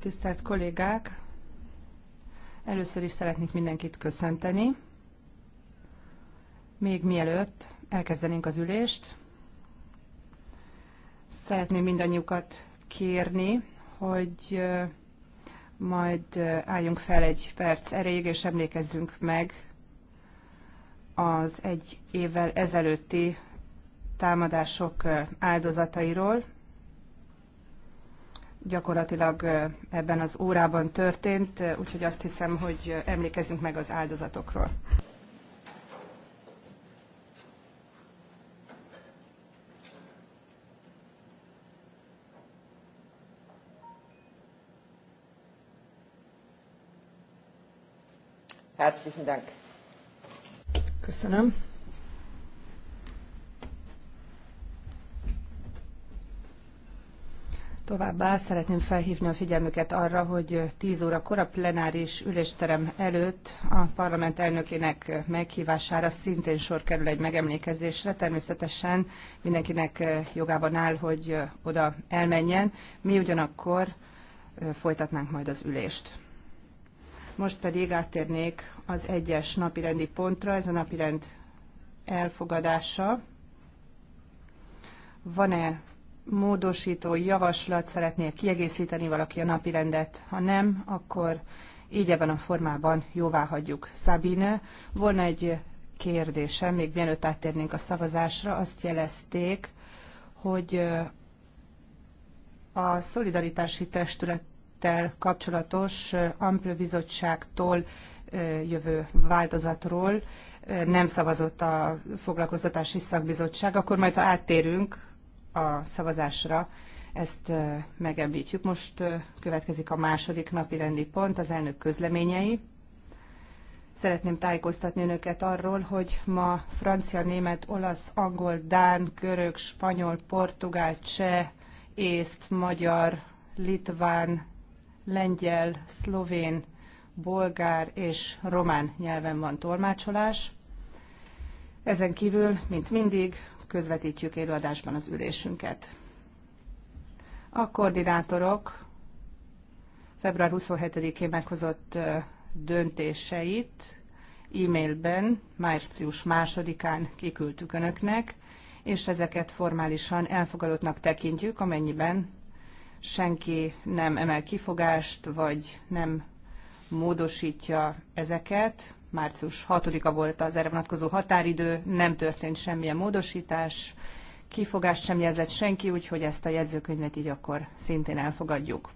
Tisztelt kollégák! Először is szeretnék mindenkit köszönteni. Még mielőtt elkezdenénk az ülést, szeretném mindannyiukat kérni, hogy majd álljunk fel egy perc erejéig, és emlékezzünk meg az egy évvel ezelőtti támadások áldozatairól, gyakorlatilag ebben az órában történt, úgyhogy azt hiszem, hogy emlékezzünk meg az áldozatokról. Herzlichen Dank. Köszönöm. Továbbá szeretném felhívni a figyelmüket arra, hogy 10 órakor a plenáris ülésterem előtt a parlament elnökének meghívására szintén sor kerül egy megemlékezésre. Természetesen mindenkinek eh, jogában áll, hogy eh, oda elmenjen. Mi ugyanakkor eh, folytatnánk majd az ülést. Most pedig áttérnék az egyes napirendi pontra, ez a napirend elfogadása. Van-e módosító javaslat szeretnél kiegészíteni valaki a napi rendet. Ha nem, akkor így ebben a formában jóvá hagyjuk. Szabine, volna egy kérdésem, még mielőtt áttérnénk a szavazásra, azt jelezték, hogy a szolidaritási testülettel kapcsolatos Amplő Bizottságtól jövő változatról nem szavazott a foglalkoztatási szakbizottság, akkor majd ha áttérünk a szavazásra, ezt megemlítjük. Most következik a második napi rendi pont, az elnök közleményei. Szeretném tájékoztatni önöket arról, hogy ma francia, német, olasz, angol, dán, görög, spanyol, portugál, cseh, észt, magyar, litván, lengyel, szlovén, bolgár és román nyelven van tolmácsolás. Ezen kívül, mint mindig, közvetítjük előadásban az ülésünket. A koordinátorok február 27-én meghozott döntéseit e-mailben március 2-án kiküldtük Önöknek, és ezeket formálisan elfogadottnak tekintjük, amennyiben senki nem emel kifogást, vagy nem módosítja ezeket, március 6-a volt az erre vonatkozó határidő, nem történt semmilyen módosítás, kifogást sem jelzett senki, úgyhogy ezt a jegyzőkönyvet így akkor szintén elfogadjuk.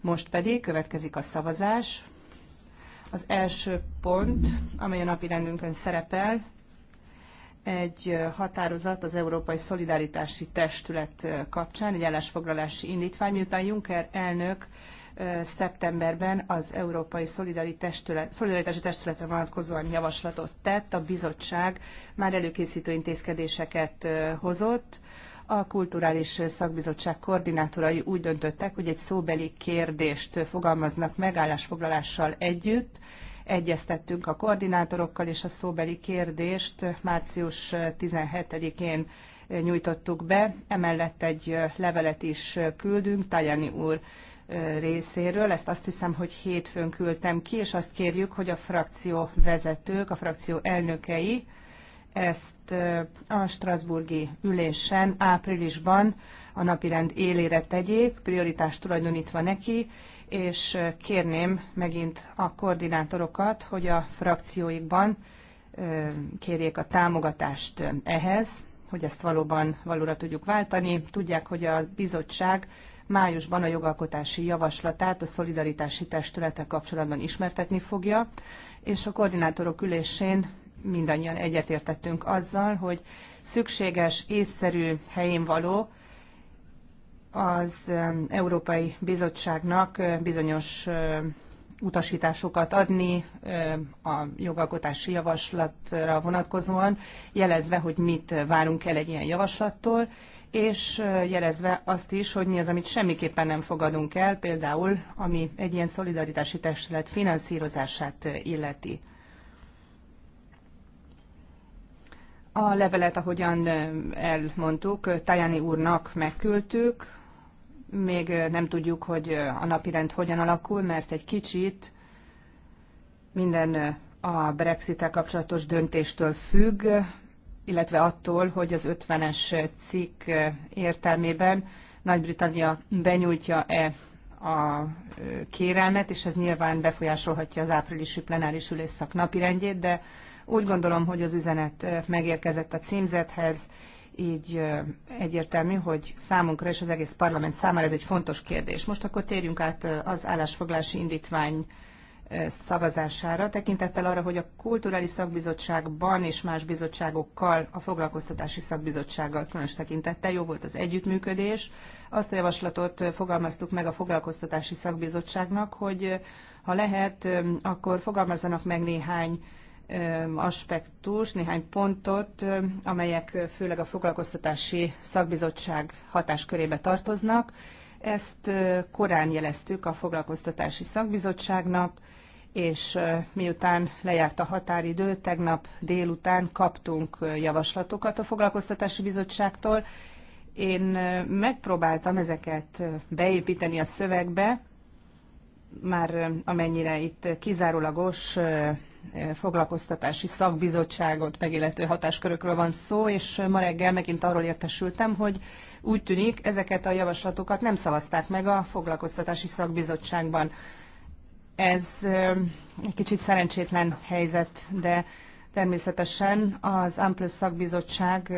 Most pedig következik a szavazás. Az első pont, amely a napi rendünkön szerepel, egy határozat az Európai Szolidaritási Testület kapcsán, egy állásfoglalási indítvány, miután Juncker elnök szeptemberben az Európai Szolidaritási Testületre vonatkozóan javaslatot tett, a bizottság már előkészítő intézkedéseket hozott, a Kulturális Szakbizottság koordinátorai úgy döntöttek, hogy egy szóbeli kérdést fogalmaznak meg állásfoglalással együtt. Egyeztettünk a koordinátorokkal, és a szóbeli kérdést március 17-én nyújtottuk be. Emellett egy levelet is küldünk Tajani úr részéről. Ezt azt hiszem, hogy hétfőn küldtem ki, és azt kérjük, hogy a frakció vezetők, a frakció elnökei ezt a Strasburgi ülésen áprilisban a napirend élére tegyék, prioritást tulajdonítva neki, és kérném megint a koordinátorokat, hogy a frakcióikban kérjék a támogatást ehhez, hogy ezt valóban valóra tudjuk váltani. Tudják, hogy a bizottság májusban a jogalkotási javaslatát a szolidaritási testülete kapcsolatban ismertetni fogja, és a koordinátorok ülésén mindannyian egyetértettünk azzal, hogy szükséges, észszerű, helyén való az um, Európai Bizottságnak uh, bizonyos uh, utasításokat adni uh, a jogalkotási javaslatra vonatkozóan, jelezve, hogy mit várunk el egy ilyen javaslattól, és jelezve azt is, hogy mi az, amit semmiképpen nem fogadunk el, például ami egy ilyen szolidaritási testület finanszírozását illeti. A levelet, ahogyan elmondtuk, Tajani úrnak megküldtük, még nem tudjuk, hogy a napirend hogyan alakul, mert egy kicsit minden a brexit kapcsolatos döntéstől függ, illetve attól, hogy az 50-es cikk értelmében Nagy-Britannia benyújtja-e a kérelmet, és ez nyilván befolyásolhatja az áprilisi plenáris ülésszak napirendjét, de úgy gondolom, hogy az üzenet megérkezett a címzethez, így egyértelmű, hogy számunkra és az egész parlament számára ez egy fontos kérdés. Most akkor térjünk át az állásfoglási indítvány szavazására, tekintettel arra, hogy a Kulturális Szakbizottságban és más bizottságokkal, a Foglalkoztatási Szakbizottsággal különös tekintettel jó volt az együttműködés. Azt a javaslatot fogalmaztuk meg a Foglalkoztatási Szakbizottságnak, hogy ha lehet, akkor fogalmazzanak meg néhány aspektus, néhány pontot, amelyek főleg a foglalkoztatási szakbizottság hatáskörébe tartoznak. Ezt korán jeleztük a foglalkoztatási szakbizottságnak, és miután lejárt a határidő, tegnap délután kaptunk javaslatokat a Foglalkoztatási Bizottságtól. Én megpróbáltam ezeket beépíteni a szövegbe, már amennyire itt kizárólagos foglalkoztatási szakbizottságot megillető hatáskörökről van szó, és ma reggel megint arról értesültem, hogy úgy tűnik, ezeket a javaslatokat nem szavazták meg a foglalkoztatási szakbizottságban. Ez egy kicsit szerencsétlen helyzet, de természetesen az Amplus szakbizottság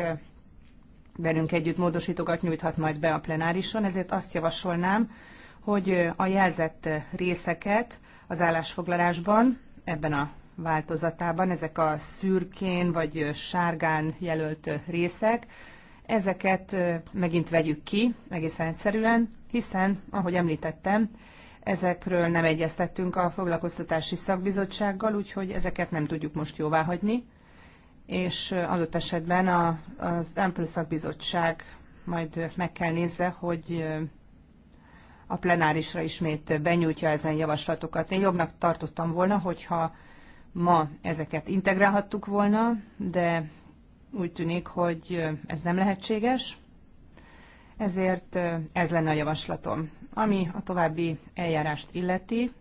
velünk együtt módosítókat nyújthat majd be a plenárison, ezért azt javasolnám, hogy a jelzett részeket az állásfoglalásban, ebben a változatában, ezek a szürkén vagy sárgán jelölt részek, ezeket megint vegyük ki, egészen egyszerűen, hiszen, ahogy említettem, Ezekről nem egyeztettünk a foglalkoztatási szakbizottsággal, úgyhogy ezeket nem tudjuk most jóvá hagyni, és adott esetben a, az Ample szakbizottság majd meg kell nézze, hogy a plenárisra ismét benyújtja ezen javaslatokat. Én jobbnak tartottam volna, hogyha ma ezeket integrálhattuk volna, de úgy tűnik, hogy ez nem lehetséges. Ezért ez lenne a javaslatom. Ami a további eljárást illeti,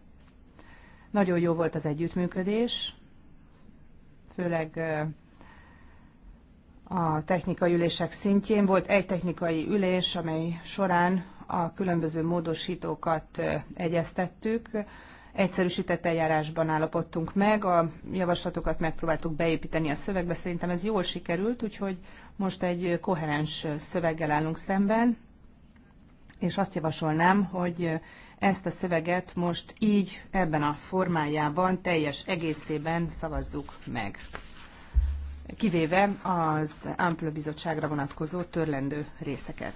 nagyon jó volt az együttműködés, főleg a technikai ülések szintjén. Volt egy technikai ülés, amely során a különböző módosítókat egyeztettük, egyszerűsített eljárásban állapodtunk meg, a javaslatokat megpróbáltuk beépíteni a szövegbe, szerintem ez jól sikerült, úgyhogy most egy koherens szöveggel állunk szemben, és azt javasolnám, hogy ezt a szöveget most így, ebben a formájában, teljes egészében szavazzuk meg. Kivéve az Ample Bizottságra vonatkozó törlendő részeket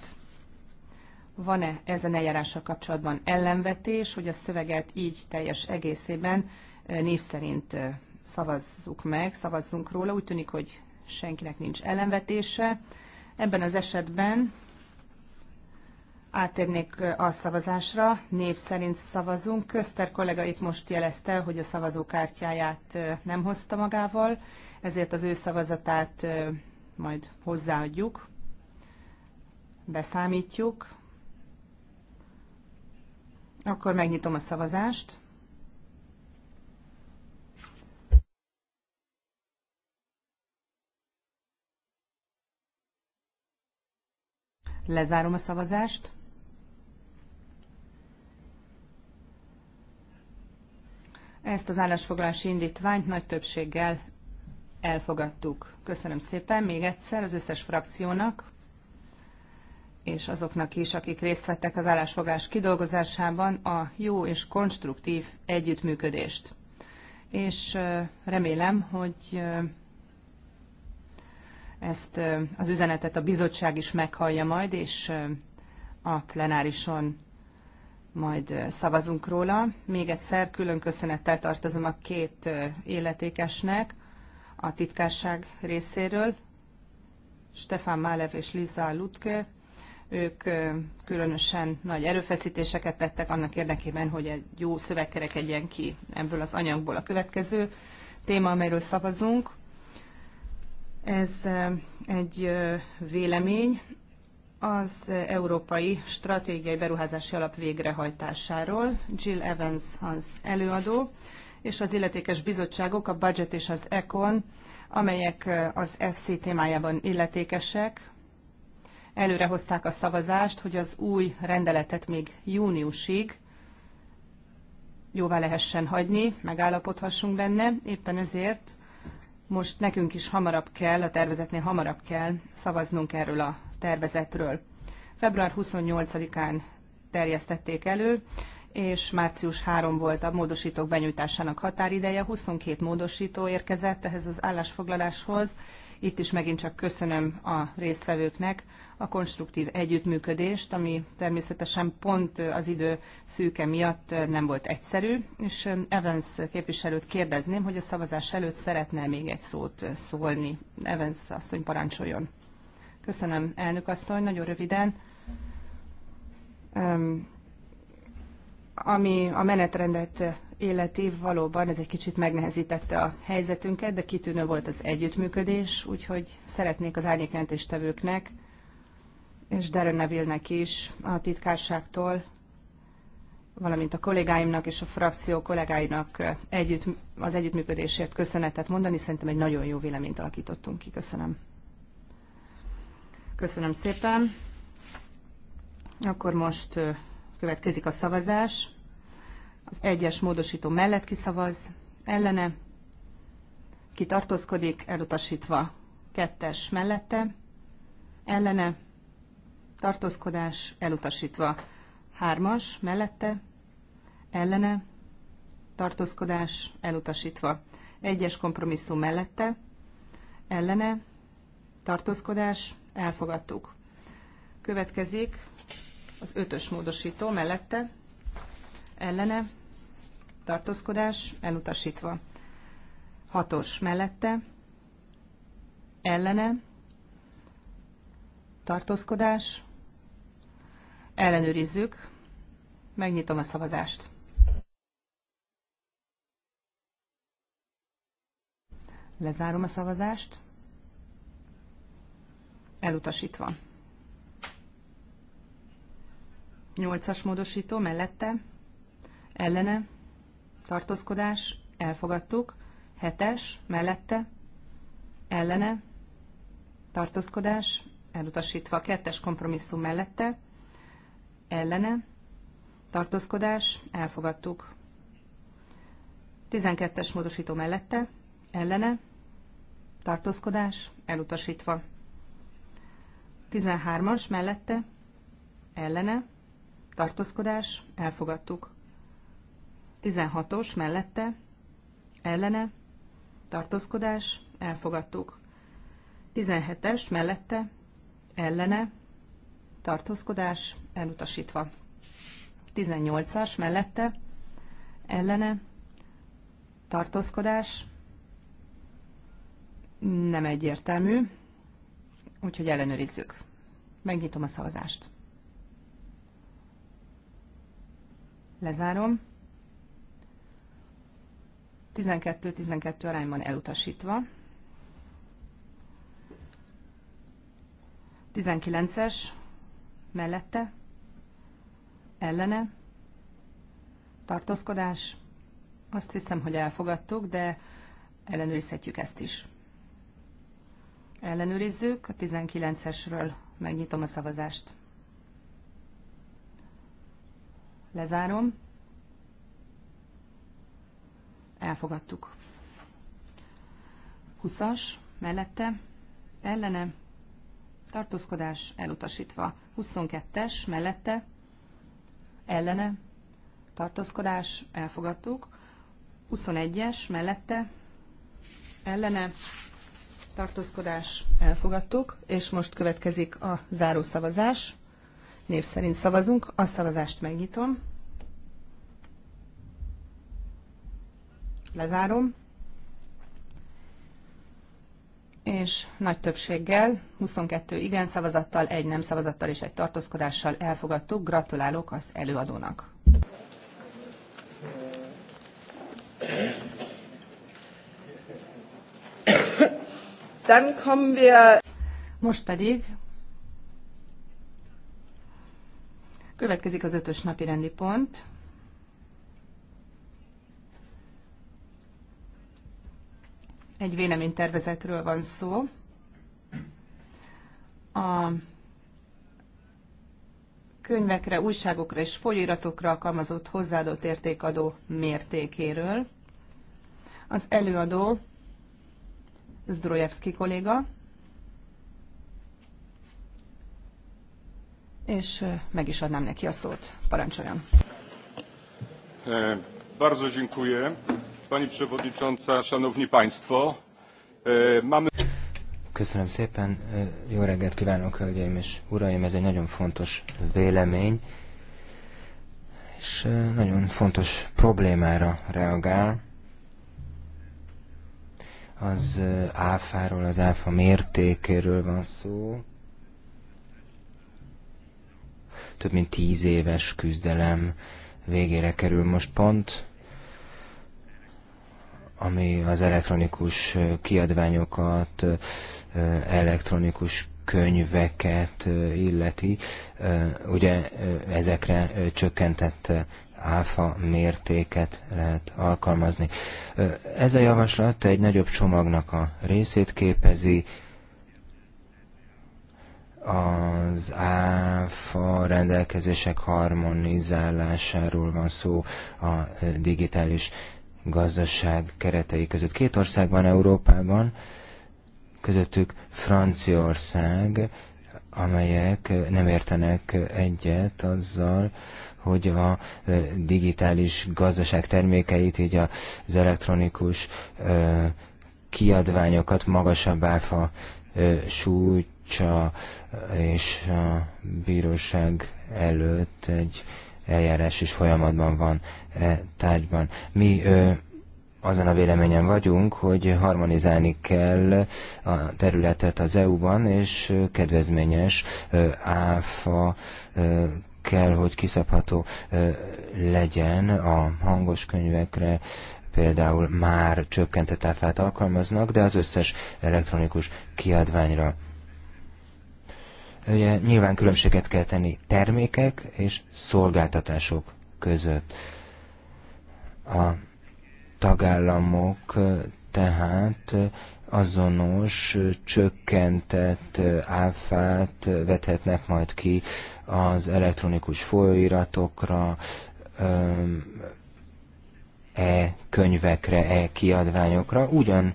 van-e ezen eljárással kapcsolatban ellenvetés, hogy a szöveget így teljes egészében eh, név szerint eh, szavazzuk meg, szavazzunk róla. Úgy tűnik, hogy senkinek nincs ellenvetése. Ebben az esetben átérnék eh, a szavazásra, név szerint szavazunk. Közter kollega itt most jelezte, hogy a szavazókártyáját nem hozta magával, ezért az ő szavazatát majd hozzáadjuk, beszámítjuk. Akkor megnyitom a szavazást. Lezárom a szavazást. Ezt az állásfoglalási indítványt nagy többséggel elfogadtuk. Köszönöm szépen még egyszer az összes frakciónak, és azoknak is, akik részt vettek az állásfogás kidolgozásában a jó és konstruktív együttműködést. És remélem, hogy ezt az üzenetet a bizottság is meghallja majd, és a plenárison majd szavazunk róla. Még egyszer külön köszönettel tartozom a két életékesnek a titkárság részéről, Stefan Málev és Liza Lutke, ők különösen nagy erőfeszítéseket tettek annak érdekében, hogy egy jó szöveg kerekedjen ki ebből az anyagból. A következő téma, amelyről szavazunk, ez egy vélemény az Európai Stratégiai Beruházási Alap végrehajtásáról. Jill Evans az előadó, és az illetékes bizottságok, a Budget és az ECON, amelyek az FC témájában illetékesek, előrehozták a szavazást, hogy az új rendeletet még júniusig jóvá lehessen hagyni, megállapodhassunk benne. Éppen ezért most nekünk is hamarabb kell, a tervezetnél hamarabb kell szavaznunk erről a tervezetről. Február 28-án terjesztették elő, és március 3 volt a módosítók benyújtásának határideje. 22 módosító érkezett ehhez az állásfoglaláshoz, itt is megint csak köszönöm a résztvevőknek a konstruktív együttműködést, ami természetesen pont az idő szűke miatt nem volt egyszerű, és Evans képviselőt kérdezném, hogy a szavazás előtt szeretne még egy szót szólni. Evans asszony parancsoljon. Köszönöm, elnök asszony, nagyon röviden. Um, ami a menetrendet életév valóban ez egy kicsit megnehezítette a helyzetünket, de kitűnő volt az együttműködés, úgyhogy szeretnék az árnyékjelentéstevőknek és Darren Neville-nek is a titkárságtól, valamint a kollégáimnak és a frakció kollégáinak együtt, az együttműködésért köszönetet mondani. Szerintem egy nagyon jó véleményt alakítottunk ki. Köszönöm. Köszönöm szépen. Akkor most következik a szavazás. Az egyes módosító mellett kiszavaz, ellene, kitartózkodik, elutasítva. Kettes mellette, ellene, tartózkodás, elutasítva. Hármas mellette, ellene, tartózkodás, elutasítva. Egyes kompromisszum mellette, ellene, tartózkodás, elfogadtuk. Következik az ötös módosító mellette, ellene, tartózkodás elutasítva. Hatos mellette, ellene, tartózkodás, ellenőrizzük, megnyitom a szavazást. Lezárom a szavazást. Elutasítva. Nyolcas módosító mellette ellene, tartózkodás, elfogadtuk, hetes, mellette, ellene, tartózkodás, elutasítva, kettes kompromisszum mellette, ellene, tartózkodás, elfogadtuk. 12-es módosító mellette, ellene, tartózkodás, elutasítva. 13-as mellette, ellene, tartózkodás, elfogadtuk. 16-os mellette, ellene, tartózkodás, elfogadtuk. 17-es mellette, ellene, tartózkodás, elutasítva. 18-as mellette, ellene, tartózkodás, nem egyértelmű, úgyhogy ellenőrizzük. Megnyitom a szavazást. Lezárom. 12-12 arányban elutasítva. 19-es mellette, ellene, tartózkodás. Azt hiszem, hogy elfogadtuk, de ellenőrizhetjük ezt is. Ellenőrizzük, a 19-esről megnyitom a szavazást. Lezárom elfogadtuk. 20-as, mellette, ellene, tartózkodás elutasítva. 22-es, mellette, ellene, tartózkodás elfogadtuk. 21-es, mellette, ellene, tartózkodás elfogadtuk, és most következik a zárószavazás. Név szerint szavazunk, a szavazást megnyitom. lezárom, és nagy többséggel, 22 igen szavazattal, egy nem szavazattal és egy tartózkodással elfogadtuk. Gratulálok az előadónak. kommen wir most pedig következik az ötös napi rendi pont. Egy véleménytervezetről van szó. A könyvekre, újságokra és folyóiratokra alkalmazott hozzáadott értékadó mértékéről. Az előadó Zdrojevski kolléga, és meg is adnám neki a szót. Parancsoljon. E, bardzo dziękuję. Pani Przewodnicząca, Szanowni Państwo, e, mamy... Köszönöm szépen, e, jó reggelt kívánok, hölgyeim és uraim, ez egy nagyon fontos vélemény, és e, nagyon fontos problémára reagál. Az áfáról, az áfa mértékéről van szó. Több mint tíz éves küzdelem végére kerül most pont ami az elektronikus kiadványokat, elektronikus könyveket illeti, ugye ezekre csökkentett áfa mértéket lehet alkalmazni. Ez a javaslat egy nagyobb csomagnak a részét képezi, az áfa rendelkezések harmonizálásáról van szó a digitális gazdaság keretei között. Két országban Európában, közöttük Franciaország, amelyek nem értenek egyet azzal, hogy a digitális gazdaság termékeit, így az elektronikus kiadványokat magasabb áfa súlytsa és a bíróság előtt egy eljárás is folyamatban van e tárgyban. Mi ö, azon a véleményen vagyunk, hogy harmonizálni kell a területet az EU-ban, és kedvezményes áfa kell, hogy kiszabható legyen a hangos könyvekre, például már csökkentett áfát alkalmaznak, de az összes elektronikus kiadványra. Ugye nyilván különbséget kell tenni termékek és szolgáltatások között. A tagállamok tehát azonos csökkentett áfát vethetnek majd ki az elektronikus folyóiratokra, e-könyvekre, e-kiadványokra, ugyan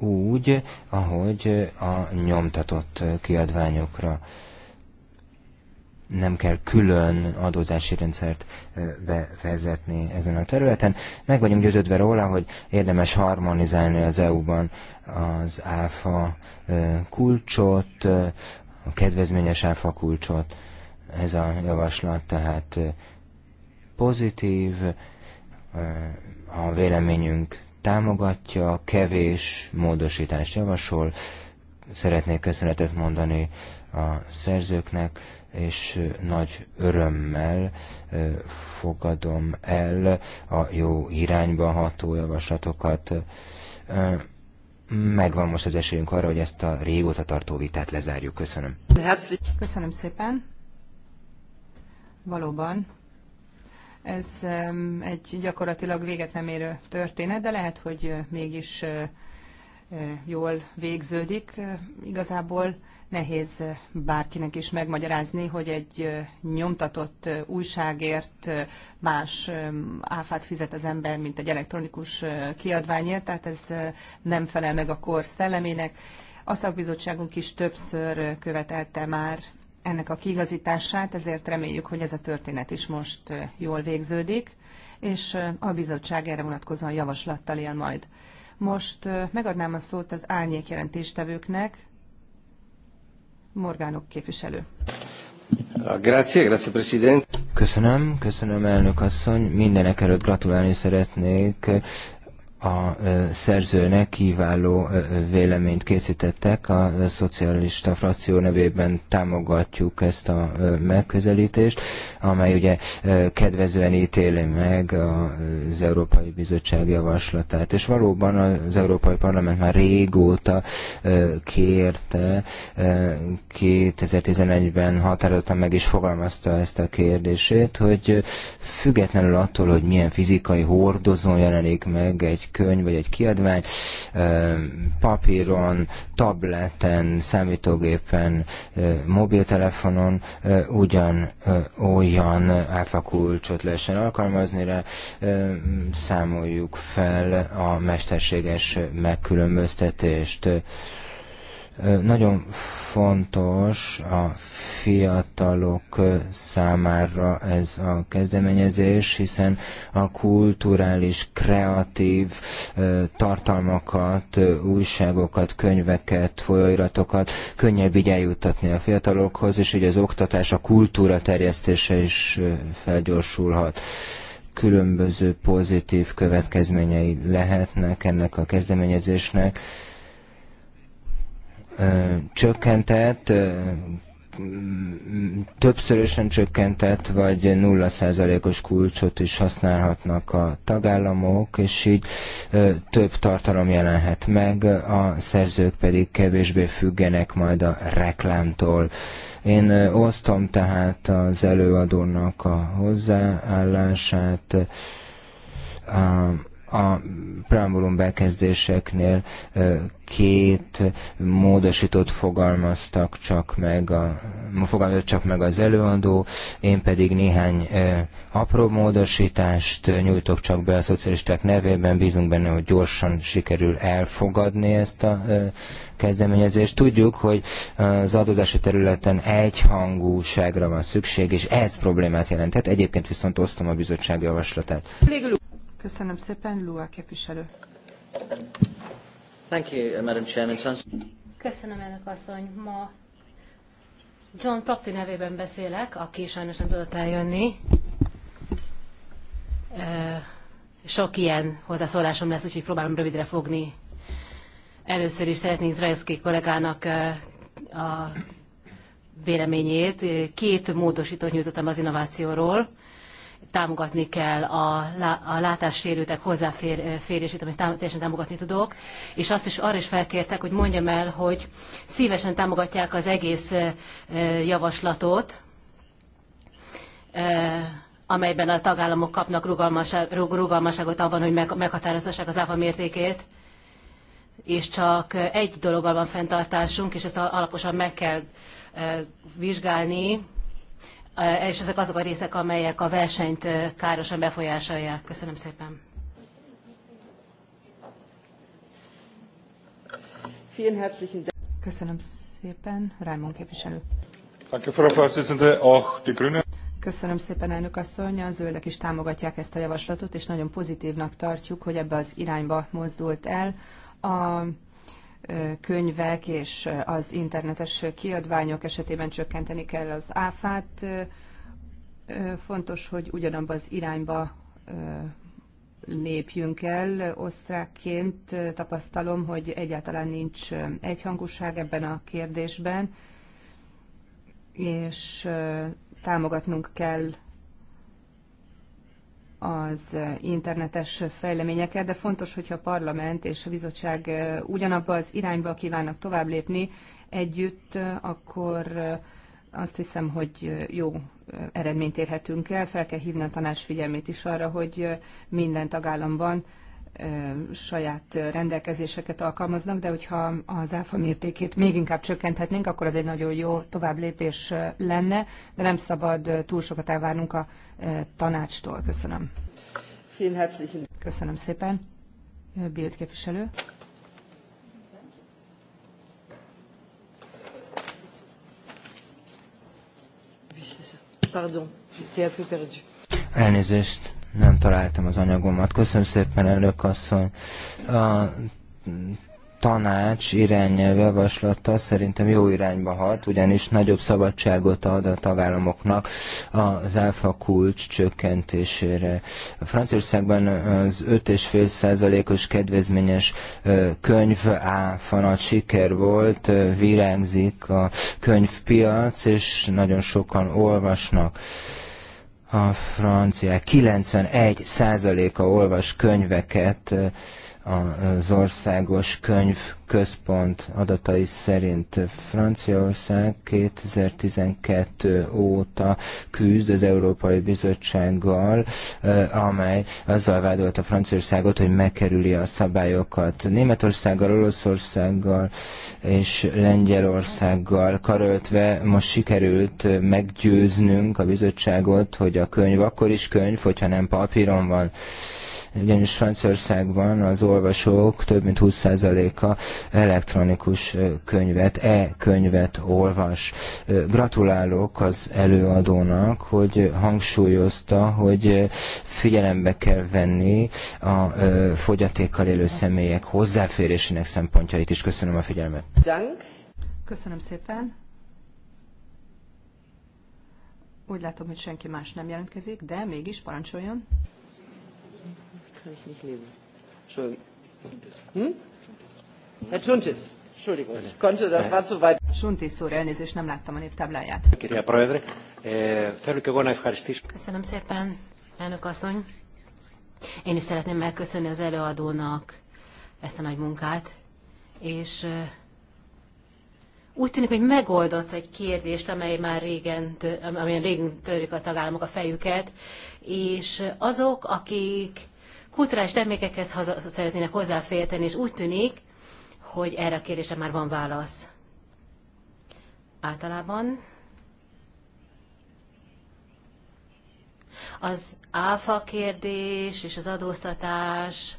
úgy, ahogy a nyomtatott kiadványokra nem kell külön adózási rendszert bevezetni ezen a területen. Meg vagyunk győződve róla, hogy érdemes harmonizálni az EU-ban az áfa kulcsot, a kedvezményes áfa kulcsot. Ez a javaslat tehát pozitív, a véleményünk támogatja, kevés módosítást javasol. Szeretnék köszönetet mondani a szerzőknek, és nagy örömmel fogadom el a jó irányba ható javaslatokat. Megvan most az esélyünk arra, hogy ezt a régóta tartó vitát lezárjuk. Köszönöm. Köszönöm szépen. Valóban ez egy gyakorlatilag véget nem érő történet, de lehet, hogy mégis jól végződik. Igazából nehéz bárkinek is megmagyarázni, hogy egy nyomtatott újságért más áfát fizet az ember, mint egy elektronikus kiadványért, tehát ez nem felel meg a kor szellemének. A szakbizottságunk is többször követelte már ennek a kiigazítását, ezért reméljük, hogy ez a történet is most jól végződik, és a bizottság erre vonatkozóan javaslattal él majd. Most megadnám a szót az árnyék jelentéstevőknek, Morgánok képviselő. Ah, grazie, grazie Presidente. Köszönöm, köszönöm elnök asszony. Mindenek előtt gratulálni szeretnék a szerzőnek kiváló véleményt készítettek, a szocialista frakció nevében támogatjuk ezt a megközelítést, amely ugye kedvezően ítéli meg az Európai Bizottság javaslatát. És valóban az Európai Parlament már régóta kérte, 2011-ben határozottan meg is fogalmazta ezt a kérdését, hogy függetlenül attól, hogy milyen fizikai hordozón jelenik meg egy könyv vagy egy kiadvány, papíron, tableten, számítógépen, mobiltelefonon ugyan olyan áfakulcsot lehessen alkalmazni rá, számoljuk fel a mesterséges megkülönböztetést. Nagyon fontos a fiatalok számára ez a kezdeményezés, hiszen a kulturális, kreatív tartalmakat, újságokat, könyveket, folyóiratokat könnyebb így eljutatni a fiatalokhoz, és így az oktatás, a kultúra terjesztése is felgyorsulhat különböző pozitív következményei lehetnek ennek a kezdeményezésnek csökkentett, többszörösen csökkentett, vagy 0%-os kulcsot is használhatnak a tagállamok, és így több tartalom jelenhet meg, a szerzők pedig kevésbé függenek majd a reklámtól. Én osztom tehát az előadónak a hozzáállását, a preambulum bekezdéseknél két módosított fogalmaztak csak meg, a, fogalmazott csak meg az előadó, én pedig néhány apró módosítást nyújtok csak be a szocialisták nevében, bízunk benne, hogy gyorsan sikerül elfogadni ezt a kezdeményezést. Tudjuk, hogy az adózási területen egyhangúságra van szükség, és ez problémát Tehát egyébként viszont osztom a bizottság javaslatát. Légül Köszönöm szépen, Lua képviselő. Thank you, uh, Madam Chairman. Köszönöm, elnök asszony. Ma John Propti nevében beszélek, aki sajnos nem tudott eljönni. Sok ilyen hozzászólásom lesz, úgyhogy próbálom rövidre fogni. Először is szeretnék Zrajewski kollégának a véleményét. Két módosítót nyújtottam az innovációról támogatni kell a, a látássérültek hozzáférését, amit tám, teljesen támogatni tudok, és azt is arra is felkértek, hogy mondjam el, hogy szívesen támogatják az egész javaslatot, amelyben a tagállamok kapnak rugalmasság, rugalmaságot abban, hogy meghatározzák az áfa mértékét, és csak egy dologgal van fenntartásunk, és ezt alaposan meg kell vizsgálni, Eh, és ezek azok a részek, amelyek a versenyt eh, károsan befolyásolják. Köszönöm szépen. Köszönöm szépen, Rájmon képviselő. Köszönöm szépen, elnök asszony. A zöldek is támogatják ezt a javaslatot, és nagyon pozitívnak tartjuk, hogy ebbe az irányba mozdult el. A könyvek és az internetes kiadványok esetében csökkenteni kell az áfát. Fontos, hogy ugyanabban az irányba lépjünk el. Osztrákként tapasztalom, hogy egyáltalán nincs egyhangúság ebben a kérdésben, és támogatnunk kell az internetes fejleményeket, de fontos, hogyha a parlament és a bizottság ugyanabba az irányba kívánnak tovább lépni együtt, akkor azt hiszem, hogy jó eredményt érhetünk el. Fel kell hívni a tanács figyelmét is arra, hogy minden tagállamban saját rendelkezéseket alkalmaznak, de hogyha az áfa mértékét még inkább csökkenthetnénk, akkor az egy nagyon jó tovább lépés lenne, de nem szabad túl sokat elvárnunk a tanácstól. Köszönöm. Köszönöm szépen. Bild képviselő. Pardon, Elnézést, nem találtam az anyagomat. Köszönöm szépen, elnök asszony. A tanács irányelv javaslata szerintem jó irányba hat, ugyanis nagyobb szabadságot ad a tagállamoknak az áfa kulcs csökkentésére. A Franciaországban az 5,5 százalékos kedvezményes könyv áfa nagy siker volt, virágzik a könyvpiac, és nagyon sokan olvasnak a francia 91%-a olvas könyveket, az országos könyv központ adatai szerint Franciaország 2012 óta küzd az Európai Bizottsággal, amely azzal a Franciaországot, hogy megkerüli a szabályokat. Németországgal, Olaszországgal és Lengyelországgal karöltve most sikerült meggyőznünk a bizottságot, hogy a könyv akkor is könyv, hogyha nem papíron van ugyanis Franciaországban az olvasók több mint 20%-a elektronikus könyvet, e-könyvet olvas. Gratulálok az előadónak, hogy hangsúlyozta, hogy figyelembe kell venni a fogyatékkal élő személyek hozzáférésének szempontjait is. Köszönöm a figyelmet. Köszönöm szépen. Úgy látom, hogy senki más nem jelentkezik, de mégis parancsoljon kann ich nicht lesen. Entschuldigung. Hm? Herr nem láttam a névtábláját. Eh, Köszönöm szépen, elnök asszony. Én is szeretném megköszönni az előadónak ezt a nagy munkát, és eh, úgy tűnik, hogy megoldott egy kérdést, amely már régen, amelyen régen törik a tagállamok a fejüket, és azok, akik kulturális termékekhez haza, szeretnének hozzáférteni, és úgy tűnik, hogy erre a kérdésre már van válasz. Általában az áfa kérdés és az adóztatás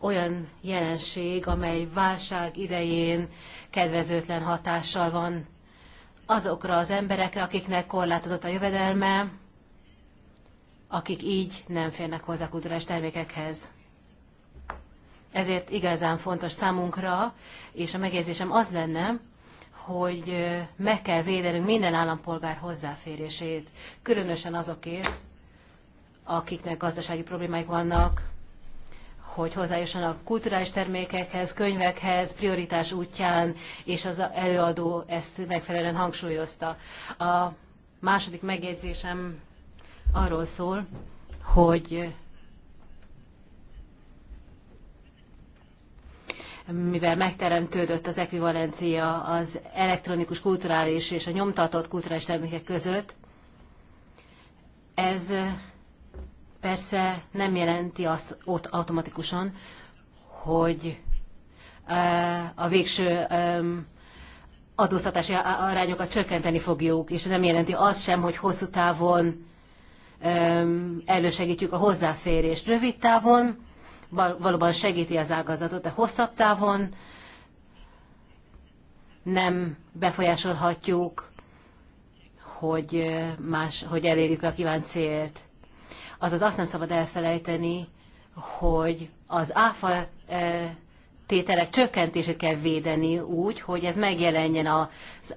olyan jelenség, amely válság idején kedvezőtlen hatással van azokra az emberekre, akiknek korlátozott a jövedelme, akik így nem férnek hozzá kulturális termékekhez. Ezért igazán fontos számunkra, és a megjegyzésem az lenne, hogy meg kell védenünk minden állampolgár hozzáférését, különösen azokért, akiknek gazdasági problémáik vannak, hogy hozzájussanak kulturális termékekhez, könyvekhez, prioritás útján, és az előadó ezt megfelelően hangsúlyozta. A második megjegyzésem arról szól, hogy mivel megteremtődött az ekvivalencia az elektronikus kulturális és a nyomtatott kulturális termékek között, ez persze nem jelenti azt ott automatikusan, hogy a végső adóztatási arányokat csökkenteni fogjuk, és nem jelenti azt sem, hogy hosszú távon elősegítjük a hozzáférést rövid távon, valóban segíti az ágazatot, de hosszabb távon nem befolyásolhatjuk, hogy, más, hogy elérjük a kívánt célt. Azaz azt nem szabad elfelejteni, hogy az áfa tételek csökkentését kell védeni úgy, hogy ez megjelenjen az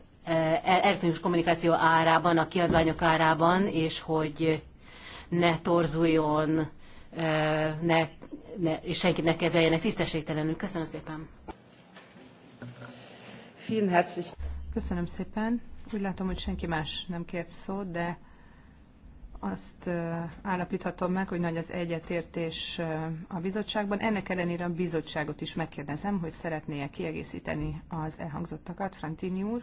elektronikus kommunikáció árában, a kiadványok árában, és hogy ne torzuljon, ne, ne, és senkit ne kezeljenek tisztességtelenül. Köszönöm szépen! Köszönöm szépen. Úgy látom, hogy senki más nem kért szót, de azt állapíthatom meg, hogy nagy az egyetértés a bizottságban. Ennek ellenére a bizottságot is megkérdezem, hogy szeretné -e kiegészíteni az elhangzottakat. Frantini úr.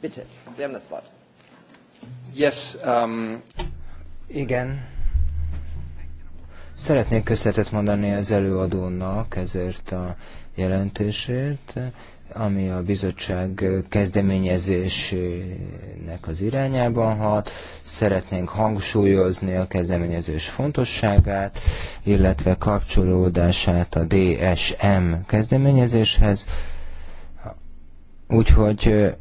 Bitte, Sie haben das Wort. Yes, um... Igen. Szeretnék köszönetet mondani az előadónak ezért a jelentésért, ami a bizottság kezdeményezésének az irányában hat. Szeretnénk hangsúlyozni a kezdeményezés fontosságát, illetve kapcsolódását a DSM kezdeményezéshez. Úgyhogy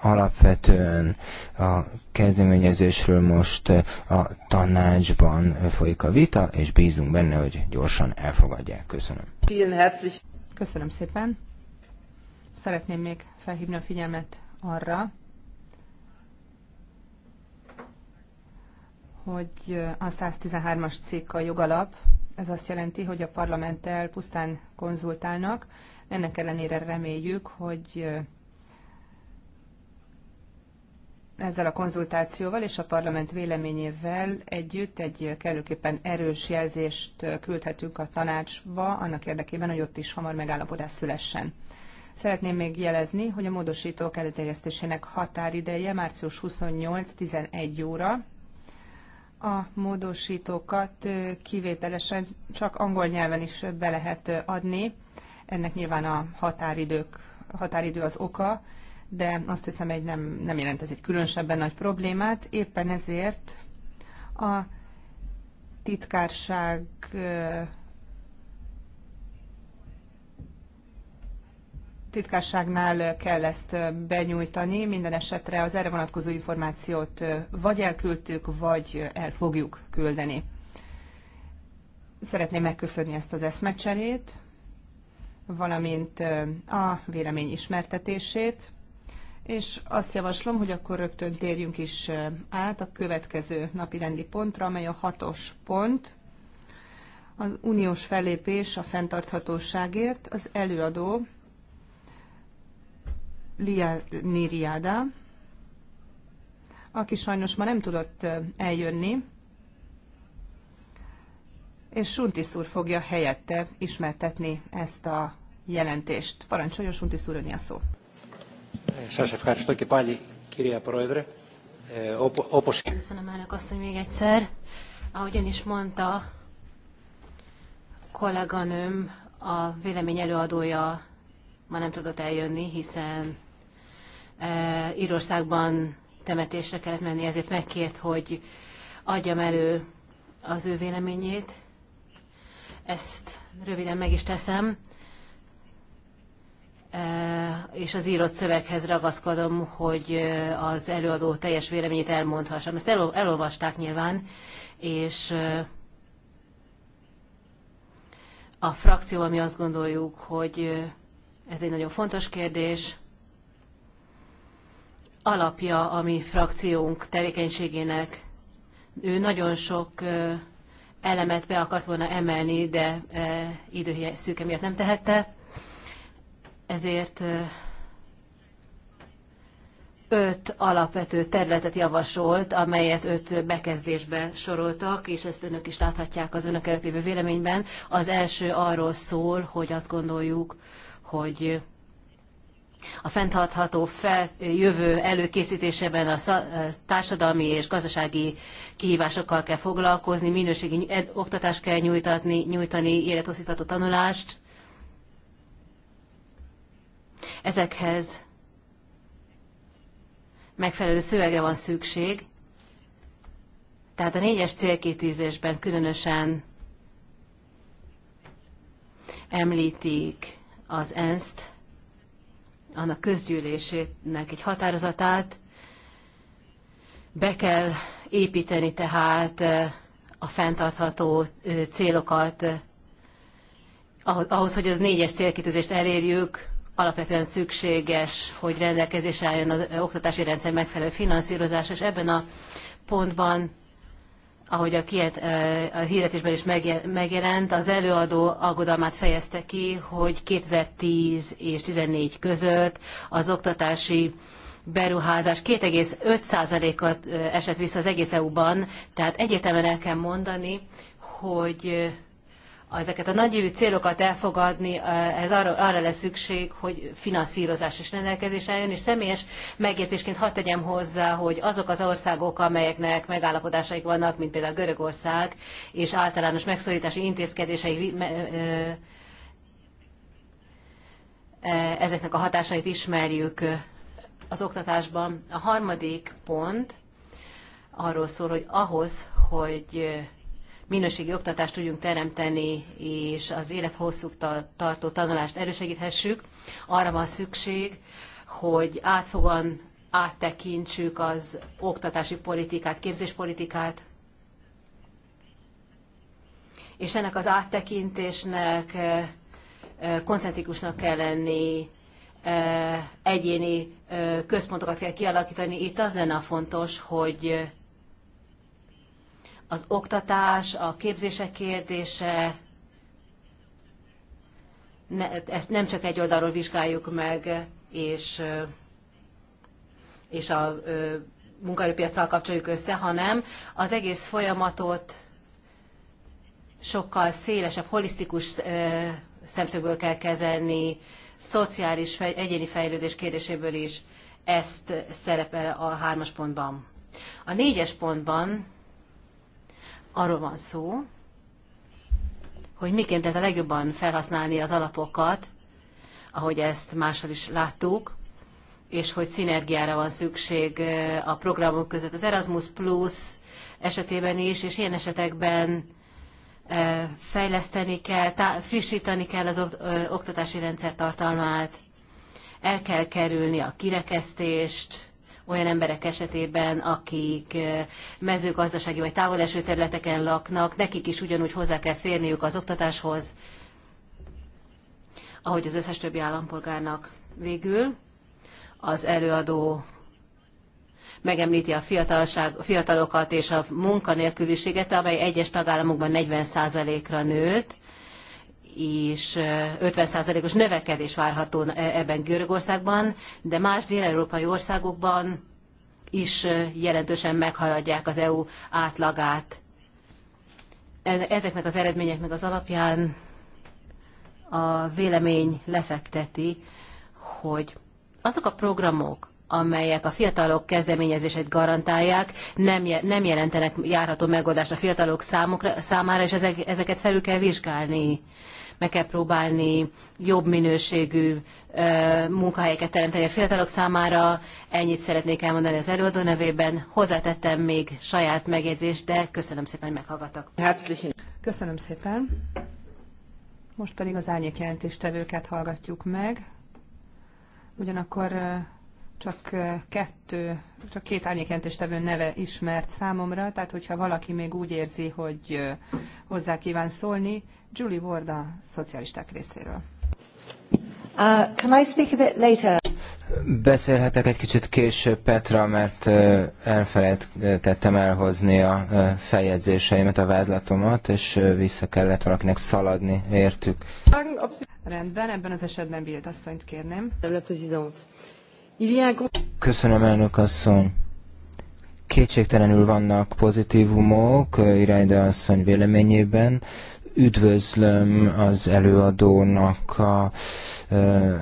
Alapvetően a kezdeményezésről most a tanácsban folyik a vita, és bízunk benne, hogy gyorsan elfogadják. Köszönöm. Köszönöm szépen. Szeretném még felhívni a figyelmet arra, hogy a 113-as cikk a jogalap, ez azt jelenti, hogy a parlamenttel pusztán konzultálnak. Ennek ellenére reméljük, hogy ezzel a konzultációval és a parlament véleményével együtt egy kellőképpen erős jelzést küldhetünk a tanácsba, annak érdekében, hogy ott is hamar megállapodás szülessen. Szeretném még jelezni, hogy a módosítók előterjesztésének határideje március 28-11 óra. A módosítókat kivételesen csak angol nyelven is be lehet adni. Ennek nyilván a határidők, határidő az oka, de azt hiszem, egy nem, nem jelent ez egy különösebben nagy problémát. Éppen ezért a titkárság titkárságnál kell ezt benyújtani, minden esetre az erre vonatkozó információt vagy elküldtük, vagy el fogjuk küldeni. Szeretném megköszönni ezt az eszmecserét, valamint a vélemény ismertetését és azt javaslom, hogy akkor rögtön térjünk is át a következő napi rendi pontra, amely a hatos pont, az uniós fellépés a fenntarthatóságért, az előadó Lia Niriada, aki sajnos ma nem tudott eljönni, és Suntis úr fogja helyette ismertetni ezt a jelentést. Parancsoljon Suntis úr, a szó. Σας ευχαριστώ και πάλι, κυρία Πρόεδρε. Όπως... Köszönöm elnök asszony még egyszer. Ahogyan is mondta kolléganőm, a vélemény előadója ma nem tudott eljönni, hiszen e, Írországban temetésre kellett menni, ezért megkért, hogy adjam elő az ő véleményét. Ezt röviden meg is teszem. E, és az írott szöveghez ragaszkodom, hogy e, az előadó teljes véleményét elmondhassam. Ezt elolvasták nyilván, és e, a frakció, ami azt gondoljuk, hogy ez egy nagyon fontos kérdés, alapja a mi frakciónk tevékenységének. Ő nagyon sok elemet be akart volna emelni, de időhiány szűke miatt nem tehette ezért öt alapvető területet javasolt, amelyet öt bekezdésbe soroltak, és ezt önök is láthatják az önök eredetívő véleményben. Az első arról szól, hogy azt gondoljuk, hogy a fenntartható fel, jövő előkészítésében a társadalmi és gazdasági kihívásokkal kell foglalkozni, minőségi eh, oktatást kell nyújtani, nyújtani élethosszítható tanulást, Ezekhez megfelelő szövege van szükség, tehát a négyes célkitűzésben különösen említik az ENSZ-t, annak közgyűlésének egy határozatát. Be kell építeni tehát eh, a fenntartható eh, célokat eh, ahhoz, hogy az négyes célkitűzést elérjük, alapvetően szükséges, hogy rendelkezésre álljon az oktatási rendszer megfelelő finanszírozás, és ebben a pontban, ahogy a, kiet, a hirdetésben is megjelent, az előadó aggodalmát fejezte ki, hogy 2010 és 2014 között az oktatási beruházás 2,5%-at esett vissza az egész EU-ban, tehát egyértelműen el kell mondani, hogy ezeket a nagyévű célokat elfogadni, ez arra, arra lesz szükség, hogy finanszírozás is rendelkezésre álljon, és személyes megjegyzésként hadd tegyem hozzá, hogy azok az országok, amelyeknek megállapodásaik vannak, mint például Görögország, és általános megszorítási intézkedései ezeknek a hatásait ismerjük az oktatásban. A harmadik pont arról szól, hogy ahhoz, hogy minőségi oktatást tudjunk teremteni, és az élet hosszú tartó tanulást erősegíthessük, arra van szükség, hogy átfogan áttekintsük az oktatási politikát, képzéspolitikát, és ennek az áttekintésnek eh, eh, koncentrikusnak kell lenni, eh, egyéni központokat kell kialakítani. Itt az lenne a fontos, hogy az oktatás, a képzések kérdése, ne, ezt nem csak egy oldalról vizsgáljuk meg, és, és a munkaerőpiacsal kapcsoljuk össze, hanem az egész folyamatot sokkal szélesebb, holisztikus szemszögből kell kezelni, szociális, egyéni fejlődés kérdéséből is. Ezt szerepel a hármas pontban. A négyes pontban arról van szó, hogy miként lehet a legjobban felhasználni az alapokat, ahogy ezt máshol is láttuk, és hogy szinergiára van szükség a programok között. Az Erasmus Plus esetében is, és ilyen esetekben fejleszteni kell, frissíteni kell az oktatási rendszer tartalmát, el kell kerülni a kirekesztést, olyan emberek esetében, akik mezőgazdasági vagy eső területeken laknak, nekik is ugyanúgy hozzá kell férniük az oktatáshoz, ahogy az összes többi állampolgárnak végül. Az előadó megemlíti a fiatalság, fiatalokat és a munkanélküliséget, amely egyes tagállamokban 40%-ra nőtt és 50%-os növekedés várható ebben Görögországban, de más dél-európai országokban is jelentősen meghaladják az EU átlagát. E, ezeknek az eredményeknek az alapján a vélemény lefekteti, hogy azok a programok, amelyek a fiatalok kezdeményezését garantálják, nem, nem jelentenek járható megoldást a fiatalok számukra, számára, és ezek, ezeket felül kell vizsgálni meg kell próbálni jobb minőségű munkahelyeket teremteni a fiatalok számára. Ennyit szeretnék elmondani az előadó nevében. Hozzátettem még saját megjegyzést, de köszönöm szépen, hogy meghallgattak. Köszönöm szépen. Most pedig az árnyék jelentéstevőket hallgatjuk meg. Ugyanakkor csak kettő, csak két árnyékjelentéstevő neve ismert számomra, tehát hogyha valaki még úgy érzi, hogy hozzá kíván szólni, Julie Ward a szocialisták részéről. Uh, can I speak a bit later? Beszélhetek egy kicsit később Petra, mert elfelejtettem elhozni a feljegyzéseimet, a vázlatomat, és vissza kellett valakinek szaladni, értük. Rendben, ebben az esetben Bilt asszonyt kérném. Madame la présidente. Köszönöm, elnök asszony. Kétségtelenül vannak pozitívumok eh, Irányda asszony véleményében. Üdvözlöm az előadónak a eh,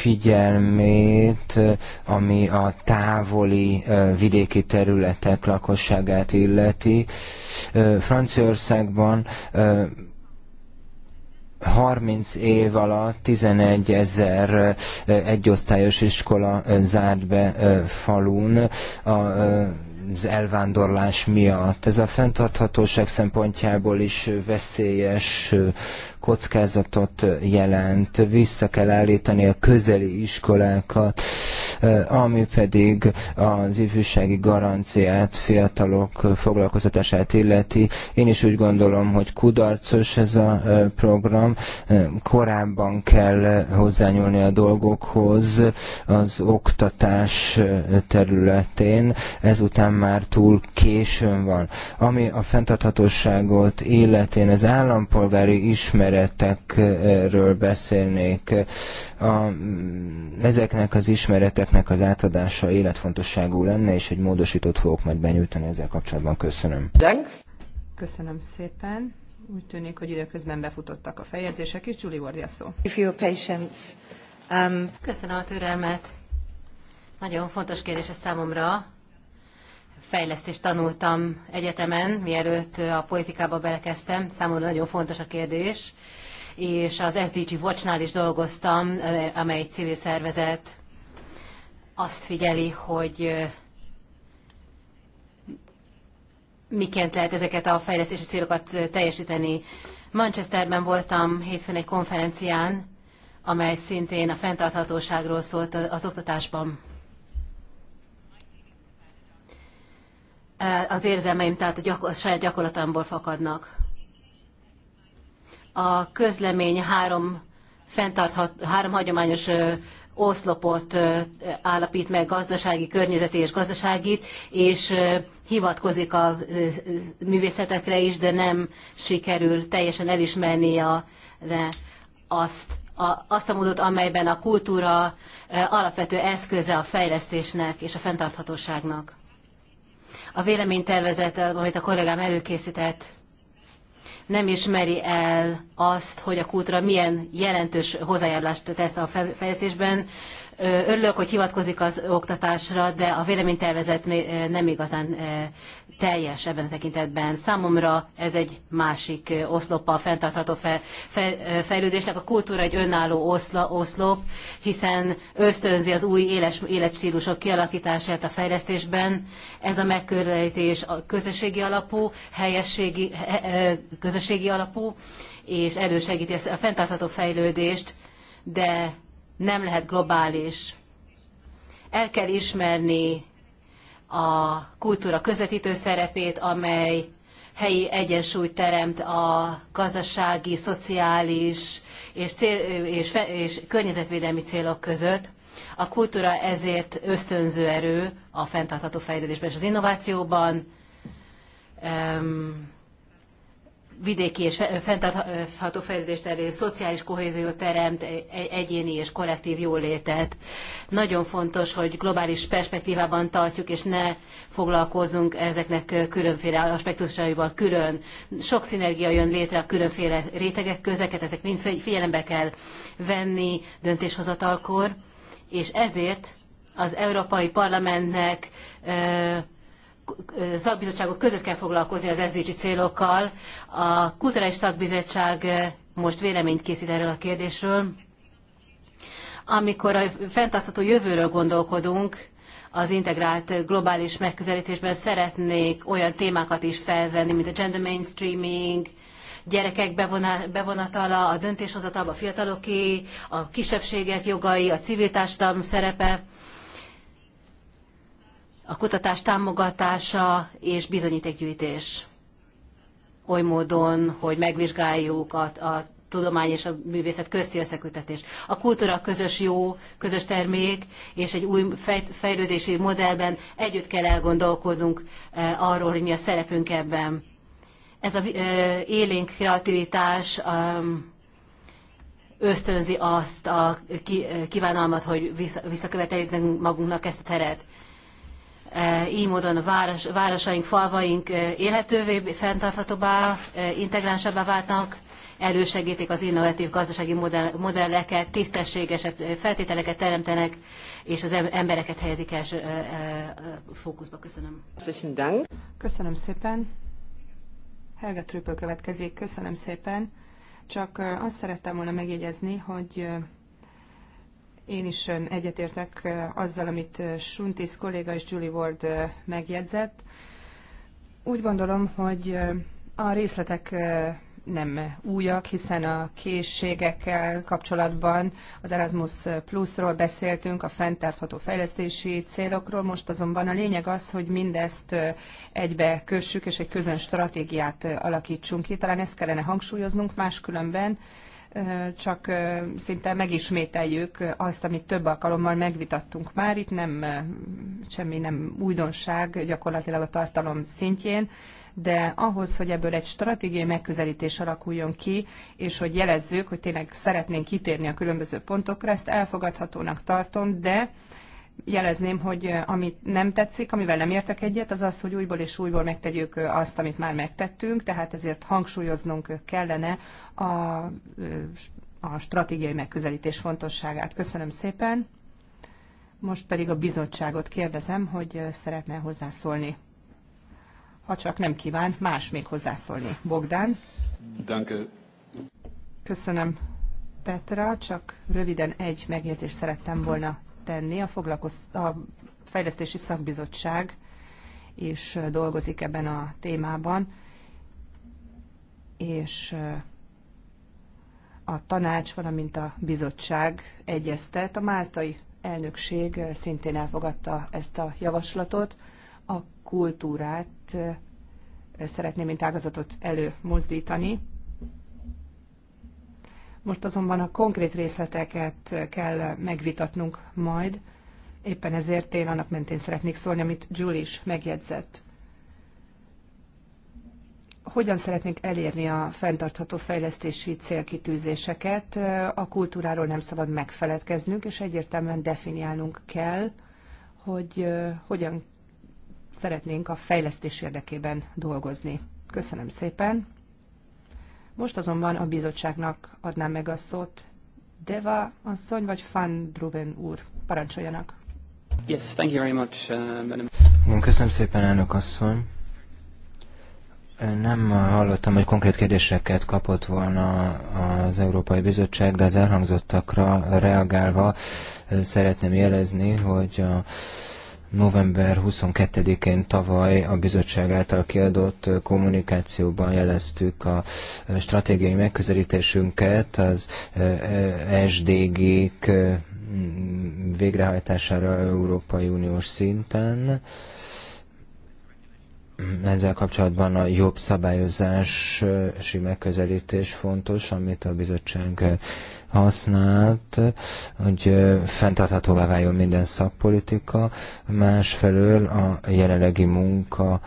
figyelmét, eh, ami a távoli vidéki területek lakosságát illeti. Franciaországban 30 év alatt 11 ezer egyosztályos iskola zárt be falun az elvándorlás miatt. Ez a fenntarthatóság szempontjából is veszélyes kockázatot jelent, vissza kell állítani a közeli iskolákat, ami pedig az ifjúsági garanciát, fiatalok foglalkoztatását illeti. Én is úgy gondolom, hogy kudarcos ez a program, korábban kell hozzányúlni a dolgokhoz az oktatás területén, ezután már túl későn van. Ami a fenntarthatóságot illeti, az állampolgári ismeret ismeretekről beszélnék. A, ezeknek az ismereteknek az átadása életfontosságú lenne, és egy módosított fogok majd benyújtani ezzel kapcsolatban. Köszönöm. Köszönöm szépen. Úgy tűnik, hogy időközben befutottak a feljegyzések is. Julie Wardia szó. Um, Köszönöm a türelmet. Nagyon fontos kérdés a számomra, fejlesztést tanultam egyetemen, mielőtt a politikába belekezdtem. Számomra nagyon fontos a kérdés, és az SDG Watchnál is dolgoztam, amely egy civil szervezet azt figyeli, hogy miként lehet ezeket a fejlesztési célokat teljesíteni. Manchesterben voltam hétfőn egy konferencián, amely szintén a fenntarthatóságról szólt az oktatásban. Eh, az érzelmeim, tehát a, gyakor- a saját gyakorlatomból fakadnak. A közlemény három, fenntarthat, három hagyományos oszlopot állapít meg gazdasági, környezeti és gazdaságit, és hivatkozik a művészetekre is, de nem sikerül teljesen elismerni a, de azt, a, azt a módot, amelyben a kultúra alapvető eszköze a fejlesztésnek és a fenntarthatóságnak a véleménytervezet, amit a kollégám előkészített, nem ismeri el azt, hogy a kultúra milyen jelentős hozzájárulást tesz a fejlesztésben, Örülök, hogy hivatkozik az oktatásra, de a véleménytervezet nem igazán teljes ebben a tekintetben. Számomra ez egy másik oszlop a fenntartható fejlődésnek. A kultúra egy önálló oszla, oszlop, hiszen ösztönzi az új éles, életstílusok kialakítását a fejlesztésben. Ez a megközelítés a közösségi alapú, helyességi, közösségi alapú, és elősegíti a fenntartható fejlődést, de nem lehet globális. El kell ismerni a kultúra közvetítő szerepét, amely helyi egyensúlyt teremt a gazdasági, szociális és, cél, és, és környezetvédelmi célok között. A kultúra ezért ösztönző erő a fenntartható fejlődésben és az innovációban. Um, vidéki és fenntartható fejlődést elérő szociális kohéziót teremt, e-, egyéni és kollektív jólétet. Nagyon fontos, hogy globális perspektívában tartjuk, és ne foglalkozzunk ezeknek különféle aspektusaival külön. Sok szinergia jön létre a különféle rétegek közeket, ezek mind figyelembe kell venni döntéshozatalkor, és ezért az Európai Parlamentnek szakbizottságok között kell foglalkozni az SZDG célokkal. A Kulturális Szakbizottság eh, most véleményt készít erről a kérdésről. Amikor a fenntartható jövőről gondolkodunk, az integrált globális megközelítésben szeretnék olyan témákat is felvenni, mint a gender mainstreaming, gyerekek bevonatala, a döntéshozatalba a fiataloké, a kisebbségek jogai, a civil társadalom szerepe a kutatás támogatása és bizonyítékgyűjtés oly módon, hogy megvizsgáljuk a, a tudomány és a művészet közti összekötetés. A kultúra közös jó, közös termék, és egy új fejlődési modellben együtt kell elgondolkodnunk e, arról, hogy mi a szerepünk ebben. Ez a e, élénk kreativitás e, ösztönzi azt a kívánalmat, hogy visszaköveteljük magunknak ezt a teret. E, így módon a város, városaink, falvaink e, élhetővé, fenntarthatóbbá, e, integránsabbá váltak, elősegítik az innovatív gazdasági modelleket, tisztességesebb feltételeket teremtenek, és az embereket helyezik első fókuszba. Köszönöm. Köszönöm szépen. Helga Trüppel következik. Köszönöm szépen. Csak azt szerettem volna megjegyezni, hogy én is egyetértek azzal, amit Suntis kolléga és Julie Ward megjegyzett. Úgy gondolom, hogy a részletek nem újak, hiszen a készségekkel kapcsolatban az Erasmus Plus-ról beszéltünk, a fenntartható fejlesztési célokról, most azonban a lényeg az, hogy mindezt egybe kössük, és egy közön stratégiát alakítsunk ki. Talán ezt kellene hangsúlyoznunk, máskülönben csak szinte megismételjük azt, amit több alkalommal megvitattunk már. Itt nem semmi nem újdonság gyakorlatilag a tartalom szintjén, de ahhoz, hogy ebből egy stratégiai megközelítés alakuljon ki, és hogy jelezzük, hogy tényleg szeretnénk kitérni a különböző pontokra, ezt elfogadhatónak tartom, de jelezném, hogy amit nem tetszik, amivel nem értek egyet, az az, hogy újból és újból megtegyük azt, amit már megtettünk, tehát ezért hangsúlyoznunk kellene a, a stratégiai megközelítés fontosságát. Köszönöm szépen. Most pedig a bizottságot kérdezem, hogy szeretne hozzászólni. Ha csak nem kíván, más még hozzászólni. Bogdán. Danke. Köszönöm, Petra. Csak röviden egy megjegyzést szerettem volna tenni. A, a Fejlesztési Szakbizottság is dolgozik ebben a témában, és a tanács, valamint a bizottság egyeztet. A máltai elnökség szintén elfogadta ezt a javaslatot. A kultúrát szeretném, mint ágazatot előmozdítani, most azonban a konkrét részleteket kell megvitatnunk majd. Éppen ezért én annak mentén szeretnék szólni, amit Julie is megjegyzett. Hogyan szeretnénk elérni a fenntartható fejlesztési célkitűzéseket? A kultúráról nem szabad megfeledkeznünk, és egyértelműen definiálnunk kell, hogy hogyan szeretnénk a fejlesztés érdekében dolgozni. Köszönöm szépen! Most azonban a bizottságnak adnám meg a szót. Deva asszony vagy Van Druven úr, parancsoljanak. Yes, thank you very much, uh, Köszönöm szépen, elnök asszony. Nem hallottam, hogy konkrét kérdéseket kapott volna az Európai Bizottság, de az elhangzottakra reagálva szeretném jelezni, hogy a november 22-én tavaly a bizottság által kiadott kommunikációban jeleztük a stratégiai megközelítésünket az eh, SDG-k mm, végrehajtására Európai Uniós szinten. Mm, ezzel kapcsolatban a jobb szabályozási megközelítés fontos, amit a bizottság használt, hogy fenntarthatóvá váljon minden szakpolitika, másfelől a jelenlegi munka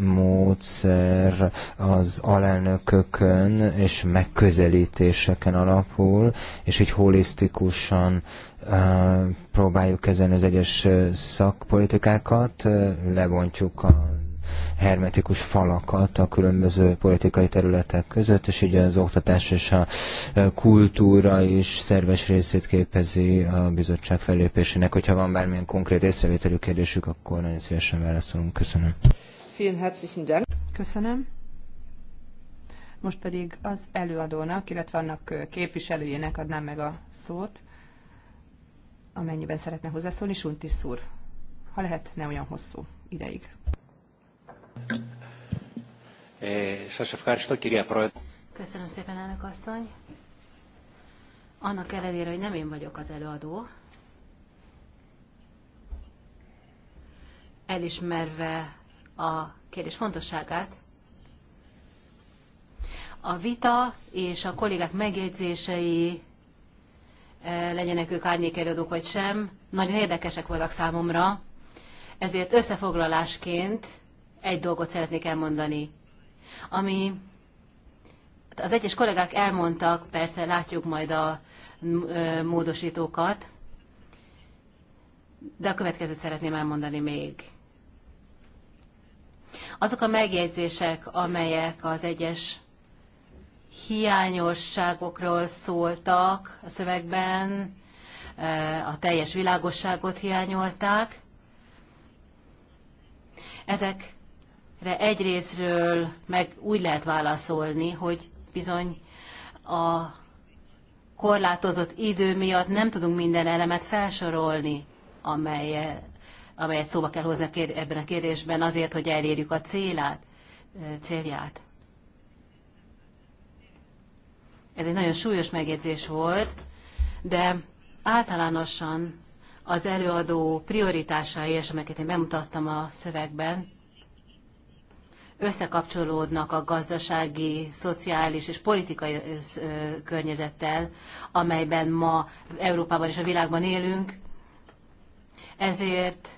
módszer az alelnökökön és megközelítéseken alapul, és így holisztikusan próbáljuk ezen az egyes szakpolitikákat, lebontjuk a hermetikus falakat a különböző politikai területek között, és így az oktatás és a e, kultúra is szerves részét képezi a bizottság fellépésének. Hogyha van bármilyen konkrét észrevételű kérdésük, akkor nagyon szívesen válaszolunk. Köszönöm. Köszönöm. Most pedig az előadónak, illetve annak képviselőjének adnám meg a szót, amennyiben szeretne hozzászólni, Sunti szúr. Ha lehet, ne olyan hosszú ideig. Köszönöm szépen, elnök asszony. Annak ellenére, hogy nem én vagyok az előadó, elismerve a kérdés fontosságát, a vita és a kollégák megjegyzései, eh, legyenek ők árnyékelődők vagy sem, nagyon érdekesek voltak számomra, ezért összefoglalásként egy dolgot szeretnék elmondani, ami az egyes kollégák elmondtak, persze látjuk majd a módosítókat, de a következőt szeretném elmondani még. Azok a megjegyzések, amelyek az egyes hiányosságokról szóltak a szövegben, a teljes világosságot hiányolták. Ezek egyrésztről meg úgy lehet válaszolni, hogy bizony a korlátozott idő miatt nem tudunk minden elemet felsorolni, amely, amelyet szóba kell hozni ebben a kérdésben azért, hogy elérjük a célát, célját. Ez egy nagyon súlyos megjegyzés volt, de általánosan az előadó prioritásai, és amelyeket én bemutattam a szövegben, összekapcsolódnak a gazdasági, szociális és politikai környezettel, amelyben ma Európában és a világban élünk. Ezért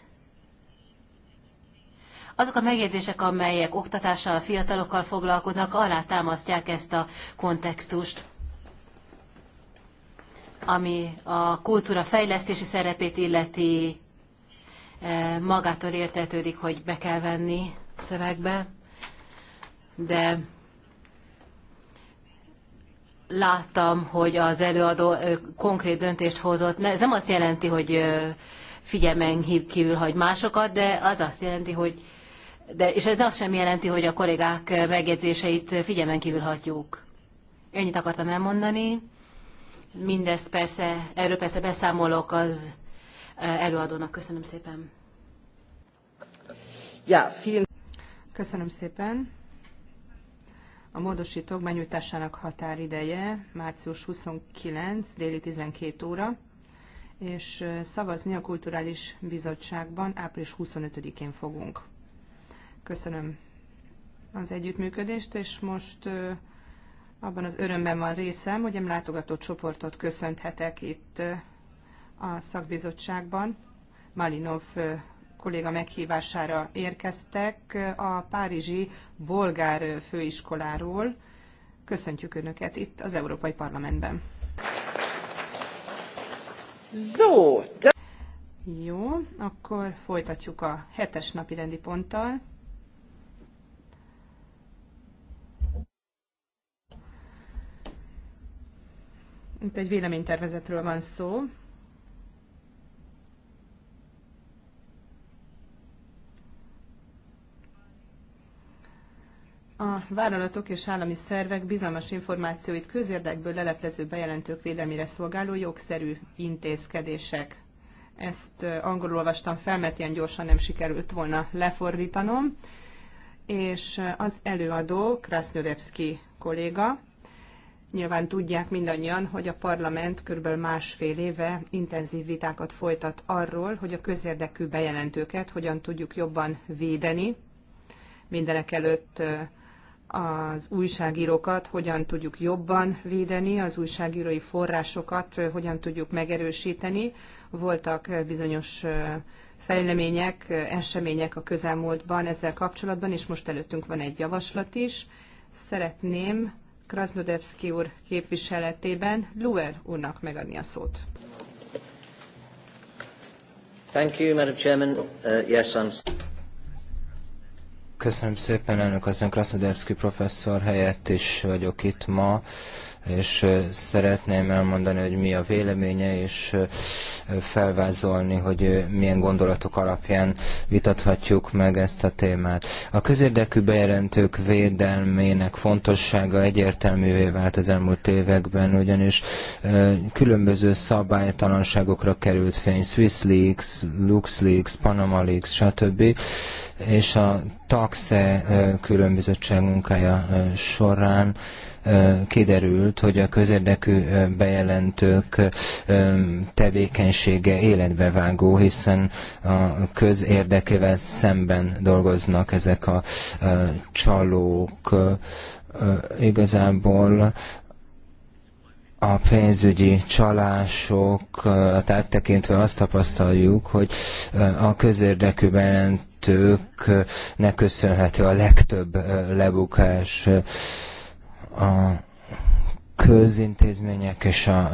azok a megjegyzések, amelyek oktatással, fiatalokkal foglalkoznak, alátámasztják ezt a kontextust, ami a kultúra fejlesztési szerepét illeti, magától értetődik, hogy be kell venni szövegbe de láttam, hogy az előadó konkrét döntést hozott. Ez nem azt jelenti, hogy figyelmen kívül hagy másokat, de az azt jelenti, hogy de, és ez azt sem jelenti, hogy a kollégák megjegyzéseit figyelmen kívül hagyjuk. Ennyit akartam elmondani. Mindezt persze, erről persze beszámolok az előadónak. Köszönöm szépen. Ja, vielen... Köszönöm szépen. A módosítók benyújtásának határideje március 29, déli 12 óra, és szavazni a Kulturális Bizottságban április 25-én fogunk. Köszönöm az együttműködést, és most abban az örömben van részem, hogy em látogató csoportot köszönhetek itt a szakbizottságban. Malinov kolléga meghívására érkeztek a Párizsi Bolgár Főiskoláról. Köszöntjük Önöket itt az Európai Parlamentben. Zó, de... Jó, akkor folytatjuk a hetes napi rendi ponttal. Itt egy véleménytervezetről van szó, a vállalatok és állami szervek bizalmas információit közérdekből leleplező bejelentők védelmére szolgáló jogszerű intézkedések. Ezt angolul olvastam fel, mert ilyen gyorsan nem sikerült volna lefordítanom. És az előadó, Krasznodevszki kolléga, Nyilván tudják mindannyian, hogy a parlament kb. másfél éve intenzív vitákat folytat arról, hogy a közérdekű bejelentőket hogyan tudjuk jobban védeni. Mindenek előtt az újságírókat hogyan tudjuk jobban védeni, az újságírói forrásokat hogyan tudjuk megerősíteni. Voltak bizonyos fejlemények, események a közelmúltban ezzel kapcsolatban, és most előttünk van egy javaslat is. Szeretném Krasnodebski úr képviseletében Luer úrnak megadni a szót. Thank you, Madam Chairman. Uh, yes, I'm... Köszönöm szépen, elnök az Ön Krasznodevszki professzor helyett is vagyok itt ma és szeretném elmondani, hogy mi a véleménye, és felvázolni, hogy milyen gondolatok alapján vitathatjuk meg ezt a témát. A közérdekű bejelentők védelmének fontossága egyértelművé vált az elmúlt években, ugyanis különböző szabálytalanságokra került fény, SwissLeaks, LuxLeaks, PanamaLeaks, stb. És a taxe különbözőtság munkája során kiderült, kiderült, hogy a közérdekű bejelentők tevékenysége életbevágó, hiszen a közérdekével szemben dolgoznak ezek a csalók. Igazából a pénzügyi csalások tehát tekintve azt tapasztaljuk, hogy a közérdekű bejelentők ne köszönhető a legtöbb lebukás a közintézmények és a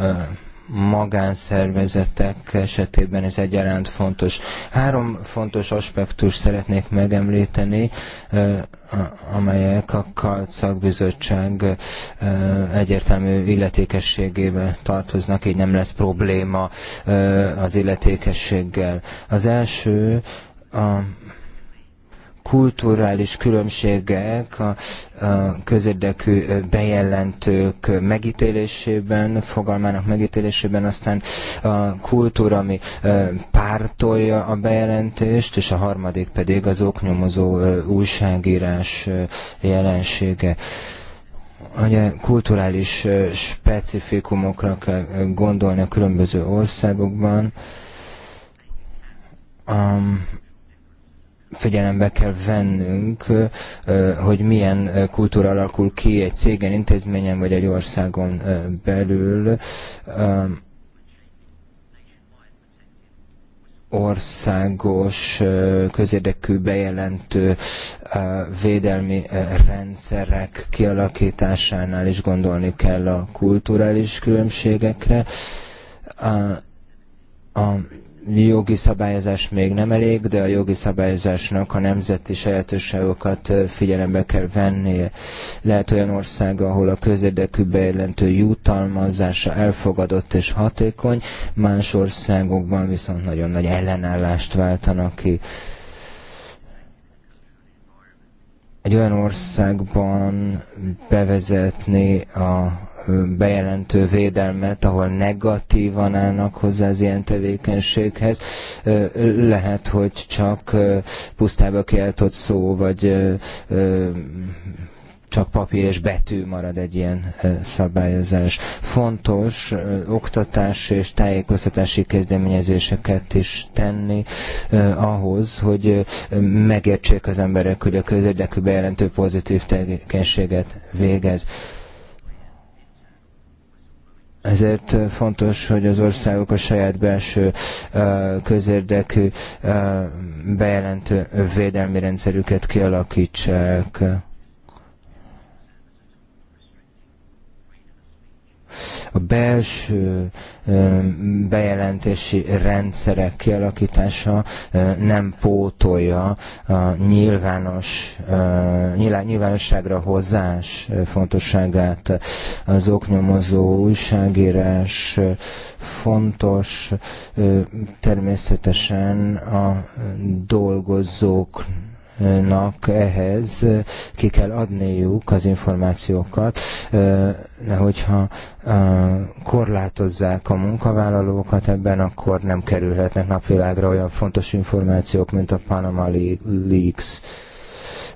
magánszervezetek esetében ez egyaránt fontos. Három fontos aspektus szeretnék megemlíteni, amelyek a KALT szakbizottság egyértelmű illetékességébe tartoznak, így nem lesz probléma az illetékességgel. Az első a kulturális különbségek a, a közérdekű bejelentők megítélésében, fogalmának megítélésében, aztán a kultúra, ami pártolja a bejelentést, és a harmadik pedig az oknyomozó újságírás jelensége ugye kulturális specifikumokra kell gondolni a különböző országokban. Um, figyelembe kell vennünk, hogy milyen kultúra alakul ki egy cégen, intézményen vagy egy országon belül. országos közérdekű bejelentő védelmi rendszerek kialakításánál is gondolni kell a kulturális különbségekre. A jogi szabályozás még nem elég, de a jogi szabályozásnak a nemzeti sajátosságokat figyelembe kell venni. Lehet olyan ország, ahol a közérdekű bejelentő jutalmazása elfogadott és hatékony, más országokban viszont nagyon nagy ellenállást váltanak ki egy olyan országban bevezetni a bejelentő védelmet, ahol negatívan állnak hozzá az ilyen tevékenységhez, lehet, hogy csak pusztába kiáltott szó, vagy csak papír és betű marad egy ilyen szabályozás. Fontos oktatás és tájékoztatási kezdeményezéseket is tenni ahhoz, hogy megértsék az emberek, hogy a közérdekű bejelentő pozitív tevékenységet végez. Ezért fontos, hogy az országok a saját belső közérdekű bejelentő védelmi rendszerüket kialakítsák. a belső bejelentési rendszerek kialakítása nem pótolja a nyilvános, nyilvánosságra hozás fontosságát. Az oknyomozó újságírás fontos természetesen a dolgozók nak ehhez ki kell adniuk az információkat, de hogyha korlátozzák a munkavállalókat ebben, akkor nem kerülhetnek napvilágra olyan fontos információk, mint a Panama Leaks.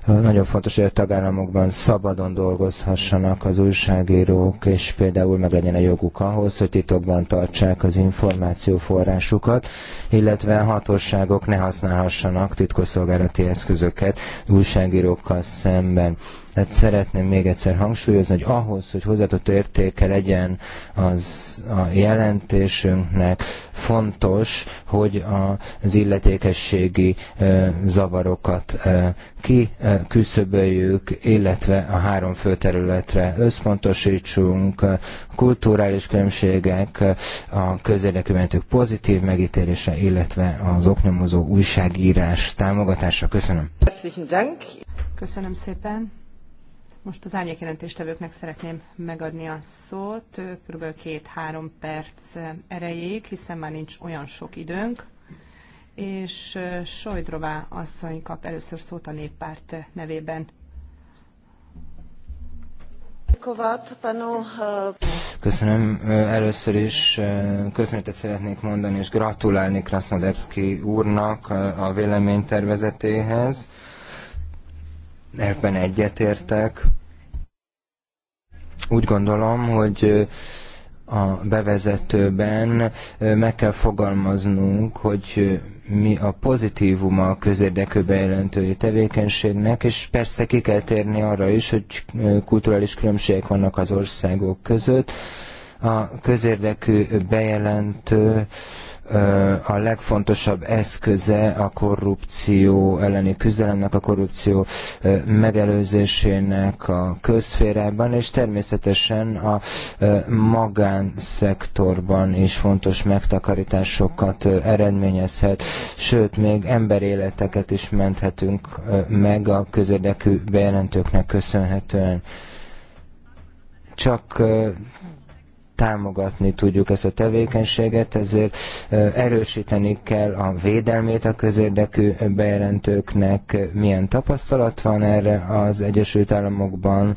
Nagyon fontos, hogy a tagállamokban szabadon dolgozhassanak az újságírók, és például meg legyen a joguk ahhoz, hogy titokban tartsák az információforrásukat, illetve hatóságok ne használhassanak titkosszolgálati eszközöket újságírókkal szemben. Tehát szeretném még egyszer hangsúlyozni, hogy ahhoz, hogy hozzáadott értéke legyen az a jelentésünknek, fontos, hogy az illetékességi zavarokat kiküszöböljük, illetve a három fő területre összpontosítsunk, kulturális különbségek, a közérdekű pozitív megítélése, illetve az oknyomozó újságírás támogatása. Köszönöm. Köszönöm szépen. Most az árnyékjelentéstevőknek szeretném megadni a szót, kb. két-három perc erejéig, hiszen már nincs olyan sok időnk. És Sojdrová asszony kap először szót a néppárt nevében. Köszönöm. Először is köszönetet szeretnék mondani, és gratulálni Krasnodevski úrnak a véleménytervezetéhez elfben egyetértek. Úgy gondolom, hogy a bevezetőben meg kell fogalmaznunk, hogy mi a pozitívuma a közérdekű bejelentői tevékenységnek, és persze ki kell térni arra is, hogy kulturális különbségek vannak az országok között. A közérdekű bejelentő a legfontosabb eszköze a korrupció elleni küzdelemnek, a korrupció megelőzésének a közférában, és természetesen a magánszektorban is fontos megtakarításokat eredményezhet, sőt, még emberéleteket is menthetünk meg a közérdekű bejelentőknek köszönhetően. Csak támogatni tudjuk ezt a tevékenységet, ezért erősíteni kell a védelmét a közérdekű bejelentőknek. Milyen tapasztalat van erre az Egyesült Államokban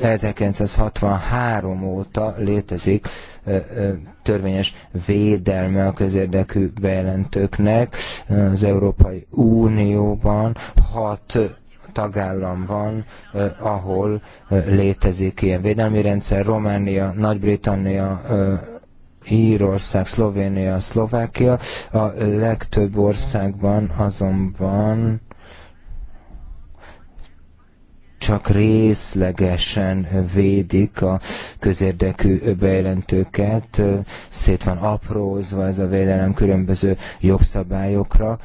1963 óta létezik törvényes védelme a közérdekű bejelentőknek. Az Európai Unióban hat tagállam van, ahol létezik ilyen védelmi rendszer, Románia, Nagy-Britannia, Írország, Szlovénia, Szlovákia. A legtöbb országban azonban csak részlegesen védik a közérdekű bejelentőket, szét van aprózva ez a védelem különböző jogszabályokra,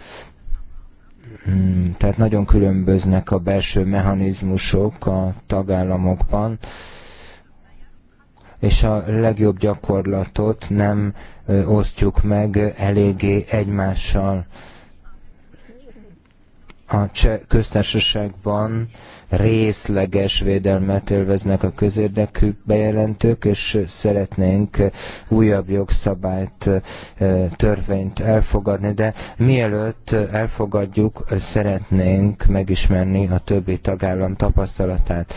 Mm, tehát nagyon különböznek a belső mechanizmusok a tagállamokban, és a legjobb gyakorlatot nem osztjuk meg eléggé egymással a cseh köztársaságban részleges védelmet élveznek a közérdekű bejelentők, és szeretnénk újabb jogszabályt, törvényt elfogadni, de mielőtt elfogadjuk, szeretnénk megismerni a többi tagállam tapasztalatát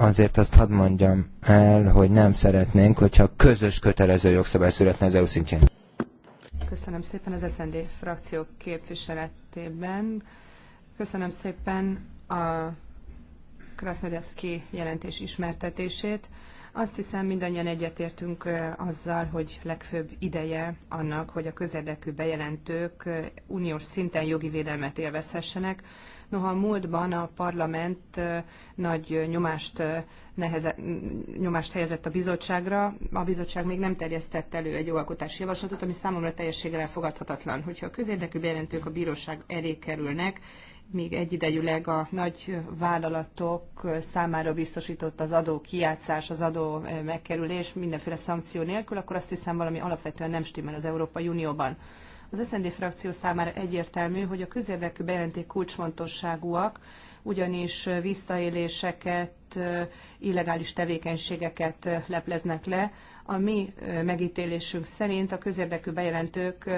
azért azt hadd mondjam el, hogy nem szeretnénk, hogyha közös kötelező jogszabály születne az EU szintjén. Köszönöm szépen az SND frakció képviseletében. Köszönöm szépen a Krasznodevszki jelentés ismertetését. Azt hiszem mindannyian egyetértünk azzal, hogy legfőbb ideje annak, hogy a közérdekű bejelentők uniós szinten jogi védelmet élvezhessenek, Noha a múltban a parlament nagy nyomást, neheze, nyomást helyezett a bizottságra, a bizottság még nem terjesztett elő egy jogalkotási javaslatot, ami számomra teljességgel elfogadhatatlan. Hogyha a közérdekű bejelentők a bíróság elé kerülnek, még egyidejűleg a nagy vállalatok számára biztosított az adó kiátszás, az adó megkerülés mindenféle szankció nélkül, akkor azt hiszem valami alapvetően nem stimmel az Európai Unióban. Az SZND frakció számára egyértelmű, hogy a közérdekű bejelenték kulcsfontosságúak, ugyanis visszaéléseket, illegális tevékenységeket lepleznek le. A mi megítélésünk szerint a közérdekű bejelentők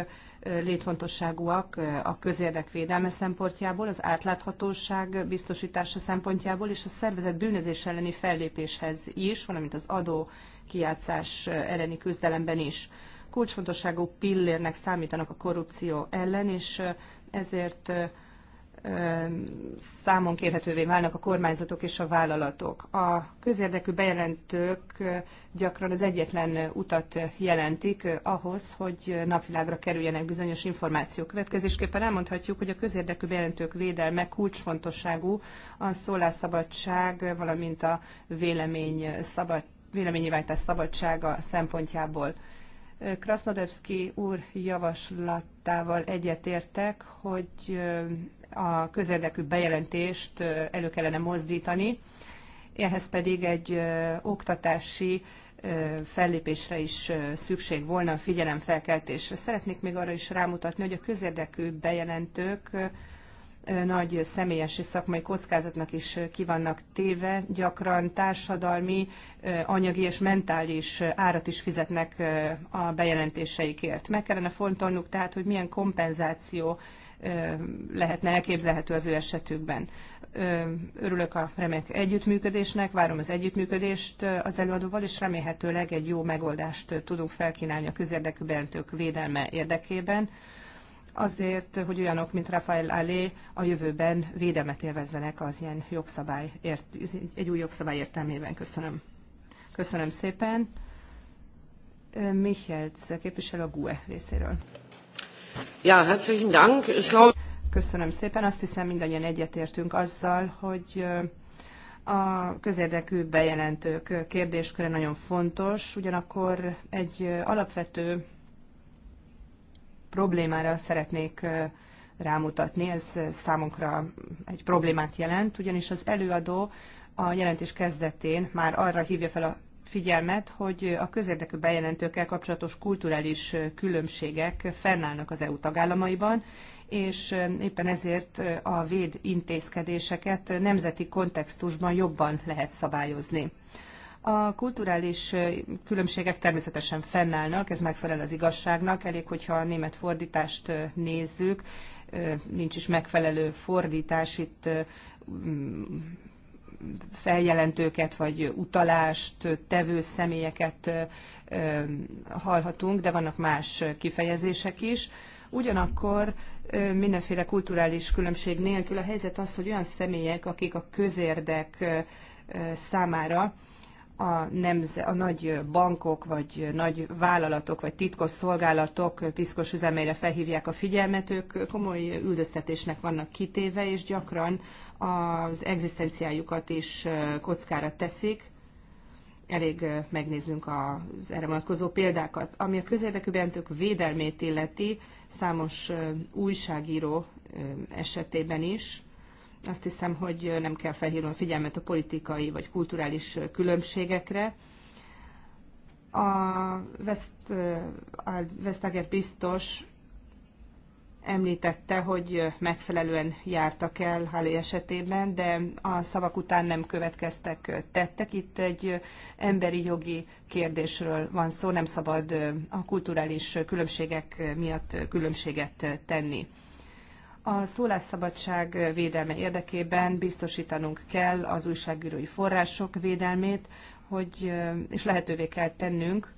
létfontosságúak a közérdek védelme szempontjából, az átláthatóság biztosítása szempontjából és a szervezet bűnözés elleni fellépéshez is, valamint az adó kiátszás elleni küzdelemben is kulcsfontosságú pillérnek számítanak a korrupció ellen, és ezért számon kérhetővé válnak a kormányzatok és a vállalatok. A közérdekű bejelentők gyakran az egyetlen utat jelentik ahhoz, hogy napvilágra kerüljenek bizonyos információk. Következésképpen elmondhatjuk, hogy a közérdekű bejelentők védelme kulcsfontosságú a szólásszabadság, valamint a vélemény szabad, szabadsága szempontjából. Krasnodevski úr javaslatával egyetértek, hogy a közérdekű bejelentést elő kellene mozdítani, ehhez pedig egy oktatási fellépésre is szükség volna, figyelemfelkeltésre. Szeretnék még arra is rámutatni, hogy a közérdekű bejelentők nagy személyes és szakmai kockázatnak is vannak téve, gyakran társadalmi, anyagi és mentális árat is fizetnek a bejelentéseikért. Meg kellene fontolnunk tehát, hogy milyen kompenzáció lehetne elképzelhető az ő esetükben. Örülök a remek együttműködésnek, várom az együttműködést az előadóval, és remélhetőleg egy jó megoldást tudunk felkínálni a közérdekű bejelentők védelme érdekében azért, hogy olyanok, mint Rafael Allé a jövőben védelmet élvezzenek az ilyen jogszabály, ért, egy új jogszabály értelmében. Köszönöm. Köszönöm szépen. Michelc képviselő a GUE részéről. Ja, herzlichen Dank. Köszönöm szépen. Azt hiszem mindannyian egyetértünk azzal, hogy a közérdekű bejelentők kérdésköre nagyon fontos, ugyanakkor egy alapvető problémára szeretnék rámutatni. Ez számunkra egy problémát jelent, ugyanis az előadó a jelentés kezdetén már arra hívja fel a figyelmet, hogy a közérdekű bejelentőkkel kapcsolatos kulturális különbségek fennállnak az EU tagállamaiban, és éppen ezért a véd intézkedéseket nemzeti kontextusban jobban lehet szabályozni. A kulturális különbségek természetesen fennállnak, ez megfelel az igazságnak, elég, hogyha a német fordítást nézzük, nincs is megfelelő fordítás, itt feljelentőket vagy utalást, tevő személyeket hallhatunk, de vannak más kifejezések is. Ugyanakkor mindenféle kulturális különbség nélkül a helyzet az, hogy olyan személyek, akik a közérdek számára a, nemze, a nagy bankok, vagy nagy vállalatok, vagy titkos szolgálatok piszkos üzemeire felhívják a figyelmet, ők komoly üldöztetésnek vannak kitéve, és gyakran az egzisztenciájukat is kockára teszik. Elég megnéznünk az erre vonatkozó példákat. Ami a közérdekű bentők védelmét illeti, számos újságíró esetében is, azt hiszem, hogy nem kell felhívnom figyelmet a politikai vagy kulturális különbségekre. A Vesztager a biztos említette, hogy megfelelően jártak el Hallé esetében, de a szavak után nem következtek tettek. Itt egy emberi jogi kérdésről van szó, nem szabad a kulturális különbségek miatt különbséget tenni. A szólásszabadság védelme érdekében biztosítanunk kell az újságírói források védelmét, hogy, és lehetővé kell tennünk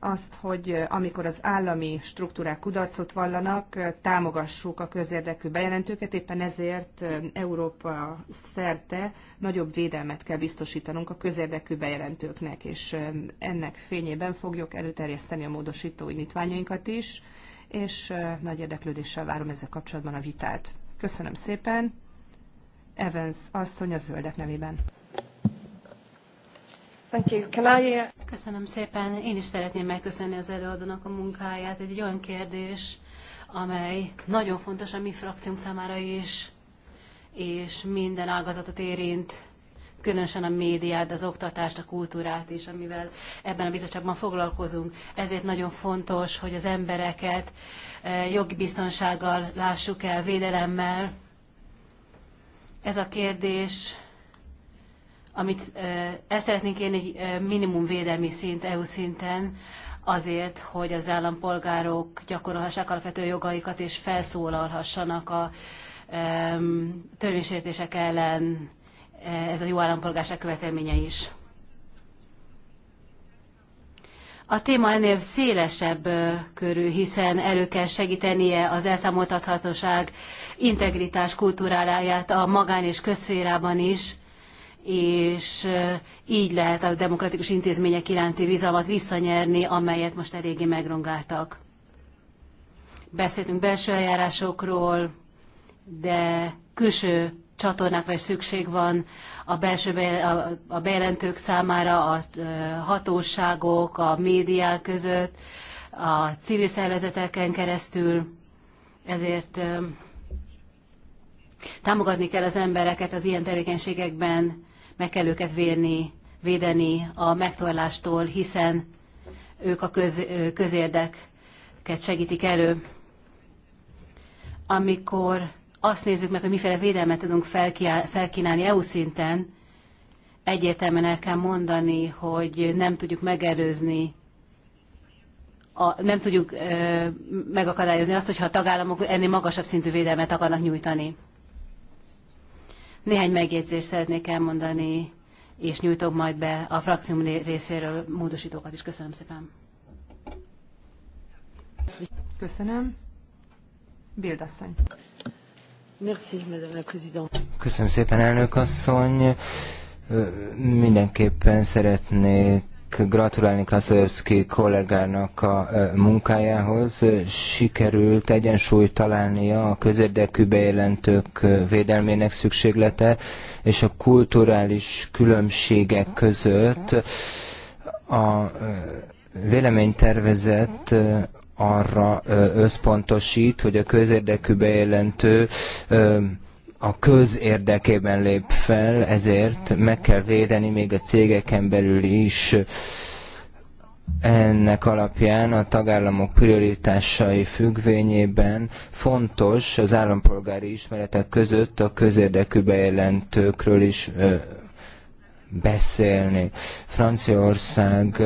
azt, hogy amikor az állami struktúrák kudarcot vallanak, támogassuk a közérdekű bejelentőket, éppen ezért Európa szerte nagyobb védelmet kell biztosítanunk a közérdekű bejelentőknek, és ennek fényében fogjuk előterjeszteni a módosító indítványainkat is és nagy érdeklődéssel várom ezzel kapcsolatban a vitát. Köszönöm szépen. Evans asszony a zöldek nevében. Uh, Köszönöm szépen. Én is szeretném megköszönni az előadónak a munkáját. Ez egy olyan kérdés, amely nagyon fontos a mi frakciónk számára is, és minden ágazatot érint különösen a médiát, az oktatást, a kultúrát is, amivel ebben a bizottságban foglalkozunk. Ezért nagyon fontos, hogy az embereket eh, jogi biztonsággal lássuk el, védelemmel. Ez a kérdés, amit eh, ezt szeretnénk én egy eh, minimum védelmi szint EU szinten, azért, hogy az állampolgárok gyakorolhassák alapvető jogaikat és felszólalhassanak a törvénysértések ellen, Eh, ez a jó állampolgárság követelménye is. A téma ennél szélesebb körül, hiszen elő kell segítenie az elszámoltathatóság integritás kultúráját a magán és közszférában is, és így lehet a demokratikus intézmények iránti bizalmat visszanyerni, amelyet most eléggé megrongáltak. Beszéltünk belső eljárásokról, de külső csatornákra is szükség van a belső a bejelentők számára, a hatóságok, a médiák között, a civil szervezeteken keresztül. Ezért támogatni kell az embereket az ilyen tevékenységekben, meg kell őket vérni, védeni a megtorlástól, hiszen ők a köz, közérdeket segítik elő. Amikor azt nézzük meg, hogy miféle védelmet tudunk felkínálni EU szinten, egyértelműen el kell mondani, hogy nem tudjuk megerőzni, a, nem tudjuk ö, megakadályozni azt, hogyha a tagállamok ennél magasabb szintű védelmet akarnak nyújtani. Néhány megjegyzést szeretnék elmondani, és nyújtok majd be a frakcióm részéről módosítókat is. Köszönöm szépen. Köszönöm. Bildasszony. Köszönöm szépen, elnök asszony. Mindenképpen szeretnék gratulálni Klaszorszki kollégának a munkájához. Sikerült egyensúlyt találnia a közérdekű bejelentők védelmének szükséglete és a kulturális különbségek között. A véleménytervezet arra összpontosít, hogy a közérdekű bejelentő a közérdekében lép fel, ezért meg kell védeni még a cégeken belül is. Ennek alapján a tagállamok prioritásai függvényében fontos az állampolgári ismeretek között a közérdekű bejelentőkről is beszélni. Franciaország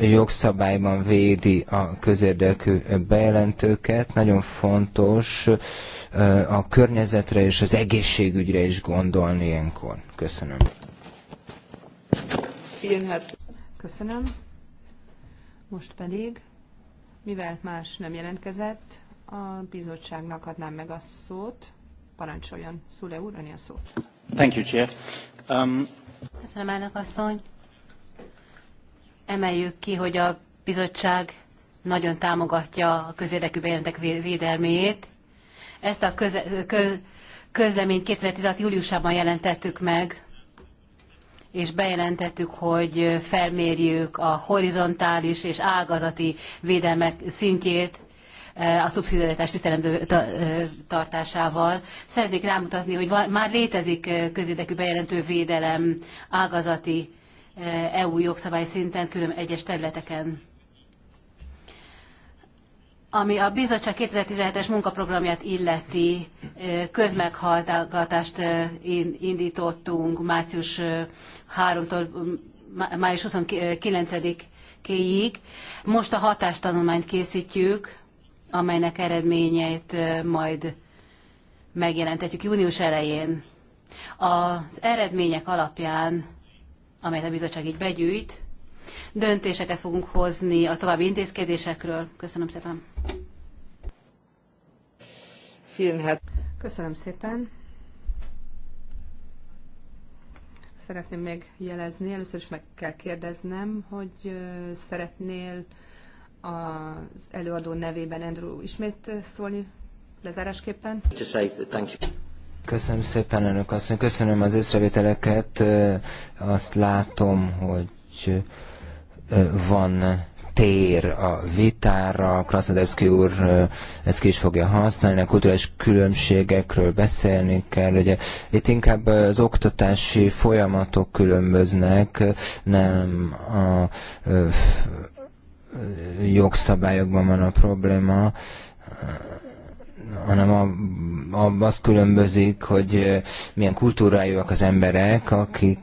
jogszabályban védi a közérdekű bejelentőket. Nagyon fontos a környezetre és az egészségügyre is gondolni ilyenkor. Köszönöm. Hát- Köszönöm. Most pedig, mivel más nem jelentkezett, a bizottságnak adnám meg a szót. Parancsoljon, Szule úr, a szót. Thank you, Chair. Um, Köszönöm, elnök asszony. Emeljük ki, hogy a bizottság nagyon támogatja a közérdekű bejelentek védelmét. Ezt a köz, köz, közleményt 2016. júliusában jelentettük meg, és bejelentettük, hogy felmérjük a horizontális és ágazati védelmek szintjét a szubszidiaritás tisztelemben tartásával. Szeretnék rámutatni, hogy már létezik közérdekű bejelentő védelem ágazati EU jogszabály szinten, külön egyes területeken. Ami a bizottság 2017-es munkaprogramját illeti, közmeghallgatást indítottunk március 3-tól május 29-ig. Most a hatástanulmányt készítjük amelynek eredményeit majd megjelentetjük június elején. Az eredmények alapján, amelyet a bizottság így begyűjt, döntéseket fogunk hozni a további intézkedésekről. Köszönöm szépen. Köszönöm szépen. Szeretném még jelezni, először is meg kell kérdeznem, hogy szeretnél az előadó nevében Andrew ismét szólni lezárásképpen. Köszönöm szépen, önök asszony, köszönöm az észrevételeket. Azt látom, hogy van tér a vitára, Krasnodevszki úr ezt ki is fogja használni, a kulturális különbségekről beszélni kell, ugye itt inkább az oktatási folyamatok különböznek, nem a jogszabályokban van a probléma, hanem az különbözik, hogy milyen kultúrájúak az emberek, akik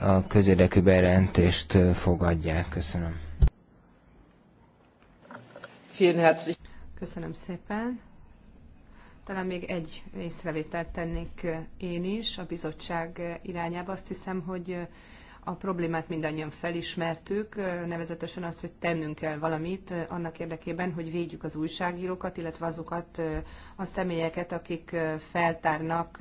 a közérdekű bejelentést fogadják. Köszönöm. Köszönöm szépen. Talán még egy észrevételt tennék én is a bizottság irányába. Azt hiszem, hogy a problémát mindannyian felismertük, nevezetesen azt, hogy tennünk kell valamit annak érdekében, hogy védjük az újságírókat, illetve azokat a személyeket, akik feltárnak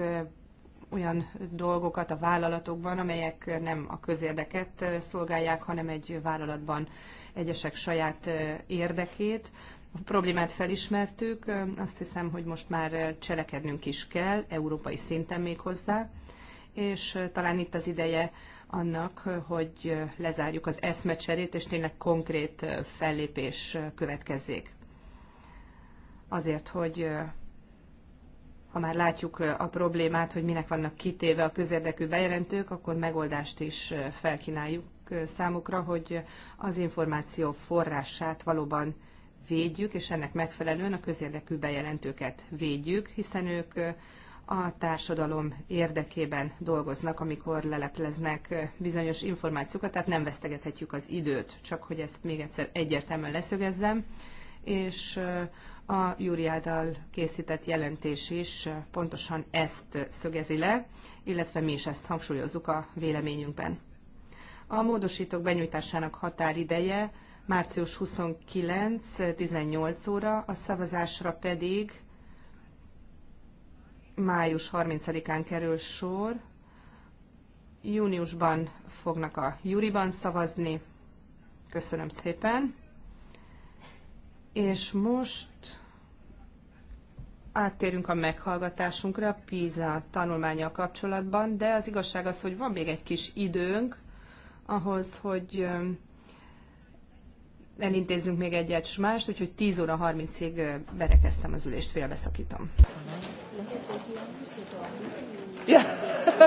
olyan dolgokat a vállalatokban, amelyek nem a közérdeket szolgálják, hanem egy vállalatban egyesek saját érdekét. A problémát felismertük, azt hiszem, hogy most már cselekednünk is kell, európai szinten még hozzá, és talán itt az ideje annak, hogy lezárjuk az eszmecserét, és tényleg konkrét fellépés következzék. Azért, hogy ha már látjuk a problémát, hogy minek vannak kitéve a közérdekű bejelentők, akkor megoldást is felkínáljuk számukra, hogy az információ forrását valóban védjük, és ennek megfelelően a közérdekű bejelentőket védjük, hiszen ők a társadalom érdekében dolgoznak, amikor lelepleznek bizonyos információkat, tehát nem vesztegethetjük az időt, csak hogy ezt még egyszer egyértelműen leszögezzem, és a Júri által készített jelentés is pontosan ezt szögezi le, illetve mi is ezt hangsúlyozzuk a véleményünkben. A módosítók benyújtásának határideje március 29-18 óra, a szavazásra pedig május 30-án kerül sor. Júniusban fognak a júriban szavazni. Köszönöm szépen. És most áttérünk a meghallgatásunkra a PISA tanulmánya kapcsolatban, de az igazság az, hogy van még egy kis időnk ahhoz, hogy elintézzünk még egyet s mást, úgyhogy 10 óra 30-ig berekeztem az ülést, félbeszakítom. Yeah. uh,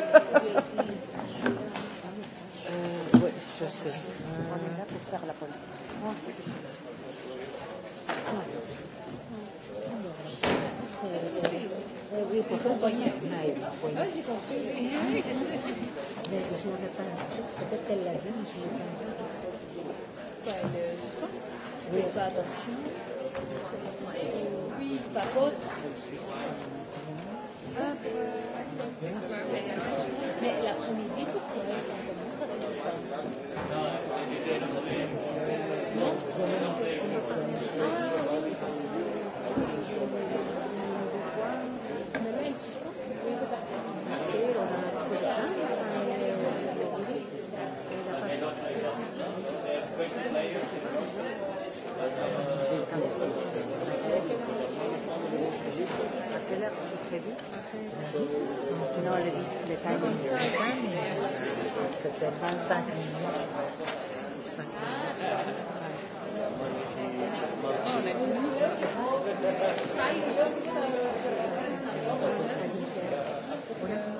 Oui. Pas attention. Oui, par contre. Mais l'après-midi, pour qu'on commence, ça se passe pas. Non, prévu Non, le, le timing. C'était 25 millions. 5 On a commencé à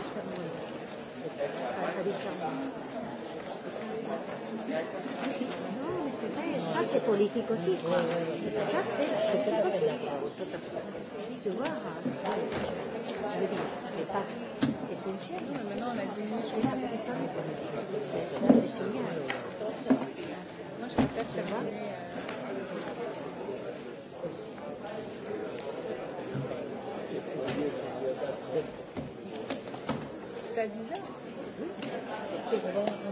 Istanbul, à Istanbul. Ouais, mais c'est vrai, ça c'est politique aussi. Quoi. Ça c'est la chose politique. Tu vois, je veux dire, c'est pas essentiel. Non, mais maintenant on a diminué. C'est la préparer C'est génial. Moi je préfère que ça C'est à 10 heures. Oui.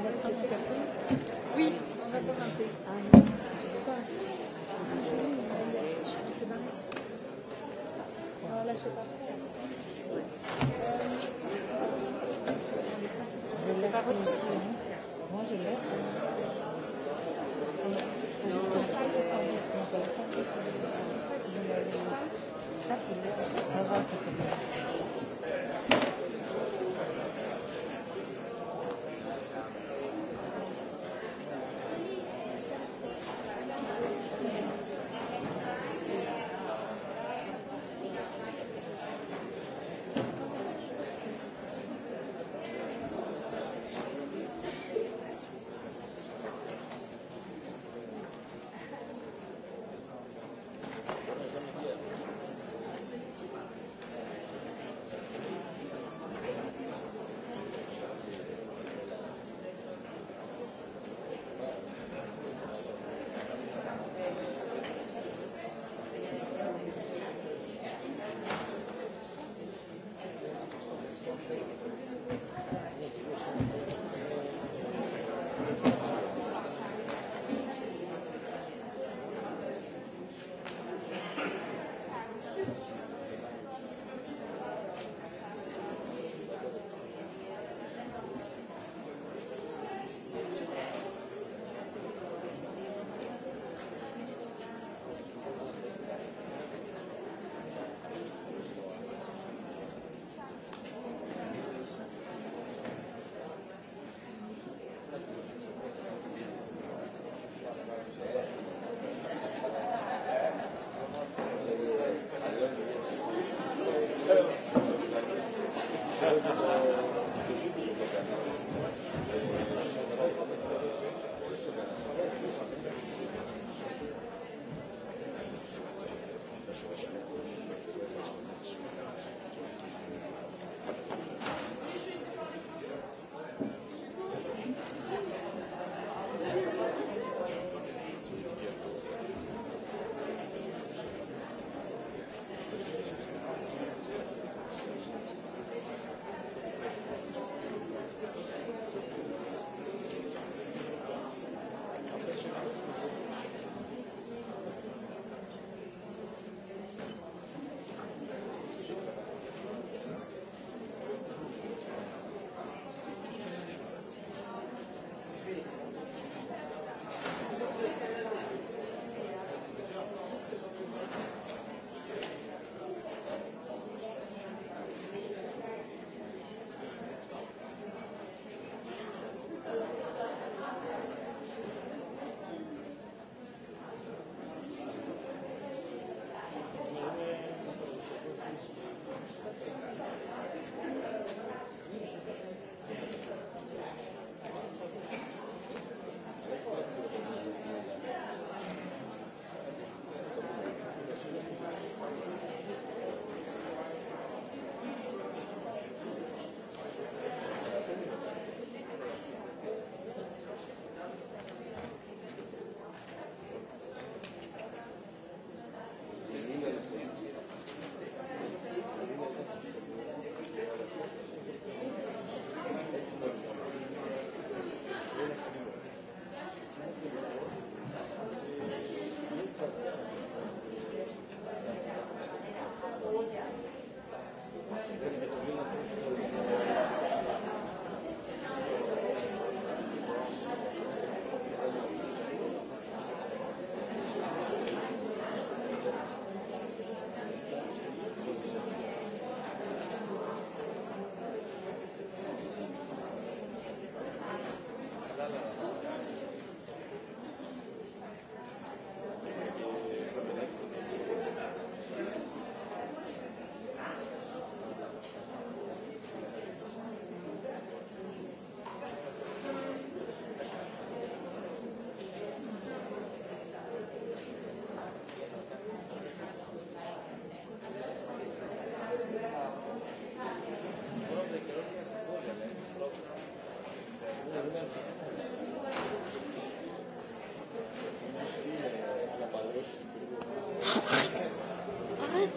Je ne l'ai pas reçu. Moi, je l'ai. Ça, tu l'as. Ça, tu l'as.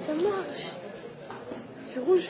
ça marche. C'est rouge.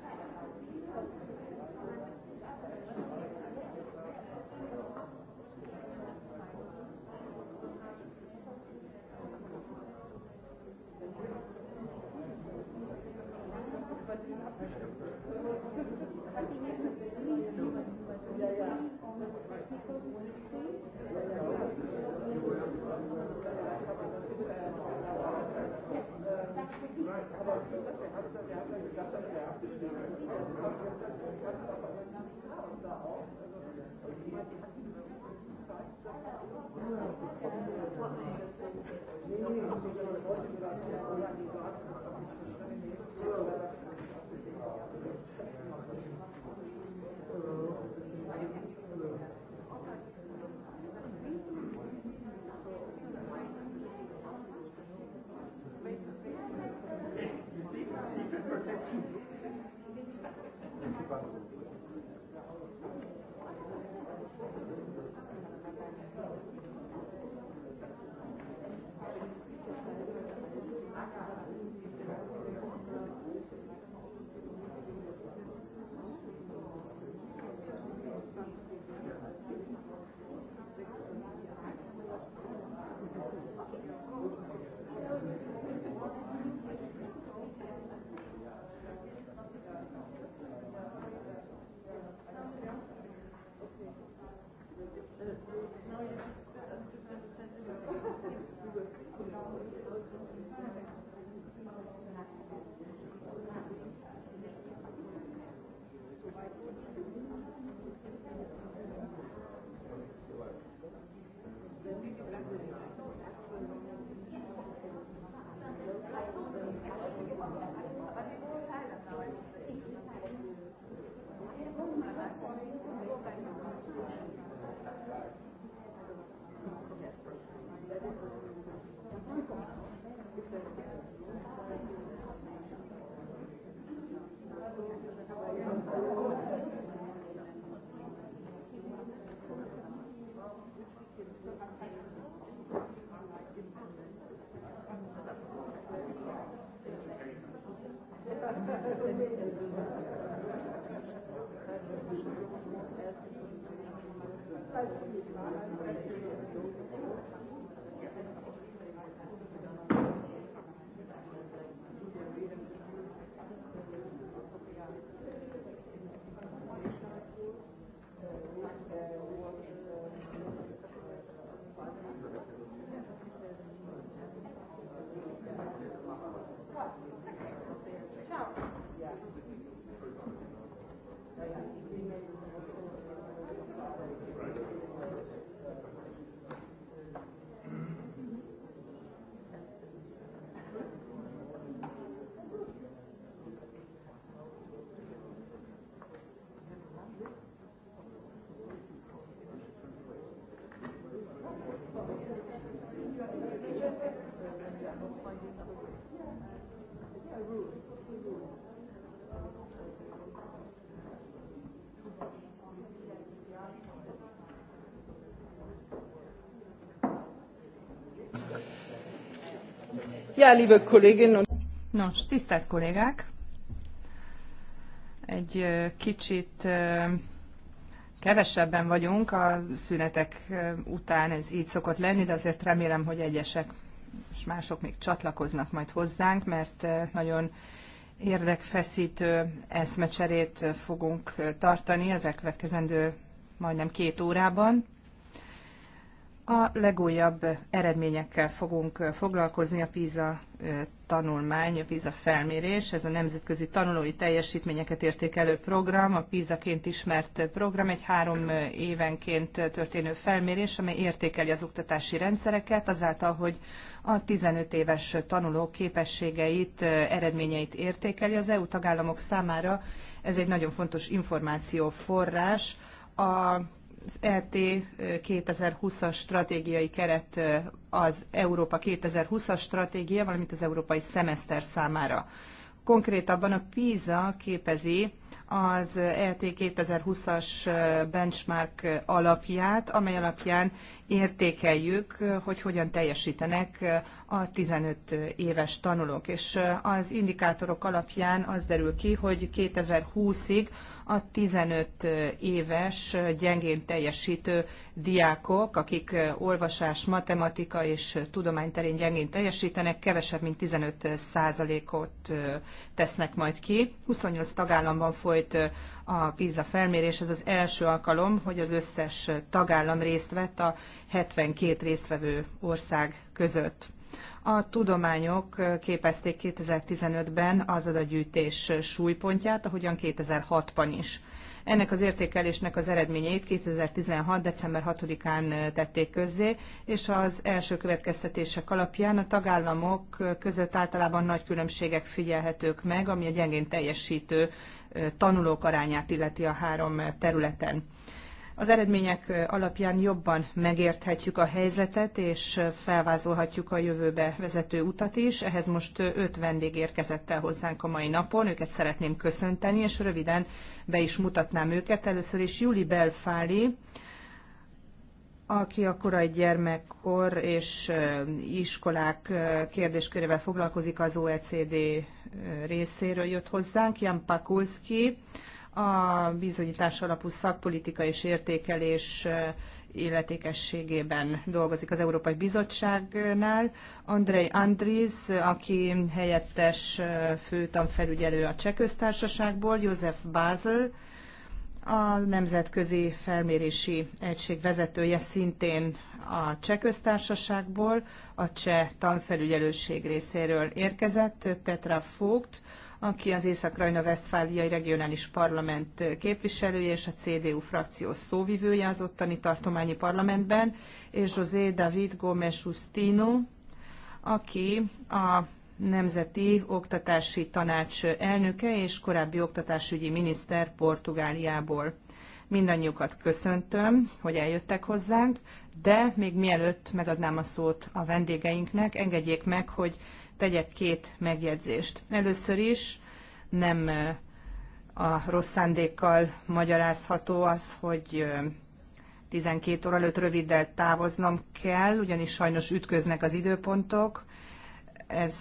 Thank you. Ja, liebe Kolleginnen und Nos, tisztelt kollégák! Egy kicsit kevesebben vagyunk a szünetek után, ez így szokott lenni, de azért remélem, hogy egyesek és mások még csatlakoznak majd hozzánk, mert nagyon érdekfeszítő eszmecserét fogunk tartani az elkövetkezendő majdnem két órában. A legújabb eredményekkel fogunk foglalkozni a PISA tanulmány, a PISA felmérés, ez a nemzetközi tanulói teljesítményeket értékelő program, a PISA-ként ismert program, egy három évenként történő felmérés, amely értékeli az oktatási rendszereket, azáltal, hogy a 15 éves tanulók képességeit, eredményeit értékeli az EU tagállamok számára. Ez egy nagyon fontos információforrás. A az ET 2020-as stratégiai keret az Európa 2020-as stratégia, valamint az európai szemeszter számára. Konkrétabban a PISA képezi az ET 2020-as benchmark alapját, amely alapján értékeljük, hogy hogyan teljesítenek a 15 éves tanulók. És az indikátorok alapján az derül ki, hogy 2020-ig a 15 éves gyengén teljesítő diákok, akik olvasás, matematika és tudományterén gyengén teljesítenek, kevesebb, mint 15 százalékot tesznek majd ki. 28 tagállamban folyt a PISA felmérés. Ez az első alkalom, hogy az összes tagállam részt vett a 72 résztvevő ország között. A tudományok képezték 2015-ben az adagyűjtés súlypontját, ahogyan 2006-ban is. Ennek az értékelésnek az eredményeit 2016. december 6-án tették közzé, és az első következtetések alapján a tagállamok között általában nagy különbségek figyelhetők meg, ami a gyengén teljesítő tanulók arányát illeti a három területen. Az eredmények alapján jobban megérthetjük a helyzetet, és felvázolhatjuk a jövőbe vezető utat is. Ehhez most öt vendég érkezett el hozzánk a mai napon, őket szeretném köszönteni, és röviden be is mutatnám őket. Először is Juli Belfáli, aki a korai gyermekkor és iskolák kérdéskörével foglalkozik az OECD részéről jött hozzánk, Jan Pakulski, a bizonyítás alapú szakpolitika és értékelés illetékességében dolgozik az Európai Bizottságnál. Andrei Andriz, aki helyettes főtanfelügyelő a Cseh Köztársaságból, József Bázel, a Nemzetközi Felmérési Egység vezetője szintén a Cseh Köztársaságból, a Cseh Tanfelügyelőség részéről érkezett, Petra Fogt, aki az Észak-Rajna-Vesztfáliai Regionális Parlament képviselője és a CDU frakció szóvivője az ottani tartományi parlamentben, és José David Gómez Justino, aki a Nemzeti Oktatási Tanács elnöke és korábbi oktatásügyi miniszter Portugáliából. Mindannyiukat köszöntöm, hogy eljöttek hozzánk, de még mielőtt megadnám a szót a vendégeinknek, engedjék meg, hogy tegyek két megjegyzést. Először is nem a rossz szándékkal magyarázható az, hogy 12 óra előtt röviddel távoznom kell, ugyanis sajnos ütköznek az időpontok ez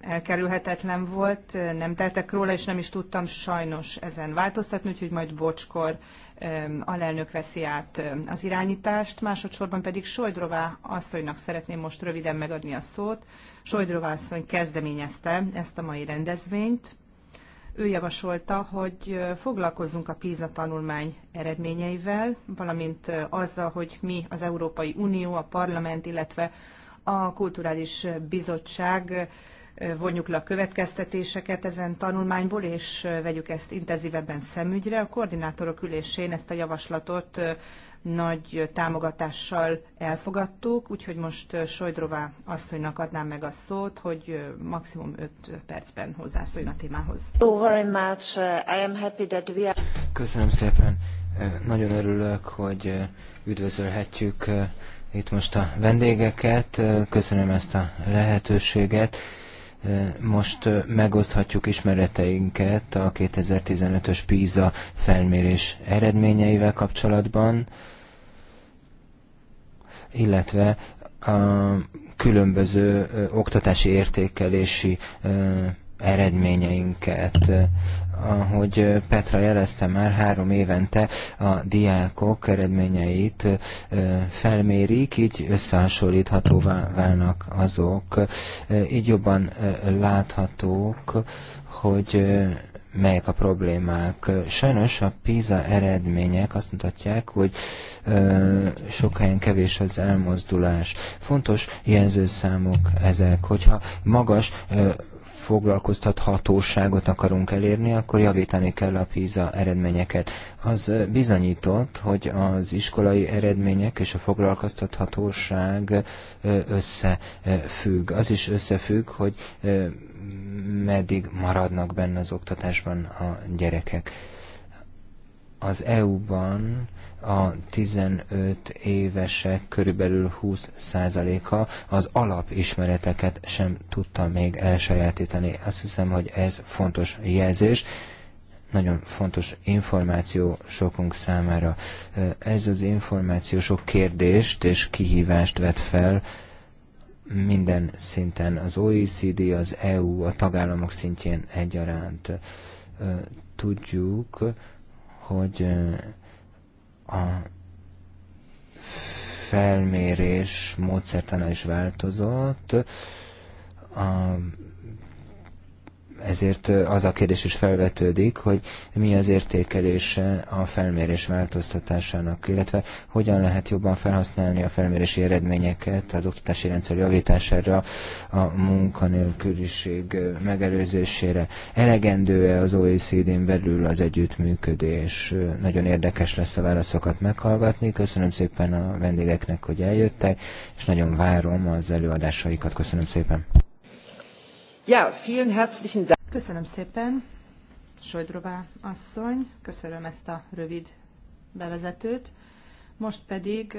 elkerülhetetlen volt, nem teltek róla, és nem is tudtam sajnos ezen változtatni, úgyhogy majd bocskor alelnök veszi át az irányítást. Másodszorban pedig Sojdrová asszonynak szeretném most röviden megadni a szót. Sojdrová asszony kezdeményezte ezt a mai rendezvényt. Ő javasolta, hogy foglalkozzunk a PISA tanulmány eredményeivel, valamint azzal, hogy mi az Európai Unió, a parlament, illetve a Kulturális Bizottság vonjuk le a következtetéseket ezen tanulmányból, és vegyük ezt intenzívebben szemügyre. A koordinátorok ülésén ezt a javaslatot nagy támogatással elfogadtuk, úgyhogy most Sojdrová asszonynak adnám meg a szót, hogy maximum 5 percben hozzászóljon a témához. Köszönöm szépen. Nagyon örülök, hogy üdvözölhetjük itt most a vendégeket, köszönöm ezt a lehetőséget. Most megoszthatjuk ismereteinket a 2015-ös PISA felmérés eredményeivel kapcsolatban, illetve a különböző oktatási értékelési eredményeinket. Ahogy Petra jelezte már, három évente a diákok eredményeit felmérik, így összehasonlíthatóvá válnak azok. Így jobban láthatók, hogy melyek a problémák. Sajnos a PISA eredmények azt mutatják, hogy ö, sok helyen kevés az elmozdulás. Fontos jelzőszámok ezek, hogyha magas ö, foglalkoztathatóságot akarunk elérni, akkor javítani kell a PISA eredményeket. Az bizonyított, hogy az iskolai eredmények és a foglalkoztathatóság összefügg. Az is összefügg, hogy meddig maradnak benne az oktatásban a gyerekek. Az EU-ban a 15 évesek körülbelül 20%-a az alapismereteket sem tudta még elsajátítani. Azt hiszem, hogy ez fontos jelzés, nagyon fontos információ sokunk számára. Ez az információ sok kérdést és kihívást vet fel, minden szinten, az OECD, az EU, a tagállamok szintjén egyaránt. Tudjuk, hogy a felmérés módszertana is változott, a ezért az a kérdés is felvetődik, hogy mi az értékelése a felmérés változtatásának, illetve hogyan lehet jobban felhasználni a felmérési eredményeket az oktatási rendszer javítására, a munkanélküliség megelőzésére. Elegendő-e az OECD-n belül az együttműködés? Nagyon érdekes lesz a válaszokat meghallgatni. Köszönöm szépen a vendégeknek, hogy eljöttek, és nagyon várom az előadásaikat. Köszönöm szépen! Ja, vielen herzlichen Dank. Köszönöm szépen, Sojdrová asszony, köszönöm ezt a rövid bevezetőt. Most pedig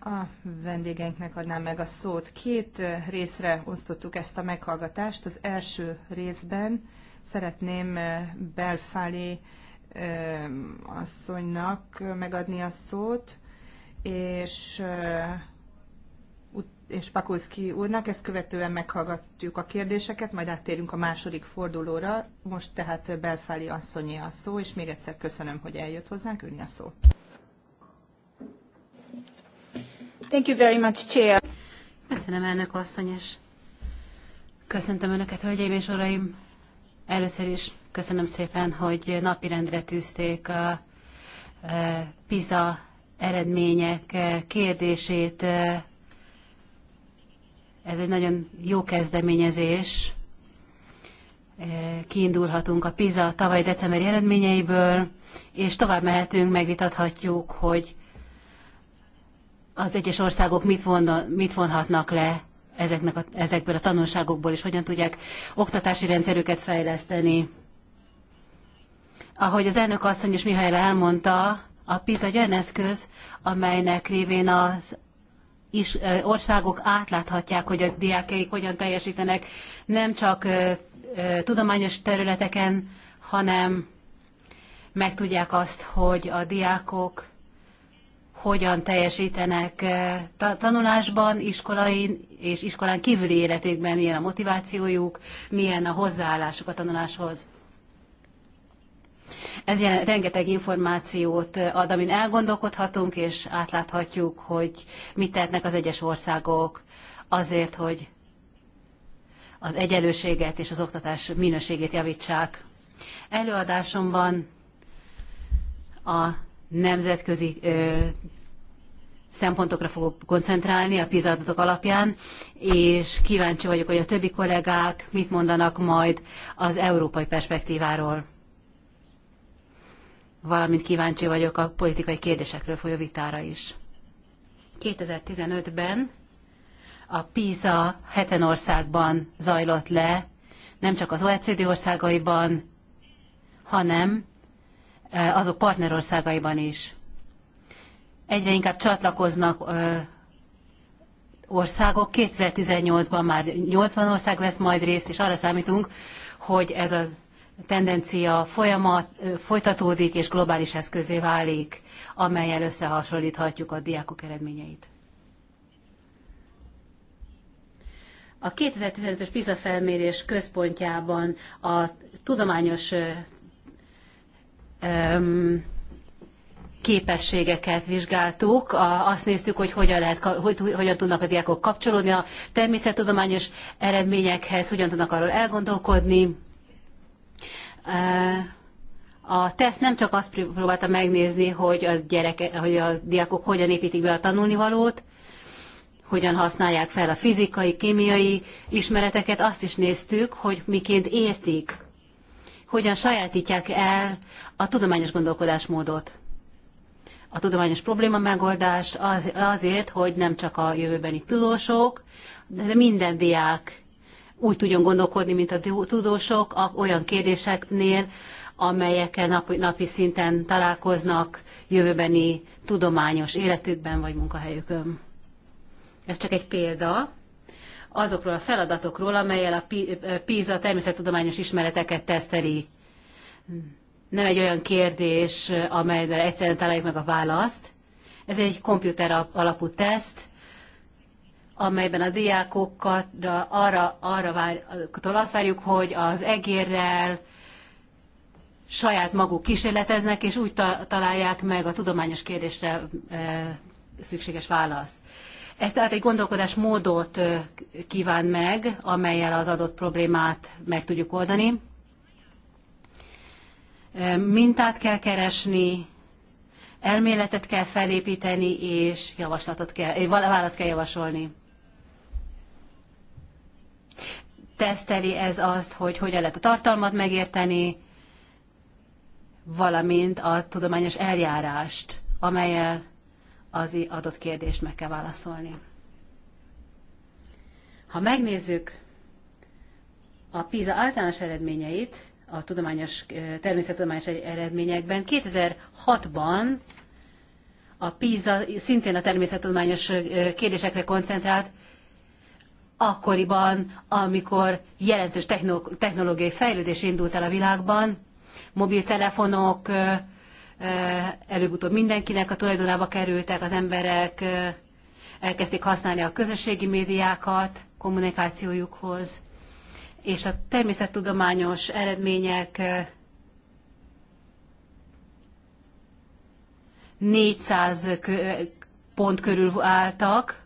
a vendégeinknek adnám meg a szót. Két részre osztottuk ezt a meghallgatást. Az első részben szeretném Belfáli asszonynak megadni a szót, és és Pakulszki úrnak, ezt követően meghallgatjuk a kérdéseket, majd áttérünk a második fordulóra. Most tehát Belfáli asszonyi a szó, és még egyszer köszönöm, hogy eljött hozzánk, őni a szó. Thank you very much, Chair. Köszönöm, elnök asszony, és köszöntöm Önöket, hölgyeim és uraim. Először is köszönöm szépen, hogy napirendre tűzték a, a e, PISA eredmények e, kérdését, e, ez egy nagyon jó kezdeményezés. E, kiindulhatunk a PISA tavaly decemberi eredményeiből, és tovább mehetünk, megvitathatjuk, hogy az egyes országok mit, von, mit vonhatnak le ezeknek a, ezekből a tanulságokból, és hogyan tudják oktatási rendszerüket fejleszteni. Ahogy az elnök asszony is Mihály elmondta, a PISA egy olyan eszköz, amelynek révén az is, országok átláthatják, hogy a diákjaik hogyan teljesítenek, nem csak tudományos területeken, hanem megtudják azt, hogy a diákok hogyan teljesítenek tanulásban, iskolain és iskolán kívüli életükben, milyen a motivációjuk, milyen a hozzáállásuk a tanuláshoz. Ez ilyen rengeteg információt ad, amin elgondolkodhatunk, és átláthatjuk, hogy mit tehetnek az egyes országok azért, hogy az egyenlőséget és az oktatás minőségét javítsák. Előadásomban a nemzetközi ö, szempontokra fogok koncentrálni a PISA adatok alapján, és kíváncsi vagyok, hogy a többi kollégák mit mondanak majd az európai perspektíváról valamint kíváncsi vagyok a politikai kérdésekről folyó vitára is. 2015-ben a PISA 70 országban zajlott le, nem csak az OECD országaiban, hanem e, azok partnerországaiban is. Egyre inkább csatlakoznak e, országok. 2018-ban már 80 ország vesz majd részt, és arra számítunk, hogy ez a tendencia folyamat, folytatódik és globális eszközé válik, amelyel összehasonlíthatjuk a diákok eredményeit. A 2015-ös PISA felmérés központjában a tudományos képességeket vizsgáltuk, azt néztük, hogy hogyan, lehet, hogy, hogyan tudnak a diákok kapcsolódni a természettudományos eredményekhez, hogyan tudnak arról elgondolkodni, Eh, a teszt nem csak azt próbálta megnézni, hogy a, gyereke, hogy a diákok hogyan építik be a tanulnivalót, hogyan használják fel a fizikai, kémiai ismereteket, azt is néztük, hogy miként értik, hogyan sajátítják el a tudományos gondolkodásmódot, a tudományos probléma megoldást az, azért, hogy nem csak a jövőbeni tudósok, de minden diák úgy tudjon gondolkodni, mint a tudósok, a olyan kérdéseknél, amelyekkel napi, napi szinten találkoznak jövőbeni tudományos életükben vagy munkahelyükön. Ez csak egy példa azokról a feladatokról, amelyel a PISA természettudományos ismereteket teszteli. Nem egy olyan kérdés, amelyre egyszerűen találjuk meg a választ. Ez egy komputer alapú teszt, amelyben a diákokat arra, arra vár, azt várjuk, hogy az egérrel saját maguk kísérleteznek, és úgy ta, találják meg a tudományos kérdésre e, szükséges választ. Ez tehát egy gondolkodásmódot e, kíván meg, amelyel az adott problémát meg tudjuk oldani. E, mintát kell keresni, elméletet kell felépíteni, és javaslatot kell, választ kell javasolni. teszteli ez azt, hogy hogyan lehet a tartalmat megérteni, valamint a tudományos eljárást, amelyel az adott kérdést meg kell válaszolni. Ha megnézzük a PISA általános eredményeit, a tudományos, természettudományos eredményekben, 2006-ban a PISA szintén a természettudományos kérdésekre koncentrált, akkoriban, amikor jelentős technológiai fejlődés indult el a világban, mobiltelefonok előbb-utóbb mindenkinek a tulajdonába kerültek, az emberek elkezdték használni a közösségi médiákat kommunikációjukhoz, és a természettudományos eredmények 400 pont körül álltak,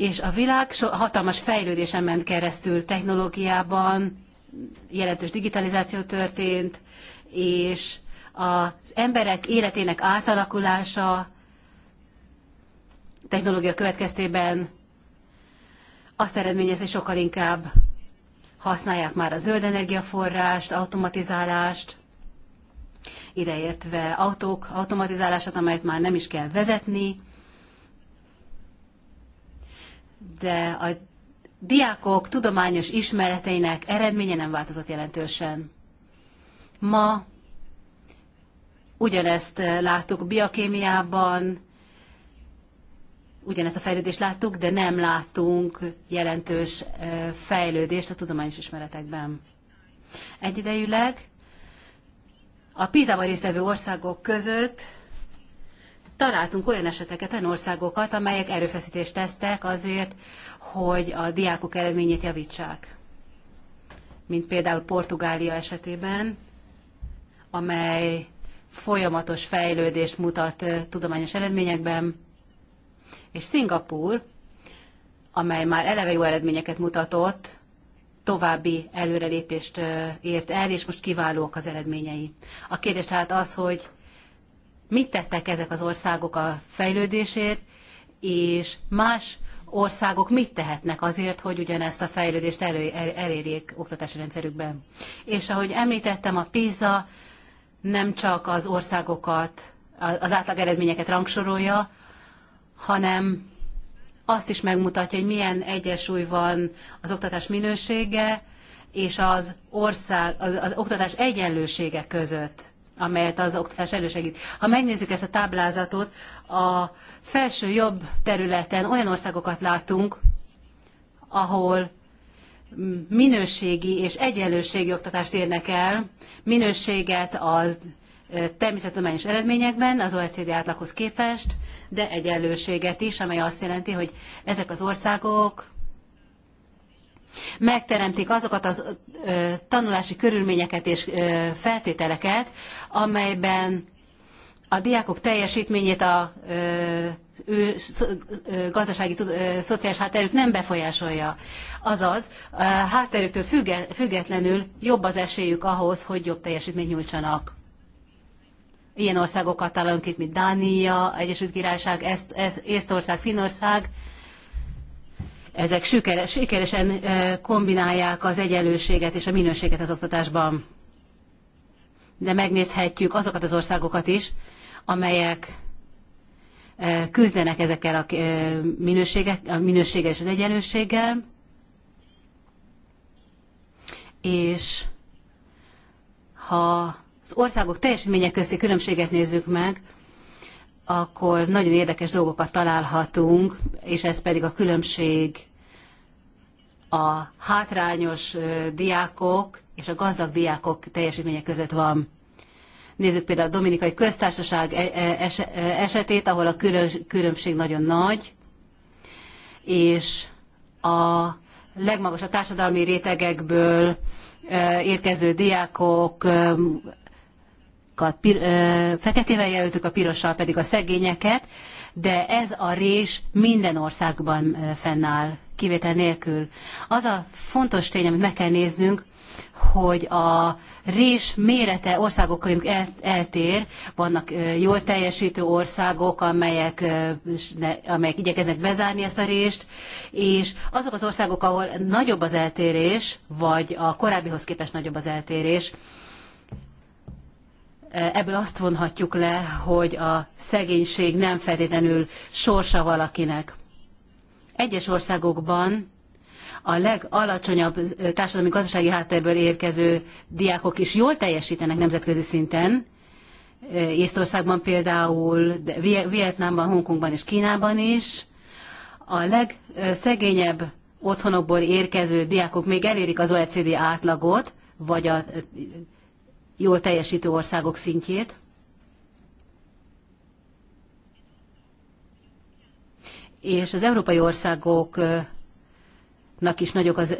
és a világ hatalmas fejlődésen ment keresztül technológiában, jelentős digitalizáció történt, és az emberek életének átalakulása technológia következtében azt eredményezi, sokkal inkább használják már a zöld energiaforrást, automatizálást, ideértve autók automatizálását, amelyet már nem is kell vezetni, de a diákok tudományos ismereteinek eredménye nem változott jelentősen. Ma ugyanezt láttuk biokémiában, ugyanezt a fejlődést láttuk, de nem láttunk jelentős fejlődést a tudományos ismeretekben. Egyidejűleg a PISA-ban résztvevő országok között találtunk olyan eseteket, olyan országokat, amelyek erőfeszítést tesztek azért, hogy a diákok eredményét javítsák. Mint például Portugália esetében, amely folyamatos fejlődést mutat tudományos eredményekben, és Szingapúr, amely már eleve jó eredményeket mutatott, további előrelépést ért el, és most kiválóak az eredményei. A kérdés tehát az, hogy mit tettek ezek az országok a fejlődésért, és más országok mit tehetnek azért, hogy ugyanezt a fejlődést elő, el, elérjék oktatási rendszerükben. És ahogy említettem, a PISA nem csak az országokat, az átlag eredményeket rangsorolja, hanem azt is megmutatja, hogy milyen egyensúly van az oktatás minősége és az ország, az, az oktatás egyenlősége között amelyet az oktatás elősegít. Ha megnézzük ezt a táblázatot, a felső jobb területen olyan országokat látunk, ahol minőségi és egyenlőségi oktatást érnek el, minőséget az természettudományos eredményekben az OECD átlaghoz képest, de egyenlőséget is, amely azt jelenti, hogy ezek az országok megteremtik azokat az tanulási körülményeket és feltételeket, amelyben a diákok teljesítményét a ő gazdasági, szociális hátterük nem befolyásolja. Azaz, a hátterüktől függetlenül jobb az esélyük ahhoz, hogy jobb teljesítményt nyújtsanak. Ilyen országokat találunk itt, mint Dánia, Egyesült Királyság, Észt, Észtország, Finnország, ezek sikeresen kombinálják az egyenlőséget és a minőséget az oktatásban. De megnézhetjük azokat az országokat is, amelyek küzdenek ezekkel a, minőségek, a minőséggel és az egyenlőséggel, és ha az országok teljesítmények közti különbséget nézzük meg, akkor nagyon érdekes dolgokat találhatunk, és ez pedig a különbség a hátrányos diákok és a gazdag diákok teljesítménye között van. Nézzük például a Dominikai Köztársaság e, e, e, esetét, ahol a különbség nagyon nagy, és a legmagasabb társadalmi rétegekből érkező diákokat feketével jelöltük, a pirossal pedig a szegényeket de ez a rés minden országban fennáll, kivétel nélkül. Az a fontos tény, amit meg kell néznünk, hogy a rés mérete országok el, eltér, vannak jól teljesítő országok, amelyek, amelyek igyekeznek bezárni ezt a rést, és azok az országok, ahol nagyobb az eltérés, vagy a korábbihoz képest nagyobb az eltérés, Eh, ebből azt vonhatjuk le, hogy a szegénység nem feltétlenül sorsa valakinek. Egyes országokban a legalacsonyabb eh, társadalmi gazdasági háttérből érkező diákok is jól teljesítenek nemzetközi szinten. Eh, Észtországban például, Vietnámban, Hongkongban és Kínában is. A legszegényebb otthonokból érkező diákok még elérik az OECD átlagot, vagy a jól teljesítő országok szintjét, és az európai országoknak is nagyok az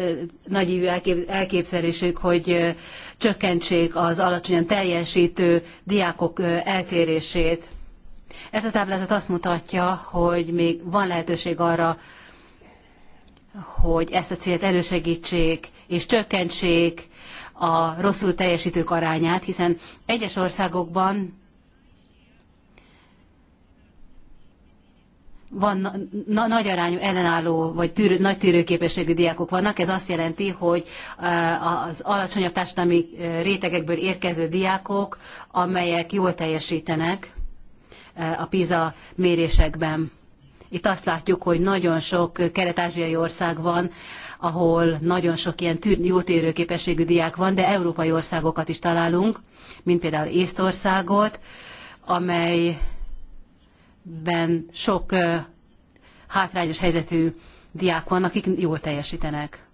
nagy elképzelésük, hogy csökkentsék az alacsonyan teljesítő diákok eltérését. Ez a táblázat azt mutatja, hogy még van lehetőség arra, hogy ezt a célt elősegítsék és csökkentsék a rosszul teljesítők arányát, hiszen egyes országokban van na, na, nagy arányú ellenálló, vagy tűrő, nagy tűrőképességű diákok vannak. Ez azt jelenti, hogy eh, az alacsonyabb társadalmi eh, rétegekből érkező diákok, amelyek jól teljesítenek eh, a PISA mérésekben. Itt azt látjuk, hogy nagyon sok kelet-ázsiai ország van, ahol nagyon sok ilyen tűr, jótérő képességű diák van, de európai országokat is találunk, mint például Észtországot, amelyben sok hátrányos helyzetű diák van, akik jól teljesítenek.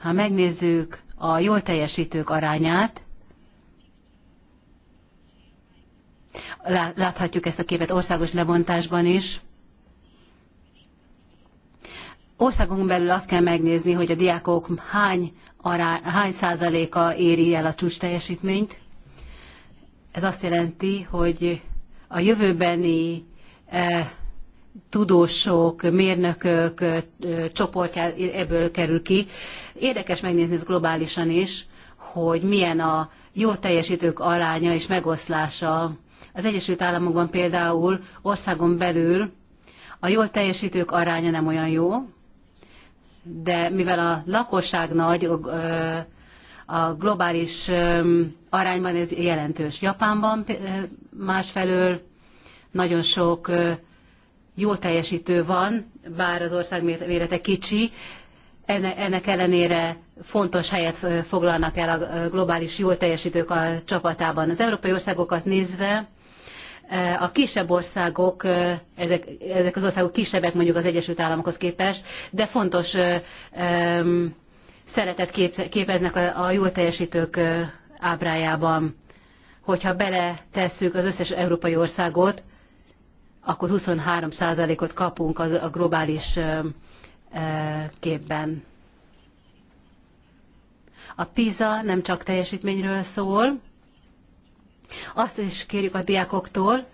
Ha megnézzük a jól teljesítők arányát, láthatjuk ezt a képet országos lebontásban is, országunk belül azt kell megnézni, hogy a diákok hány, ará, hány százaléka éri el a csúcs teljesítményt. Ez azt jelenti, hogy a jövőbeni e, tudósok, mérnökök e, csoportja ebből kerül ki. Érdekes megnézni ezt globálisan is, hogy milyen a jó teljesítők aránya és megoszlása. Az Egyesült Államokban például országon belül a jól teljesítők aránya nem olyan jó, de mivel a lakosság nagy, a globális arányban ez jelentős. Japánban másfelől nagyon sok jól teljesítő van, bár az ország mérete kicsi, ennek ellenére fontos helyet foglalnak el a globális jól teljesítők a csapatában. Az európai országokat nézve a kisebb országok, ezek, ezek az országok kisebbek mondjuk az Egyesült Államokhoz képest, de fontos szeretet képeznek a, a jól teljesítők ábrájában. Hogyha beletesszük az összes európai országot, akkor 23%-ot kapunk az, a globális képben. A PISA nem csak teljesítményről szól, azt is kérjük a diákoktól,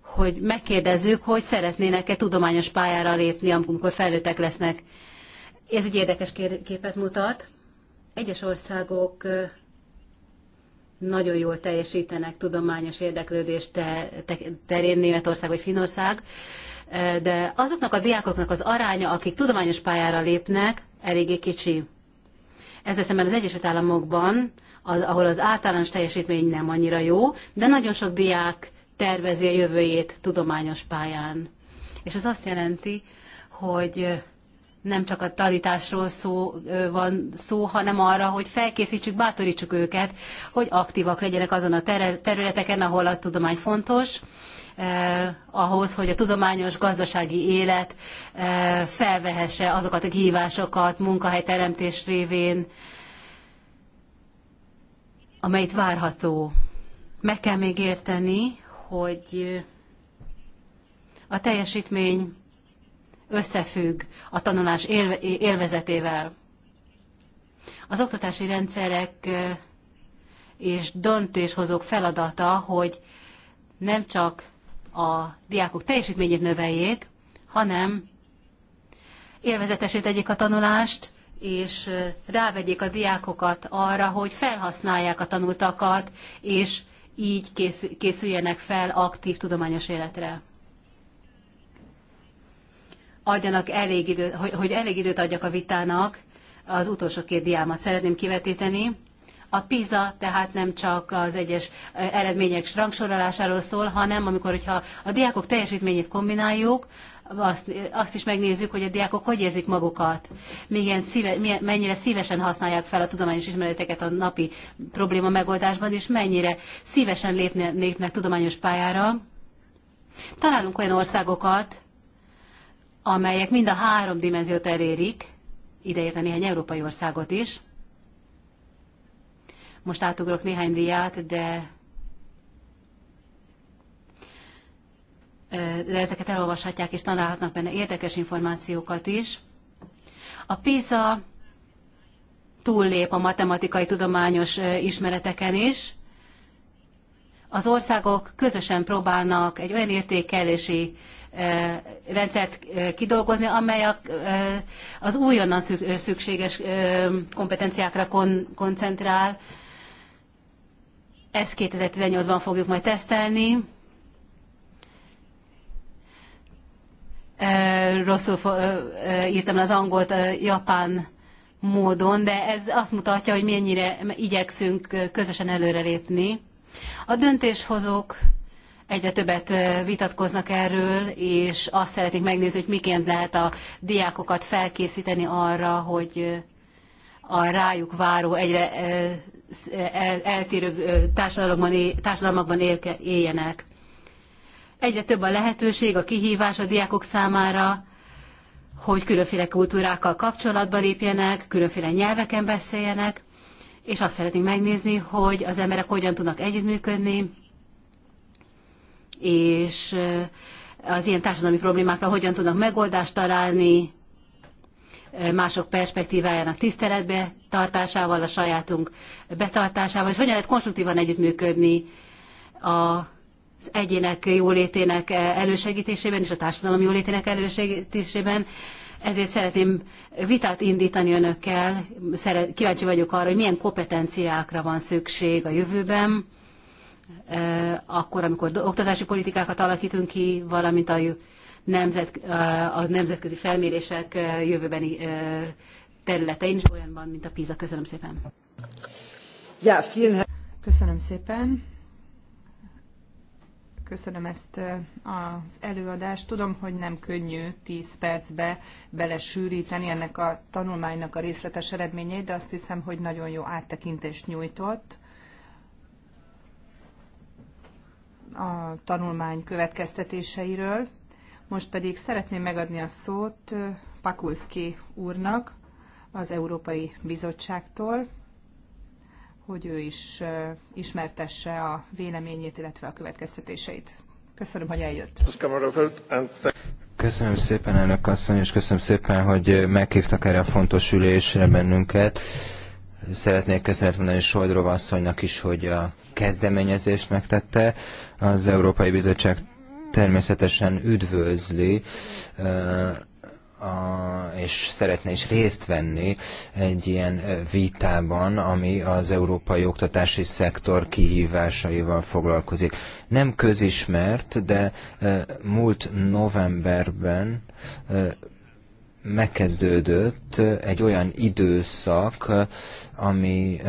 hogy megkérdezzük, hogy szeretnének-e tudományos pályára lépni, amikor felnőttek lesznek. Ez egy érdekes képet mutat. Egyes országok nagyon jól teljesítenek tudományos érdeklődés terén Németország vagy Finország, de azoknak a diákoknak az aránya, akik tudományos pályára lépnek, eléggé kicsi. Ezzel szemben az Egyesült Államokban az, ahol az általános teljesítmény nem annyira jó, de nagyon sok diák tervezi a jövőjét tudományos pályán. És ez azt jelenti, hogy nem csak a tanításról szó, van szó, hanem arra, hogy felkészítsük, bátorítsuk őket, hogy aktívak legyenek azon a területeken, ahol a tudomány fontos, eh, ahhoz, hogy a tudományos gazdasági élet eh, felvehesse azokat a kihívásokat munkahelyteremtés révén, eh, amelyet várható. Meg kell még érteni, hogy a teljesítmény összefügg a tanulás élvezetével. Az oktatási rendszerek és döntéshozók feladata, hogy nem csak a diákok teljesítményét növeljék, hanem élvezetesé tegyék a tanulást, és rávegyék a diákokat arra, hogy felhasználják a tanultakat, és így készüljenek fel aktív tudományos életre. Adjanak elég időt, hogy elég időt adjak a vitának, az utolsó két diámat szeretném kivetíteni. A PISA tehát nem csak az egyes eredmények rangsorolásáról szól, hanem amikor, hogyha a diákok teljesítményét kombináljuk, azt, azt is megnézzük, hogy a diákok hogy érzik magukat, milyen szíve, milyen, mennyire szívesen használják fel a tudományos ismereteket a napi probléma megoldásban, és mennyire szívesen lépne, lépnek tudományos pályára. Találunk olyan országokat, amelyek mind a három dimenziót elérik, ideértve néhány európai országot is. Most átugrok néhány diát, de de ezeket elolvashatják és találhatnak benne érdekes információkat is. A PISA túllép a matematikai tudományos ismereteken is. Az országok közösen próbálnak egy olyan értékelési rendszert kidolgozni, amely az újonnan szükséges kompetenciákra kon koncentrál. Ezt 2018-ban fogjuk majd tesztelni rosszul írtam az angolt japán módon, de ez azt mutatja, hogy mennyire igyekszünk közösen előrelépni. A döntéshozók egyre többet vitatkoznak erről, és azt szeretnék megnézni, hogy miként lehet a diákokat felkészíteni arra, hogy a rájuk váró egyre eltérő társadalmakban éljenek. Egyre több a lehetőség, a kihívás a diákok számára, hogy különféle kultúrákkal kapcsolatba lépjenek, különféle nyelveken beszéljenek, és azt szeretnénk megnézni, hogy az emberek hogyan tudnak együttműködni, és eh, az ilyen társadalmi problémákra hogyan tudnak megoldást találni, eh, mások perspektívájának tiszteletbe tartásával, a sajátunk betartásával, és hogyan lehet konstruktívan együttműködni a az egyének jólétének elősegítésében és a társadalom jólétének elősegítésében. Ezért szeretném vitát indítani önökkel. Szeret, kíváncsi vagyok arra, hogy milyen kompetenciákra van szükség a jövőben, akkor, amikor oktatási politikákat alakítunk ki, valamint a, nemzet, a nemzetközi felmérések jövőbeni területein, is olyanban, mint a PISA. Köszönöm szépen. Ja, vielen Köszönöm szépen. Köszönöm ezt az előadást. Tudom, hogy nem könnyű 10 percbe belesűríteni ennek a tanulmánynak a részletes eredményeit, de azt hiszem, hogy nagyon jó áttekintést nyújtott a tanulmány következtetéseiről. Most pedig szeretném megadni a szót Pakulski úrnak az Európai Bizottságtól hogy ő is ismertesse a véleményét, illetve a következtetéseit. Köszönöm, hogy eljött. Köszönöm szépen, elnök asszony, és köszönöm szépen, hogy meghívtak erre a fontos ülésre bennünket. Szeretnék köszönet mondani Soldrov asszonynak is, hogy a kezdeményezést megtette. Az Európai Bizottság természetesen üdvözli és szeretne is részt venni egy ilyen vitában, ami az európai oktatási szektor kihívásaival foglalkozik. Nem közismert, de múlt novemberben megkezdődött egy olyan időszak, ami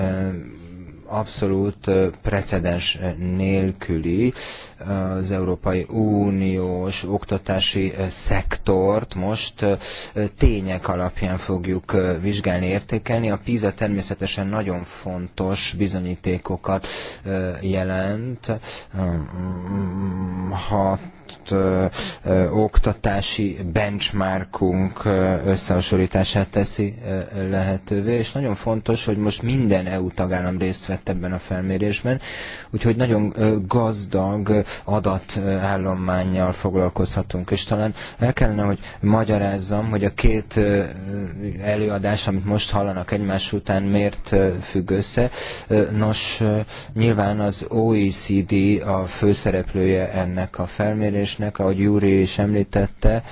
abszolút precedens nélküli az Európai Uniós oktatási szektort most tények alapján fogjuk vizsgálni, értékelni. A PISA természetesen nagyon fontos bizonyítékokat jelent. Ha adott oktatási benchmarkunk összehasonlítását teszi lehetővé, és nagyon fontos, hogy most minden EU tagállam részt vett ebben a felmérésben, úgyhogy nagyon gazdag adatállományjal foglalkozhatunk, és talán el kellene, hogy magyarázzam, hogy a két előadás, amit most hallanak egymás után, miért függ össze. Nos, nyilván az OECD a főszereplője ennek a felmérésnek, felmérésnek, ahogy Júri is említette,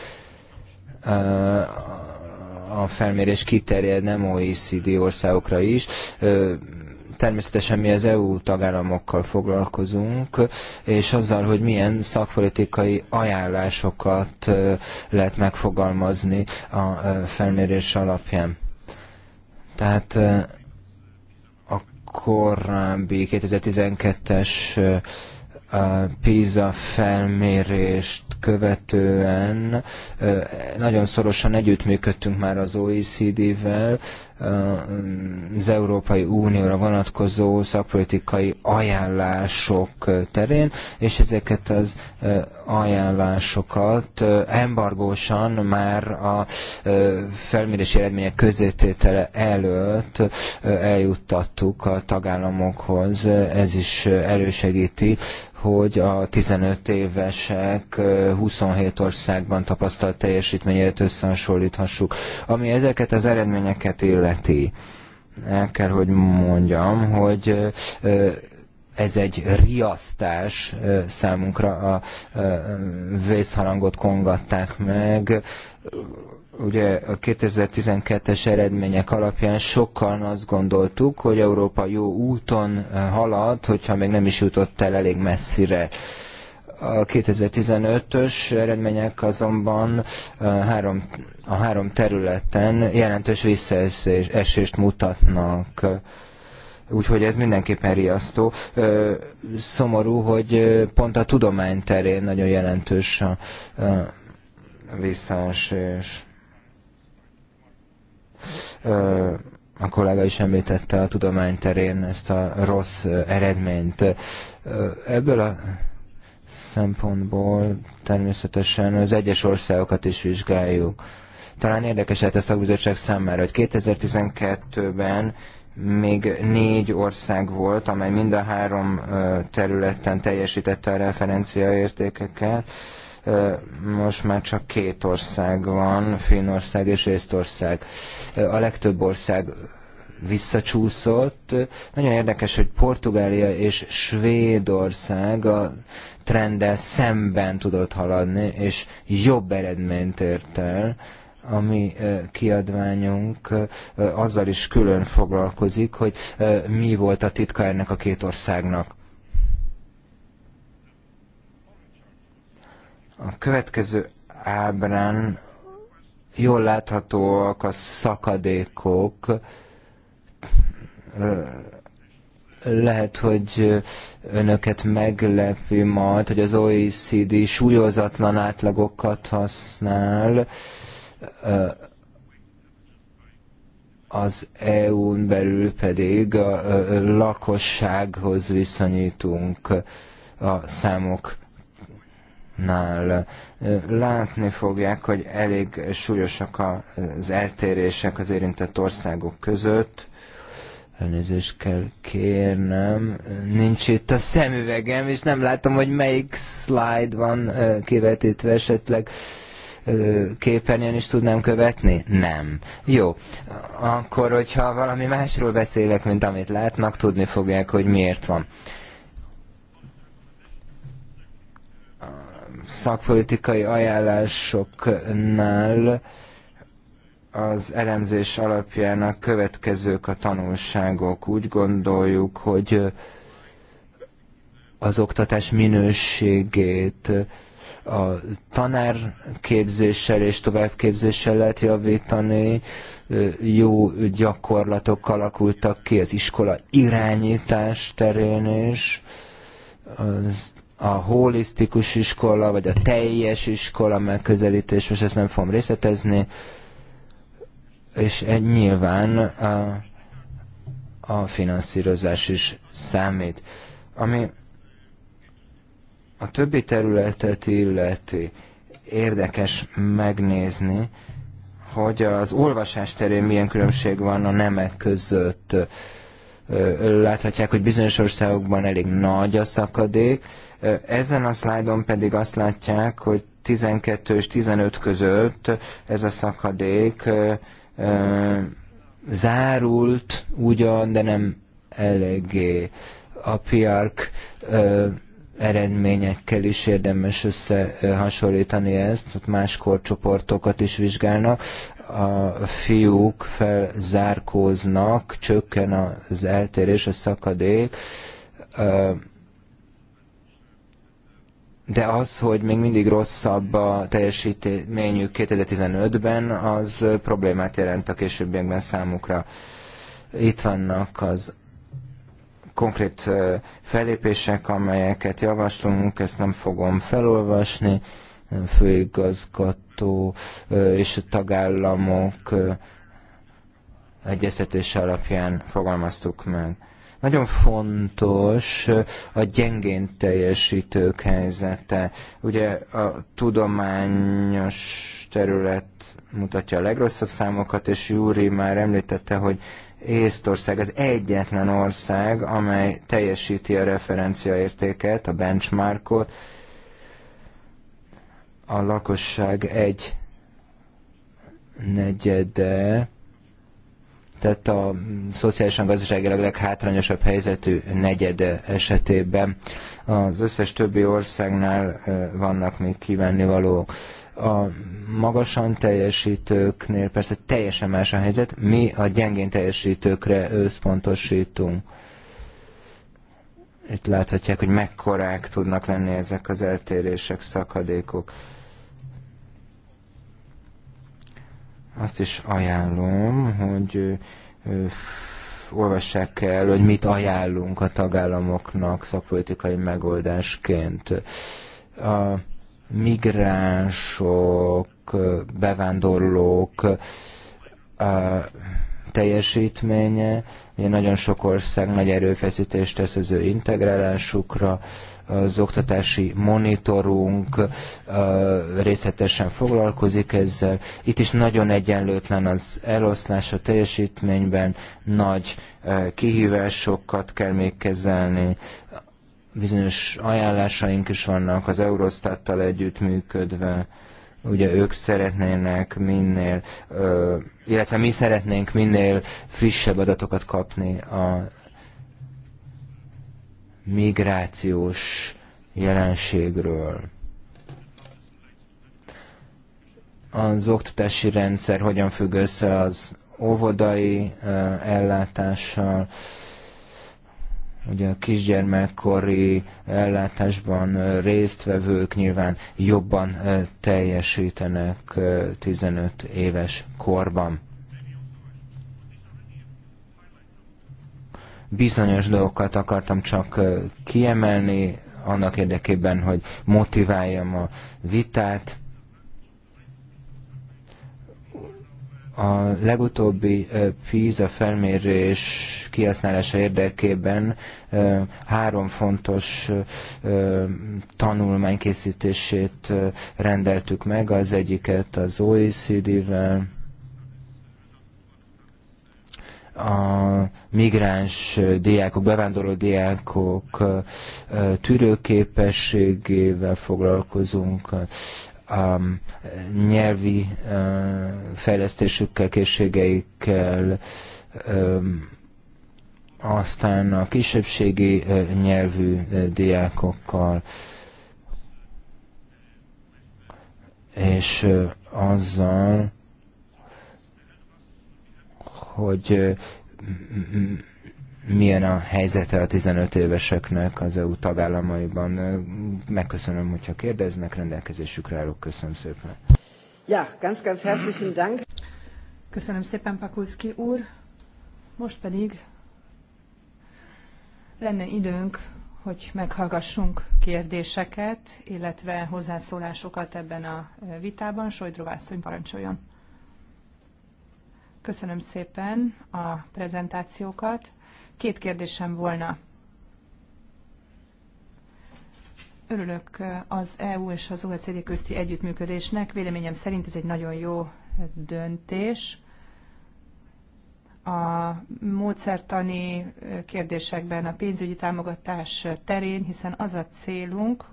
a felmérés kiterjed nem OECD országokra is. Természetesen mi az EU tagállamokkal foglalkozunk, és azzal, hogy milyen szakpolitikai ajánlásokat lehet megfogalmazni a felmérés alapján. Tehát a korábbi 2012-es a PISA felmérést követően nagyon szorosan együttműködtünk már az OECD-vel, az Európai Unióra vonatkozó szakpolitikai ajánlások terén, és ezeket az ajánlásokat embargósan már a felmérési eredmények közététele előtt eljuttattuk a tagállamokhoz. Ez is elősegíti hogy a 15 évesek 27 országban tapasztalt teljesítményét összehasonlíthassuk. Ami ezeket az eredményeket illeti, illeti. El kell, hogy mondjam, hogy ez egy riasztás számunkra, a vészharangot kongatták meg, ugye a 2012-es eredmények alapján sokan azt gondoltuk, hogy Európa jó úton halad, hogyha még nem is jutott el elég messzire. A 2015-ös eredmények azonban a három, a három területen jelentős visszaesést mutatnak. Úgyhogy ez mindenképpen riasztó. Szomorú, hogy pont a tudomány terén nagyon jelentős a visszaesés. A kollega is említette a tudomány terén ezt a rossz eredményt. Ebből a szempontból természetesen az egyes országokat is vizsgáljuk. Talán érdekes lehet a szakbizottság számára, hogy 2012-ben még négy ország volt, amely mind a három területen teljesítette a referenciaértékeket. Most már csak két ország van, Finnország és Észtország. A legtöbb ország visszacsúszott. Nagyon érdekes, hogy Portugália és Svédország a trenddel szemben tudott haladni, és jobb eredményt ért el a mi kiadványunk azzal is külön foglalkozik, hogy mi volt a titka ennek a két országnak. A következő ábrán jól láthatóak a szakadékok, lehet, hogy önöket meglepi majd, hogy az OECD súlyozatlan átlagokat használ az EU-n belül pedig a lakossághoz viszonyítunk a számoknál. Látni fogják, hogy elég súlyosak az eltérések az érintett országok között, Elnézést kell kérnem, nincs itt a szemüvegem, és nem látom, hogy melyik slide van kivetítve esetleg képernyőn is tudnám követni? Nem. Jó. Akkor, hogyha valami másról beszélek, mint amit látnak, tudni fogják, hogy miért van. A szakpolitikai ajánlásoknál az elemzés alapján a következők a tanulságok. Úgy gondoljuk, hogy az oktatás minőségét a tanárképzéssel és továbbképzéssel lehet javítani, jó gyakorlatok alakultak ki az iskola irányítás terén is, a holisztikus iskola, vagy a teljes iskola megközelítés, most ezt nem fogom részletezni, és eh, nyilván a, a finanszírozás is számít. Ami a többi területet illeti érdekes megnézni, hogy az olvasás terén milyen különbség van a nemek között. Láthatják, hogy bizonyos országokban elég nagy a szakadék. Ezen a szlájdon pedig azt látják, hogy 12 és 15 között ez a szakadék zárult ugyan, de nem eléggé. A piark eredményekkel is érdemes összehasonlítani ezt, ott más korcsoportokat is vizsgálnak. A fiúk felzárkóznak, csökken az eltérés, a szakadék, de az, hogy még mindig rosszabb a teljesítményük 2015-ben, az problémát jelent a későbbiekben számukra. Itt vannak az konkrét felépések, amelyeket javaslunk, ezt nem fogom felolvasni, főigazgató és a tagállamok egyeztetése alapján fogalmaztuk meg. Nagyon fontos a gyengén teljesítők helyzete. Ugye a tudományos terület mutatja a legrosszabb számokat, és Júri már említette, hogy Észtország az egyetlen ország, amely teljesíti a referenciaértéket, a benchmarkot. A lakosság egy negyede tehát a szociálisan gazdaságilag leghátrányosabb helyzetű negyede esetében. Az összes többi országnál vannak még kivennivalók a magasan teljesítőknél persze teljesen más a helyzet, mi a gyengén teljesítőkre összpontosítunk. Itt láthatják, hogy mekkorák tudnak lenni ezek az eltérések, szakadékok. Azt is ajánlom, hogy olvassák el, hogy mit ajánlunk a tagállamoknak szakpolitikai megoldásként. A migránsok, bevándorlók teljesítménye, ugye nagyon sok ország nagy erőfeszítést tesz az ő integrálásukra, az oktatási monitorunk részletesen foglalkozik ezzel. Itt is nagyon egyenlőtlen az eloszlás a teljesítményben, nagy kihívásokat kell még kezelni, bizonyos ajánlásaink is vannak az Eurostattal együttműködve, ugye ők szeretnének minél, illetve mi szeretnénk minél frissebb adatokat kapni a migrációs jelenségről. Az oktatási rendszer hogyan függ össze az óvodai ellátással, ugye a kisgyermekkori ellátásban résztvevők nyilván jobban teljesítenek 15 éves korban. Bizonyos dolgokat akartam csak kiemelni, annak érdekében, hogy motiváljam a vitát. A legutóbbi PISA felmérés kihasználása érdekében három fontos tanulmánykészítését rendeltük meg, az egyiket az OECD-vel, a migráns diákok, bevándorló diákok tűrőképességével foglalkozunk, a nyelvi fejlesztésükkel, készségeikkel, aztán a kisebbségi nyelvű diákokkal, és azzal, hogy milyen a helyzete a 15 éveseknek az EU tagállamaiban. Megköszönöm, hogyha kérdeznek, rendelkezésükre állok. Köszönöm szépen. Ja, ganz, ganz herzlichen Dank. Köszönöm szépen, Pakulski úr. Most pedig lenne időnk, hogy meghallgassunk kérdéseket, illetve hozzászólásokat ebben a vitában. Sojdrovászony parancsoljon. Köszönöm szépen a prezentációkat. Két kérdésem volna. Örülök az EU és az OECD közti együttműködésnek. Véleményem szerint ez egy nagyon jó döntés. A módszertani kérdésekben a pénzügyi támogatás terén, hiszen az a célunk,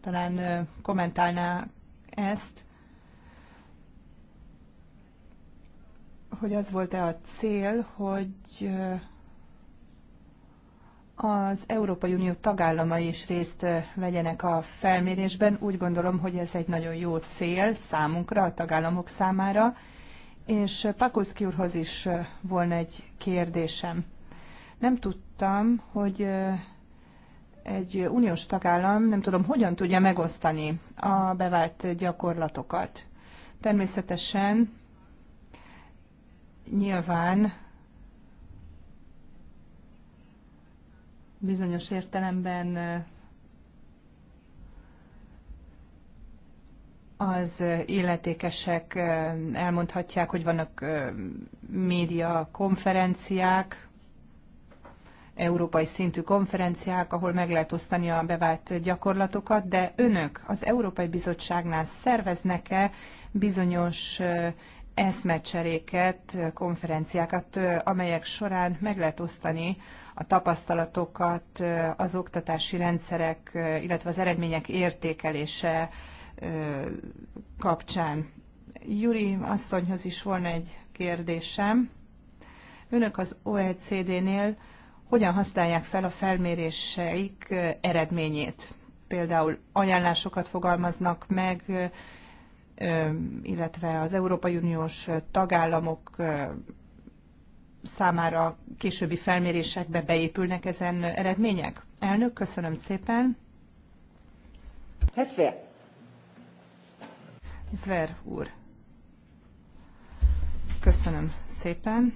talán kommentálná ezt, hogy az volt-e a cél, hogy az Európai Unió tagállamai is részt vegyenek a felmérésben. Úgy gondolom, hogy ez egy nagyon jó cél számunkra, a tagállamok számára. És Pakuszki úrhoz is volna egy kérdésem. Nem tudtam, hogy egy uniós tagállam, nem tudom, hogyan tudja megosztani a bevált gyakorlatokat. Természetesen nyilván bizonyos értelemben eh, az illetékesek eh, elmondhatják, hogy vannak eh, média konferenciák, európai szintű konferenciák, ahol meg lehet osztani a bevált gyakorlatokat, de önök az Európai Bizottságnál szerveznek-e bizonyos eszmecseréket, konferenciákat, amelyek során meg lehet osztani a tapasztalatokat, az oktatási rendszerek, illetve az eredmények értékelése kapcsán. Juri asszonyhoz is volna egy kérdésem. Önök az OECD-nél hogyan használják fel a felméréseik eredményét? Például ajánlásokat fogalmaznak meg, illetve az Európai Uniós tagállamok számára későbbi felmérésekbe beépülnek ezen eredmények? Elnök, köszönöm szépen. Hetzver. Zver úr. Köszönöm szépen.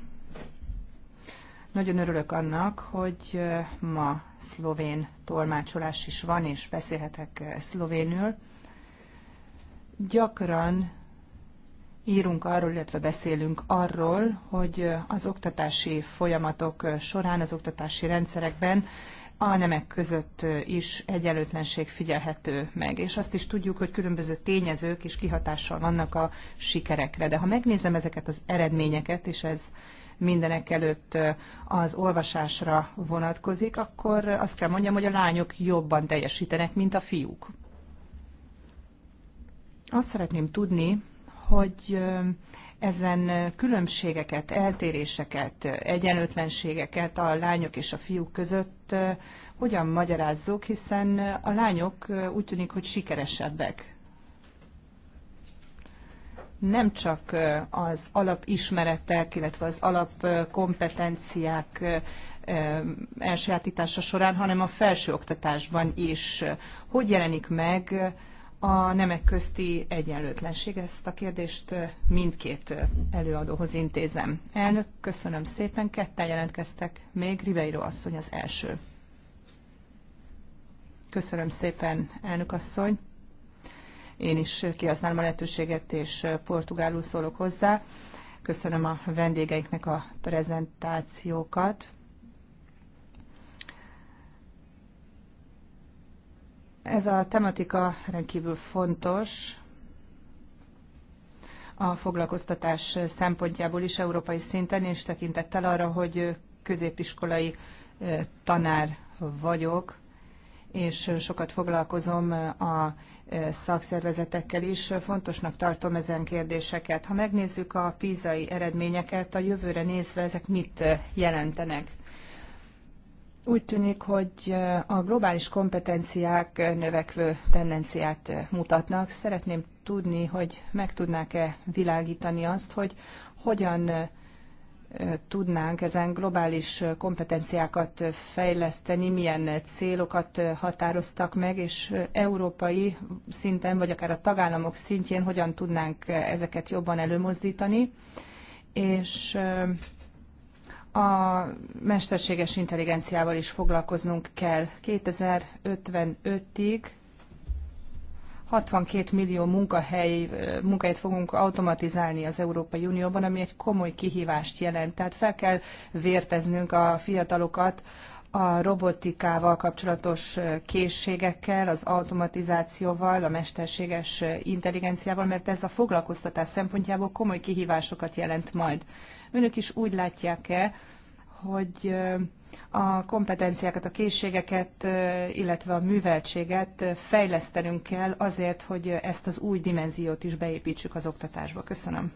Nagyon örülök annak, hogy ma szlovén tolmácsolás is van, és beszélhetek szlovénül. Gyakran írunk arról, illetve beszélünk arról, hogy az oktatási folyamatok során, az oktatási rendszerekben a nemek között is egyenlőtlenség figyelhető meg. És azt is tudjuk, hogy különböző tényezők is kihatással vannak a sikerekre. De ha megnézem ezeket az eredményeket, és ez mindenek előtt az olvasásra vonatkozik, akkor azt kell mondjam, hogy a lányok jobban teljesítenek, mint a fiúk. Azt szeretném tudni, hogy ezen különbségeket, eltéréseket, egyenlőtlenségeket a lányok és a fiúk között hogyan magyarázzuk, hiszen a lányok úgy tűnik, hogy sikeresebbek. Nem csak az alapismeretek, illetve az alapkompetenciák elsajátítása során, hanem a felsőoktatásban is. Hogy jelenik meg a nemek közti egyenlőtlenség. Ezt a kérdést mindkét előadóhoz intézem. Elnök, köszönöm szépen. Ketten jelentkeztek még. Ribeiro asszony az első. Köszönöm szépen, elnök asszony. Én is kihasználom a lehetőséget, és portugálul szólok hozzá. Köszönöm a vendégeiknek a prezentációkat. Ez a tematika rendkívül fontos a foglalkoztatás szempontjából is európai szinten, és tekintettel arra, hogy középiskolai tanár vagyok, és sokat foglalkozom a szakszervezetekkel is. Fontosnak tartom ezen kérdéseket. Ha megnézzük a pízai eredményeket, a jövőre nézve ezek mit jelentenek? Úgy tűnik, hogy eh, a globális kompetenciák növekvő tendenciát eh, mutatnak. Szeretném tudni, hogy meg tudnák-e világítani azt, hogy hogyan eh, tudnánk ezen globális kompetenciákat fejleszteni, milyen célokat határoztak meg, és európai szinten, vagy akár a tagállamok szintjén hogyan tudnánk ezeket jobban előmozdítani, és a mesterséges intelligenciával is foglalkoznunk kell. 2055-ig 62 millió munkahely, munkahelyet fogunk automatizálni az Európai Unióban, ami egy komoly kihívást jelent. Tehát fel kell vérteznünk a fiatalokat a robotikával kapcsolatos készségekkel, az automatizációval, a mesterséges intelligenciával, mert ez a foglalkoztatás szempontjából komoly kihívásokat jelent majd. Önök is úgy látják-e, hogy a kompetenciákat, a készségeket, illetve a műveltséget fejlesztenünk kell azért, hogy ezt az új dimenziót is beépítsük az oktatásba. Köszönöm.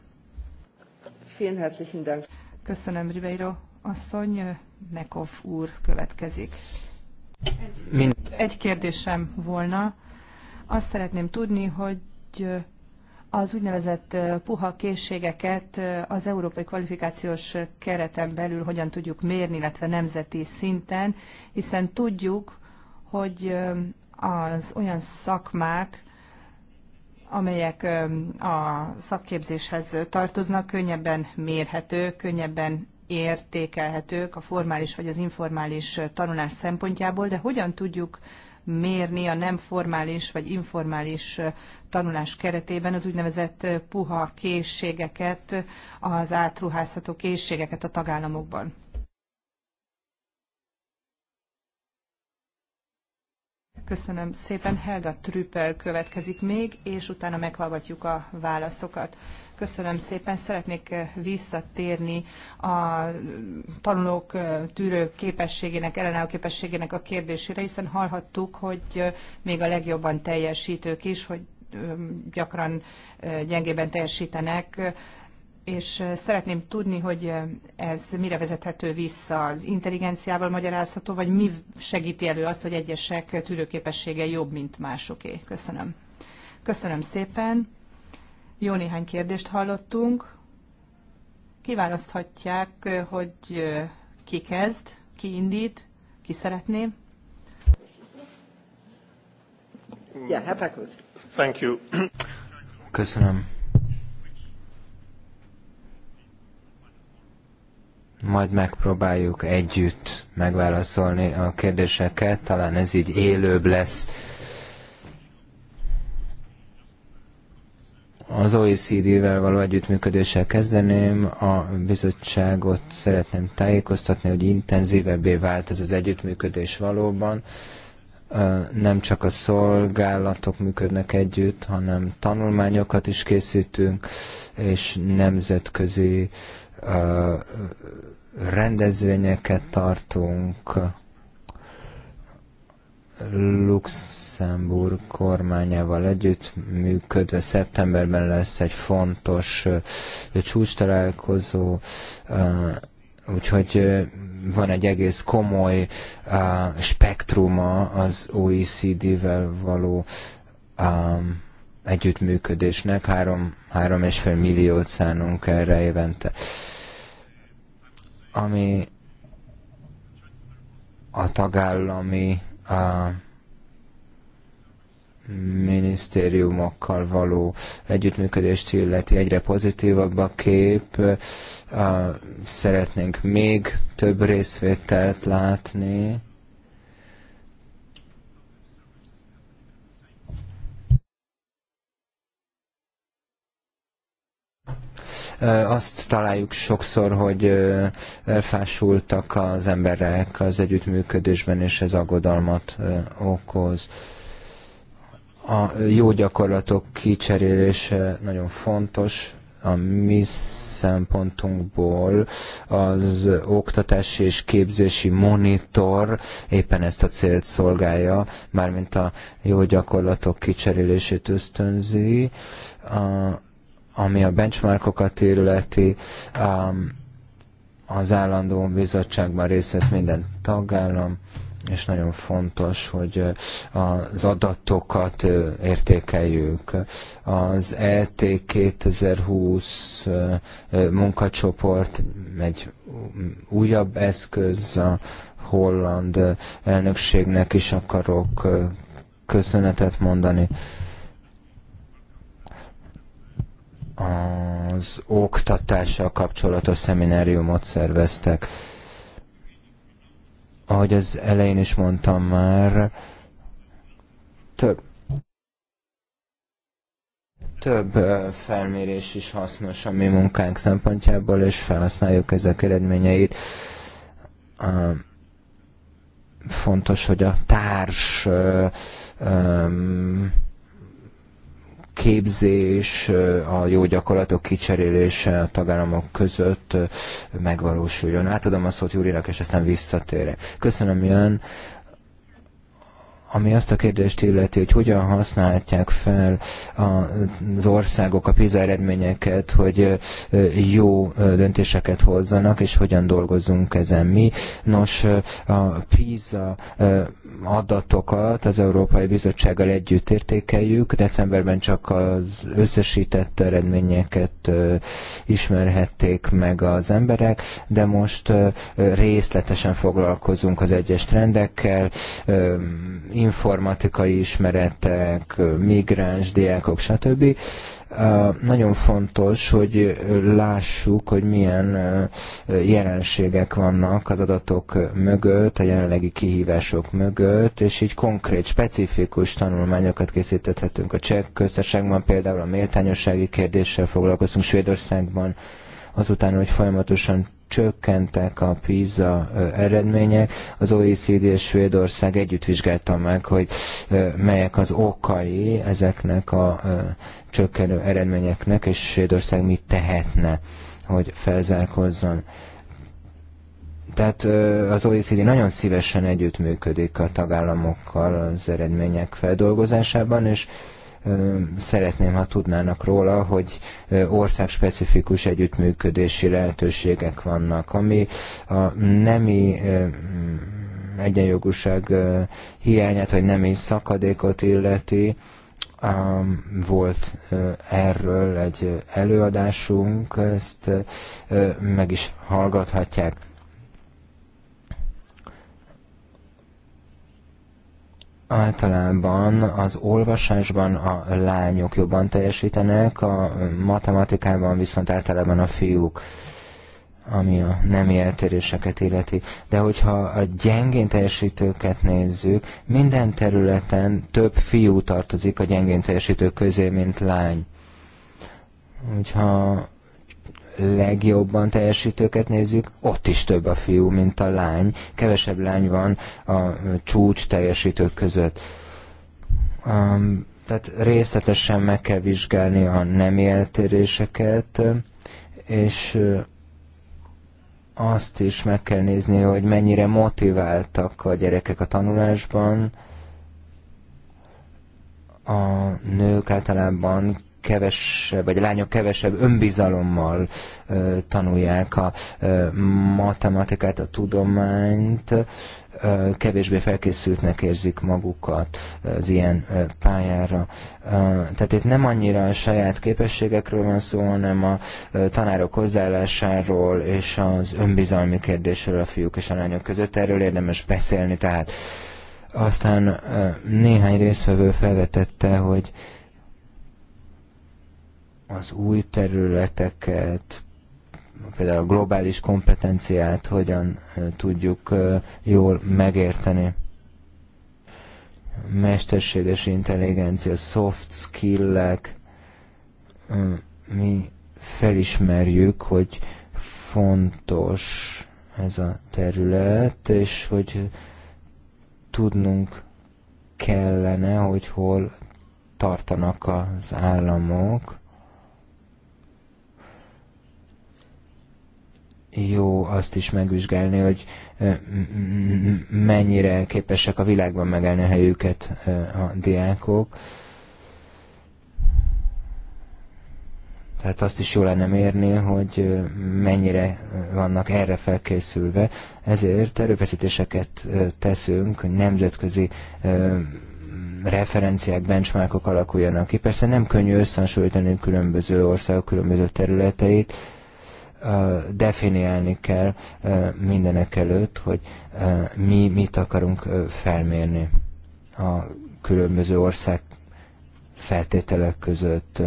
Köszönöm, Ribeiro asszony. Nekov úr következik. Egy kérdésem volna. Azt szeretném tudni, hogy az úgynevezett puha készségeket az európai kvalifikációs kereten belül hogyan tudjuk mérni, illetve nemzeti szinten, hiszen tudjuk, hogy az olyan szakmák, amelyek a szakképzéshez tartoznak, könnyebben mérhető, könnyebben értékelhetők a formális vagy az informális tanulás szempontjából, de hogyan tudjuk mérni a nem formális vagy informális tanulás keretében az úgynevezett puha készségeket, az átruházható készségeket a tagállamokban. Köszönöm szépen. Helga Trüppel következik még, és utána meghallgatjuk a válaszokat. Köszönöm szépen. Szeretnék eh, visszatérni a mm, tanulók eh, tűrő képességének, ellenálló képességének a kérdésére, hiszen hallhattuk, hogy eh, még a legjobban teljesítők is, hogy mm, gyakran gyengében teljesítenek, és szeretném tudni, hogy ez mire vezethető vissza, az intelligenciával magyarázható, vagy mi segíti elő azt, hogy egyesek tűrőképessége jobb, mint másoké. Köszönöm. Köszönöm szépen. Jó néhány kérdést hallottunk. Kiválaszthatják, hogy ki kezd, ki indít, ki szeretné. Thank you. Köszönöm. Majd megpróbáljuk együtt megválaszolni a kérdéseket, talán ez így élőbb lesz. Az OECD-vel való együttműködéssel kezdeném. A bizottságot szeretném tájékoztatni, hogy intenzívebbé vált ez az együttműködés valóban. Nem csak a szolgálatok működnek együtt, hanem tanulmányokat is készítünk, és nemzetközi rendezvényeket tartunk, Luxemburg kormányával együtt működve szeptemberben lesz egy fontos csúcs találkozó, úgyhogy van egy egész komoly spektruma az OECD-vel való együttműködésnek, három, három és fél milliót szánunk erre évente. Ami a tagállami a minisztériumokkal való együttműködést illeti egyre pozitívabb a kép. Szeretnénk még több részvételt látni Azt találjuk sokszor, hogy elfásultak az emberek az együttműködésben, és ez aggodalmat okoz a jó gyakorlatok kicserélése nagyon fontos a mi szempontunkból az oktatási és képzési monitor éppen ezt a célt szolgálja, mármint a jó gyakorlatok kicserélését ösztönzi. A ami a benchmarkokat illeti, az állandó bizottságban részt vesz minden tagállam, és nagyon fontos, hogy az adatokat értékeljük. Az ET 2020 munkacsoport egy újabb eszköz a holland elnökségnek is akarok köszönetet mondani. az oktatással kapcsolatos szemináriumot szerveztek. Ahogy az elején is mondtam már, több több felmérés is hasznos a mi munkánk szempontjából, és felhasználjuk ezek eredményeit. Fontos, hogy a társ képzés, a jó gyakorlatok kicserélése a tagállamok között megvalósuljon. Átadom a szót Júrinak, és aztán visszatérek. Köszönöm, Jön ami azt a kérdést illeti, hogy hogyan használhatják fel az országok a PISA eredményeket, hogy jó döntéseket hozzanak, és hogyan dolgozunk ezen mi. Nos, a PISA adatokat az Európai Bizottsággal együtt értékeljük. Decemberben csak az összesített eredményeket ismerhették meg az emberek, de most részletesen foglalkozunk az egyes trendekkel, informatikai ismeretek, migráns, diákok, stb. Nagyon fontos, hogy lássuk, hogy milyen jelenségek vannak az adatok mögött, a jelenlegi kihívások mögött, és így konkrét, specifikus tanulmányokat készíthetünk. A cseh köztársaságban például a méltányossági kérdéssel foglalkozunk, Svédországban azután, hogy folyamatosan csökkentek a PISA eredmények. Az OECD és Svédország együtt vizsgálta meg, hogy melyek az okai ezeknek a csökkenő eredményeknek, és Svédország mit tehetne, hogy felzárkozzon. Tehát az OECD nagyon szívesen együttműködik a tagállamokkal az eredmények feldolgozásában, és Szeretném, ha tudnának róla, hogy országspecifikus együttműködési lehetőségek vannak, ami a nemi egyenjogúság hiányát, vagy nemi szakadékot illeti. Volt erről egy előadásunk, ezt meg is hallgathatják. Általában az olvasásban a lányok jobban teljesítenek, a matematikában viszont általában a fiúk ami a nemi eltéréseket illeti. De hogyha a gyengén teljesítőket nézzük, minden területen több fiú tartozik a gyengén teljesítők közé, mint lány. Hogyha legjobban teljesítőket nézzük, ott is több a fiú, mint a lány. Kevesebb lány van a csúcs teljesítők között. Um, tehát részletesen meg kell vizsgálni a nem eltéréseket, és uh, azt is meg kell nézni, hogy mennyire motiváltak a gyerekek a tanulásban. A nők általában kevesebb, vagy a lányok kevesebb önbizalommal tanulják a matematikát, a tudományt, kevésbé felkészültnek érzik magukat az ilyen pályára. Tehát itt nem annyira a saját képességekről van szó, hanem a tanárok hozzáállásáról és az önbizalmi kérdésről a fiúk és a lányok között. Erről érdemes beszélni, tehát aztán néhány részvevő felvetette, hogy az új területeket, például a globális kompetenciát hogyan tudjuk jól megérteni. Mesterséges intelligencia, soft skillek, mi felismerjük, hogy fontos ez a terület, és hogy tudnunk kellene, hogy hol tartanak az államok, jó azt is megvizsgálni, hogy mennyire képesek a világban megállni a helyüket a diákok. Tehát azt is jó lenne mérni, hogy mennyire vannak erre felkészülve. Ezért erőfeszítéseket teszünk, nemzetközi referenciák, benchmarkok alakuljanak ki. Persze nem könnyű összehasonlítani különböző országok különböző területeit, definiálni kell mindenek előtt, hogy mi mit akarunk felmérni a különböző ország feltételek között.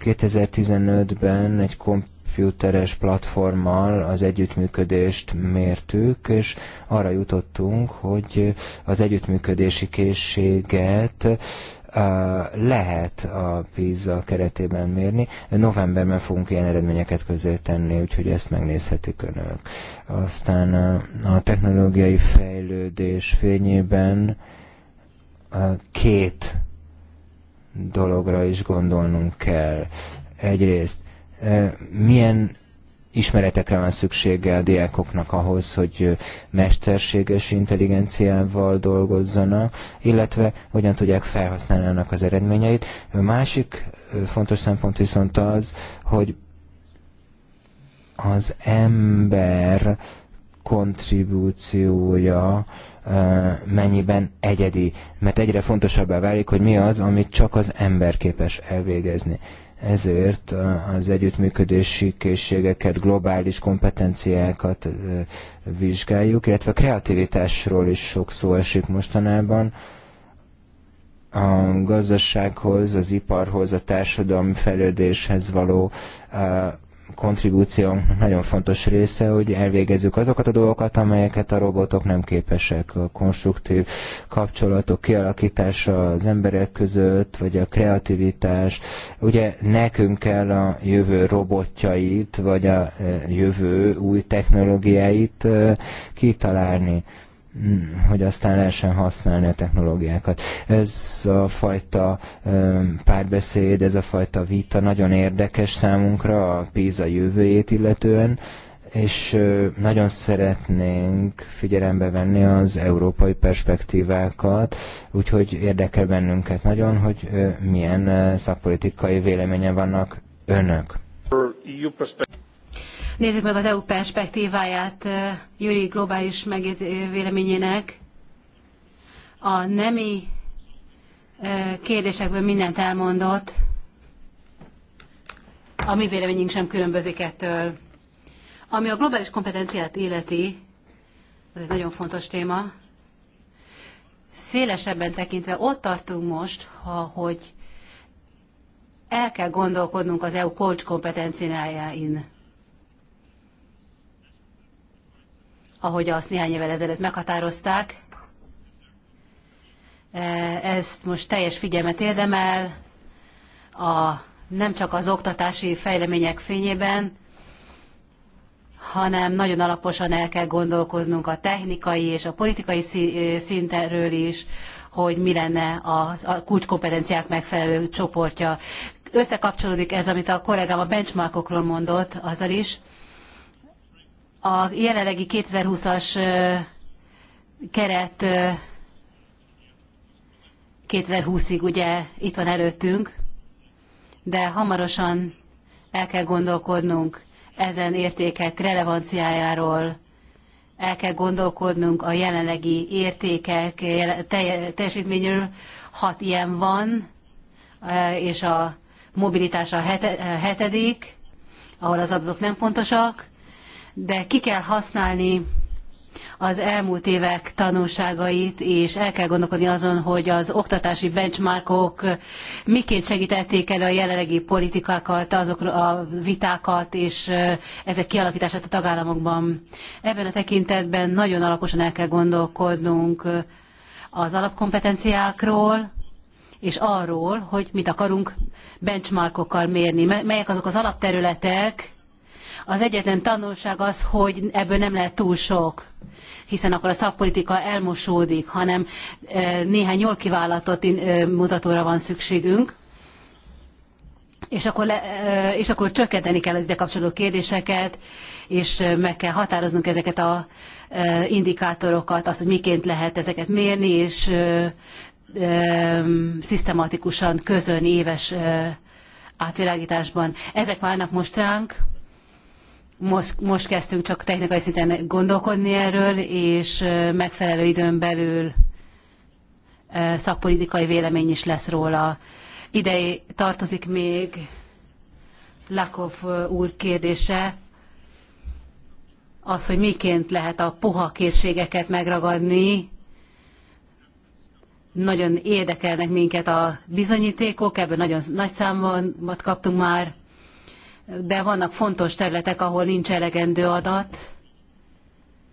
2015-ben egy komputeres platformmal az együttműködést mértük, és arra jutottunk, hogy az együttműködési készséget lehet a PISA keretében mérni. Novemberben fogunk ilyen eredményeket közé tenni, úgyhogy ezt megnézhetik önök. Aztán a technológiai fejlődés fényében két dologra is gondolnunk kell. Egyrészt e, milyen ismeretekre van szüksége a diákoknak ahhoz, hogy mesterséges intelligenciával dolgozzanak, illetve hogyan tudják felhasználni annak az eredményeit. A másik fontos szempont viszont az, hogy az ember kontribúciója mennyiben egyedi, mert egyre fontosabbá válik, hogy mi az, amit csak az ember képes elvégezni. Ezért az együttműködési készségeket, globális kompetenciákat vizsgáljuk, illetve a kreativitásról is sok szó esik mostanában. A gazdasághoz, az iparhoz, a társadalmi fejlődéshez való kontribúciónk nagyon fontos része, hogy elvégezzük azokat a dolgokat, amelyeket a robotok nem képesek. A konstruktív kapcsolatok kialakítása az emberek között, vagy a kreativitás. Ugye nekünk kell a jövő robotjait, vagy a e, jövő új technológiáit e, kitalálni. Hmm, hogy aztán lehessen használni a technológiákat. Ez a fajta ehm, párbeszéd, ez a fajta vita nagyon érdekes számunkra a PISA jövőjét illetően, és nagyon szeretnénk figyelembe venni az európai perspektívákat, úgyhogy érdekel bennünket nagyon, hogy milyen szakpolitikai véleménye vannak önök. Nézzük meg az EU perspektíváját eh, Júri globális eh, véleményének. A nemi eh, kérdésekből mindent elmondott. A mi véleményünk sem különbözik ettől. Ami a globális kompetenciát életi, az egy nagyon fontos téma, szélesebben tekintve ott tartunk most, ha, hogy el kell gondolkodnunk az EU coach kompetenciájáin. ahogy azt néhány évvel ezelőtt meghatározták. E, Ezt most teljes figyelmet érdemel, a, nem csak az oktatási fejlemények fényében, hanem nagyon alaposan el kell gondolkodnunk a technikai és a politikai e, szinterről is, hogy mi lenne a kulcskompetenciák megfelelő csoportja. Összekapcsolódik ez, amit a kollégám a benchmarkokról mondott, azzal is, a jelenlegi 2020-as keret 2020-ig ugye itt van előttünk, de hamarosan el kell gondolkodnunk ezen értékek relevanciájáról, el kell gondolkodnunk a jelenlegi értékek teljesítményről, hat ilyen van, és a mobilitás a hetedik, ahol az adatok nem pontosak, de ki kell használni az elmúlt évek tanulságait, és el kell gondolkodni azon, hogy az oktatási benchmarkok miként segítették el a jelenlegi politikákat, azok a vitákat, és ezek kialakítását a tagállamokban. Ebben a tekintetben nagyon alaposan el kell gondolkodnunk az alapkompetenciákról, és arról, hogy mit akarunk benchmarkokkal mérni, melyek azok az alapterületek, az egyetlen tanulság az, hogy ebből nem lehet túl sok, hiszen akkor a szakpolitika elmosódik, hanem e, néhány jól kiválasztott e, mutatóra van szükségünk, és akkor, le, e, és akkor csökkenteni kell az ide kapcsolódó kérdéseket, és meg kell határoznunk ezeket a indikátorokat, azt, hogy miként lehet ezeket mérni, és szisztematikusan közön éves átvilágításban. Ezek várnak most ránk, most, most kezdtünk csak technikai szinten gondolkodni erről, és megfelelő időn belül szakpolitikai vélemény is lesz róla. Ide tartozik még Lakov úr kérdése, az, hogy miként lehet a puha készségeket megragadni. Nagyon érdekelnek minket a bizonyítékok, ebből nagyon nagy számot kaptunk már de vannak fontos területek, ahol nincs elegendő adat,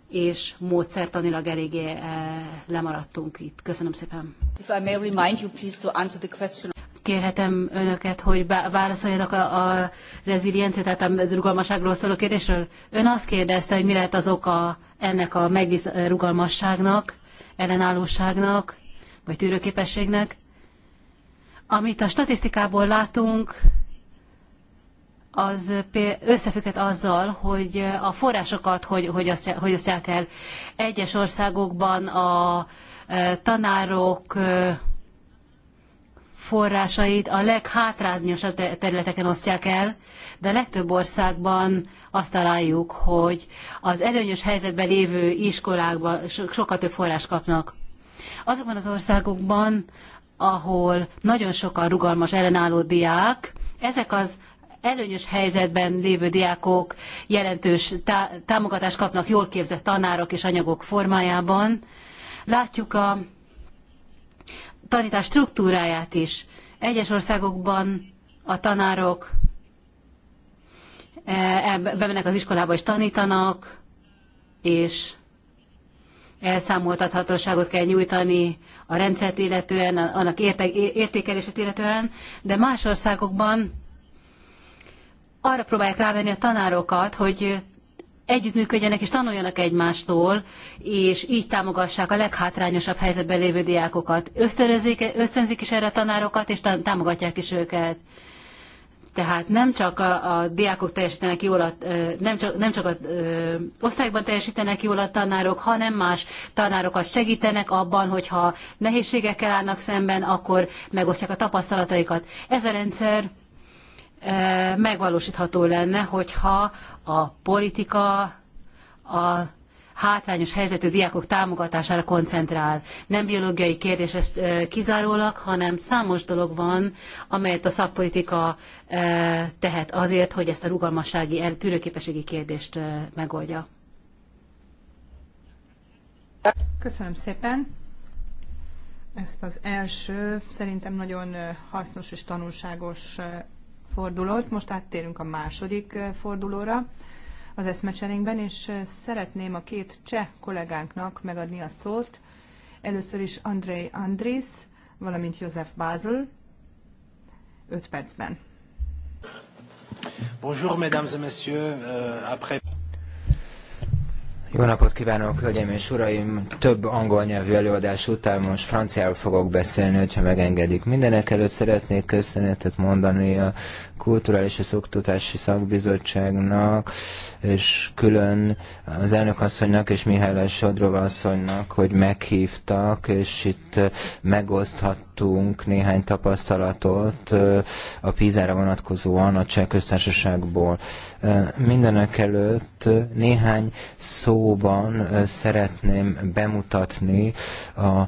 és módszertanilag eléggé eh, lemaradtunk itt. Köszönöm szépen. If I may remind you, please to answer the question. Kérhetem önöket, hogy válaszoljanak a, a reziliencia, tehát a rugalmasságról szóló kérdésről. Ön azt kérdezte, hogy mi lehet az oka ennek a megbíz rugalmasságnak, ellenállóságnak, vagy tűrőképességnek. Amit a statisztikából látunk, az összefügghet azzal, hogy a forrásokat hogy, hogy, azt, hogy osztják el. Egyes országokban a e, tanárok e, forrásait a leghátrányosabb területeken osztják el, de a legtöbb országban azt találjuk, hogy az előnyös helyzetben lévő iskolákban sokkal több forrást kapnak. Azokban az országokban, ahol nagyon sokan rugalmas ellenálló diák, ezek az előnyös helyzetben lévő diákok jelentős támogatást kapnak jól képzett tanárok és anyagok formájában. Látjuk a tanítás struktúráját is. Egyes országokban a tanárok e, bemennek az iskolába és tanítanak, és elszámoltathatóságot kell nyújtani a rendszert illetően, annak értékelését illetően, de más országokban arra próbálják rávenni a tanárokat, hogy együttműködjenek és tanuljanak egymástól, és így támogassák a leghátrányosabb helyzetben lévő diákokat. Ösztönözik, ösztönzik is erre a tanárokat, és támogatják is őket. Tehát nem csak a, a diákok teljesítenek jól, a, nem csak, nem csak a, ö, osztályokban teljesítenek jól a tanárok, hanem más tanárokat segítenek abban, hogyha nehézségekkel állnak szemben, akkor megosztják a tapasztalataikat. Ez a rendszer megvalósítható lenne, hogyha a politika a hátrányos helyzetű diákok támogatására koncentrál. Nem biológiai kérdés e, kizárólag, hanem számos dolog van, amelyet a szakpolitika tehet azért, hogy ezt a rugalmassági, er, tűrőképességi kérdést megoldja. Köszönöm szépen ezt az első, szerintem nagyon hasznos és tanulságos fordulót. Most áttérünk a második eh, fordulóra az eszmecserénkben, és eh, szeretném a két cseh kollégánknak megadni a szót. Először is Andrei Andris, valamint József Bázl, 5 percben. Bonjour, mesdames et messieurs. Euh, après... Jó napot kívánok, hölgyeim és uraim! Több angol nyelvű előadás után most franciául fogok beszélni, hogyha megengedik. Mindenek előtt szeretnék köszönetet mondani a Kulturális és Oktatási Szakbizottságnak, és külön az elnökasszonynak és Mihály Sodrova asszonynak, hogy meghívtak, és itt megoszthattunk néhány tapasztalatot a Pízára vonatkozóan a Cseh Köztársaságból. Mindenek előtt néhány szó szóban szeretném bemutatni a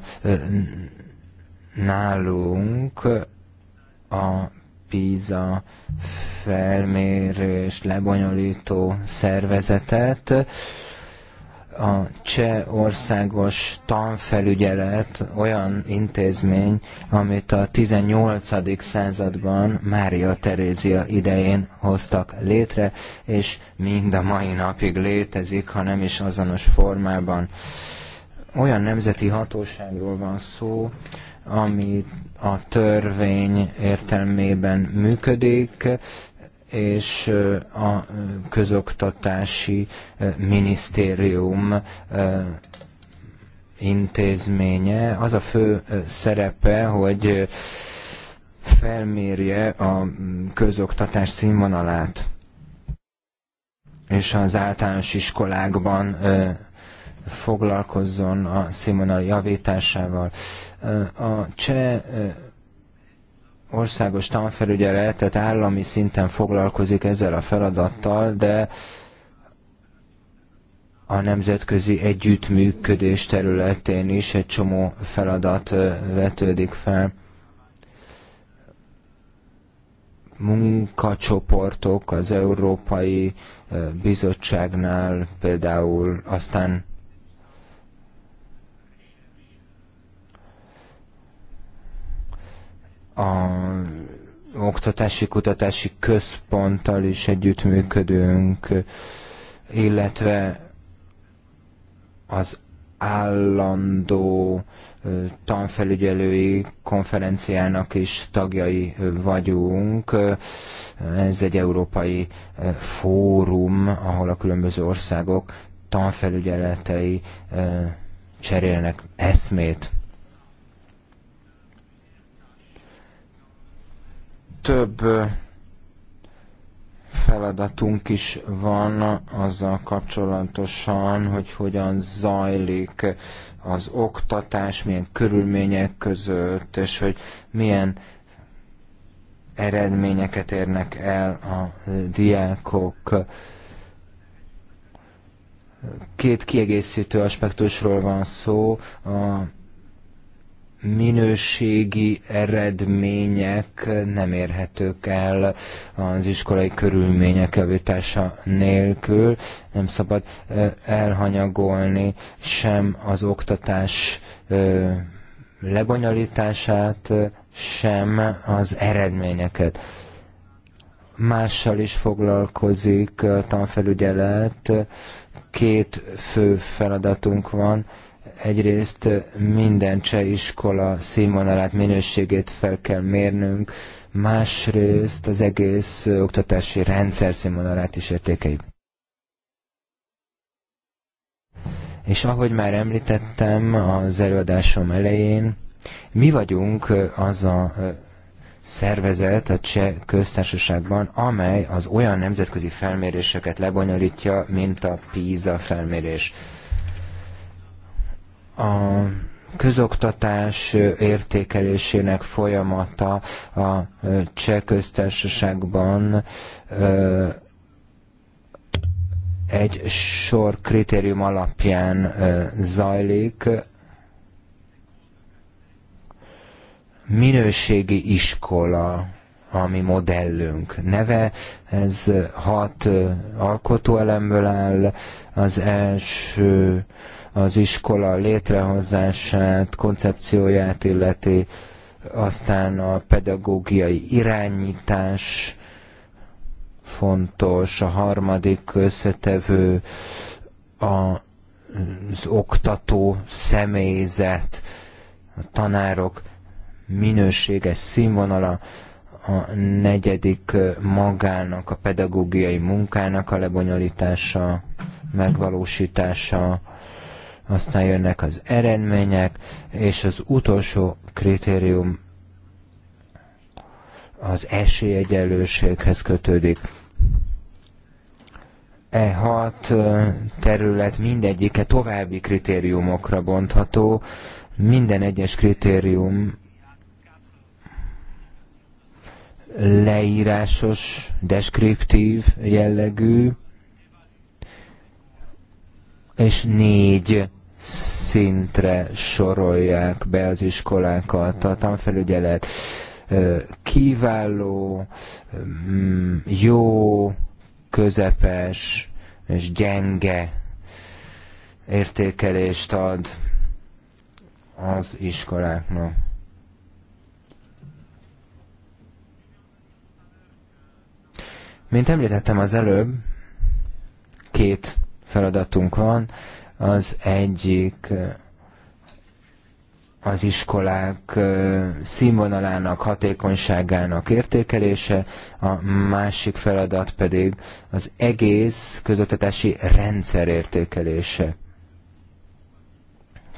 nálunk a PISA felmérés lebonyolító szervezetet, a cseh országos tanfelügyelet olyan intézmény, amit a 18. században Mária Terézia idején hoztak létre, és mind a mai napig létezik, ha nem is azonos formában. Olyan nemzeti hatóságról van szó, ami a törvény értelmében működik, és a közoktatási minisztérium intézménye. Az a fő szerepe, hogy felmérje a közoktatás színvonalát, és az általános iskolákban foglalkozzon a színvonal javításával. A cseh országos tanfelügyelet, tehát állami szinten foglalkozik ezzel a feladattal, de a nemzetközi együttműködés területén is egy csomó feladat vetődik fel. Munkacsoportok az Európai Bizottságnál például aztán a oktatási-kutatási központtal is együttműködünk, illetve az állandó tanfelügyelői konferenciának is tagjai vagyunk. Ez egy európai fórum, ahol a különböző országok tanfelügyeletei cserélnek eszmét. több feladatunk is van azzal kapcsolatosan, hogy hogyan zajlik az oktatás, milyen körülmények között, és hogy milyen eredményeket érnek el a diákok. Két kiegészítő aspektusról van szó, a minőségi eredmények nem érhetők el az iskolai körülmények javítása nélkül. Nem szabad elhanyagolni sem az oktatás lebonyolítását, sem az eredményeket. Mással is foglalkozik a tanfelügyelet, két fő feladatunk van Egyrészt minden cseh iskola színvonalát, minőségét fel kell mérnünk, másrészt az egész oktatási rendszer színvonalát is értékeljük. És ahogy már említettem az előadásom elején, mi vagyunk az a szervezet a cseh köztársaságban, amely az olyan nemzetközi felméréseket lebonyolítja, mint a PISA felmérés. A közoktatás értékelésének folyamata a cseh köztársaságban egy sor kritérium alapján zajlik. Minőségi iskola a mi modellünk neve, ez hat alkotóelemből áll, az első az iskola létrehozását, koncepcióját illeti, aztán a pedagógiai irányítás fontos, a harmadik összetevő a, az oktató személyzet, a tanárok minőséges színvonala, a negyedik magának, a pedagógiai munkának a lebonyolítása, megvalósítása, aztán jönnek az eredmények, és az utolsó kritérium az esélyegyenlőséghez kötődik. e hat terület mindegyike további kritériumokra bontható, minden egyes kritérium leírásos, deskriptív jellegű, és négy szintre sorolják be az iskolákat, a tanfelügyelet kiváló, mm, jó, közepes és gyenge értékelést ad az iskoláknak. Mint említettem az előbb, két feladatunk van az egyik az iskolák színvonalának, hatékonyságának értékelése, a másik feladat pedig az egész közöltetési rendszer értékelése.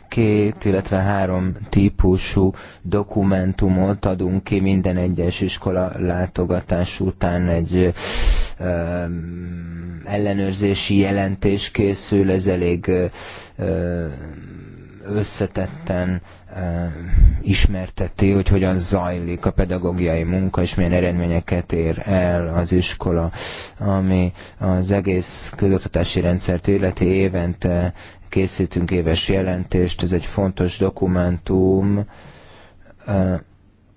Két, illetve három típusú dokumentumot adunk ki minden egyes iskola látogatás után egy ellenőrzési jelentés készül, ez elég összetetten ismerteti, hogy hogyan zajlik a pedagógiai munka, és milyen eredményeket ér el az iskola, ami az egész közoktatási rendszert illeti évente készítünk éves jelentést, ez egy fontos dokumentum,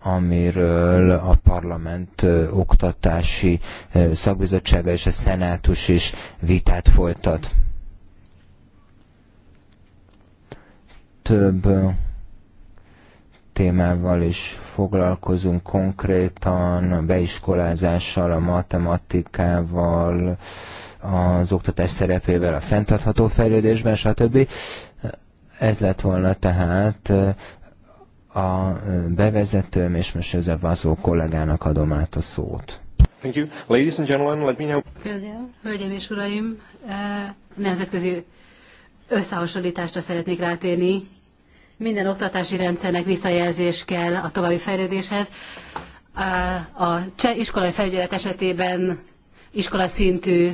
amiről a parlament oktatási szakbizottsága és a szenátus is vitát folytat. Több témával is foglalkozunk konkrétan, a beiskolázással, a matematikával, az oktatás szerepével a fenntartható fejlődésben, stb. Ez lett volna tehát a bevezetőm, és most a Vázó kollégának adom át a szót. Thank you. Ladies and gentlemen, let me know. Hölgyeim és uraim, e, nemzetközi összehasonlításra szeretnék rátérni. Minden oktatási rendszernek visszajelzés kell a további fejlődéshez. E, a cseh iskolai felügyelet esetében iskola szintű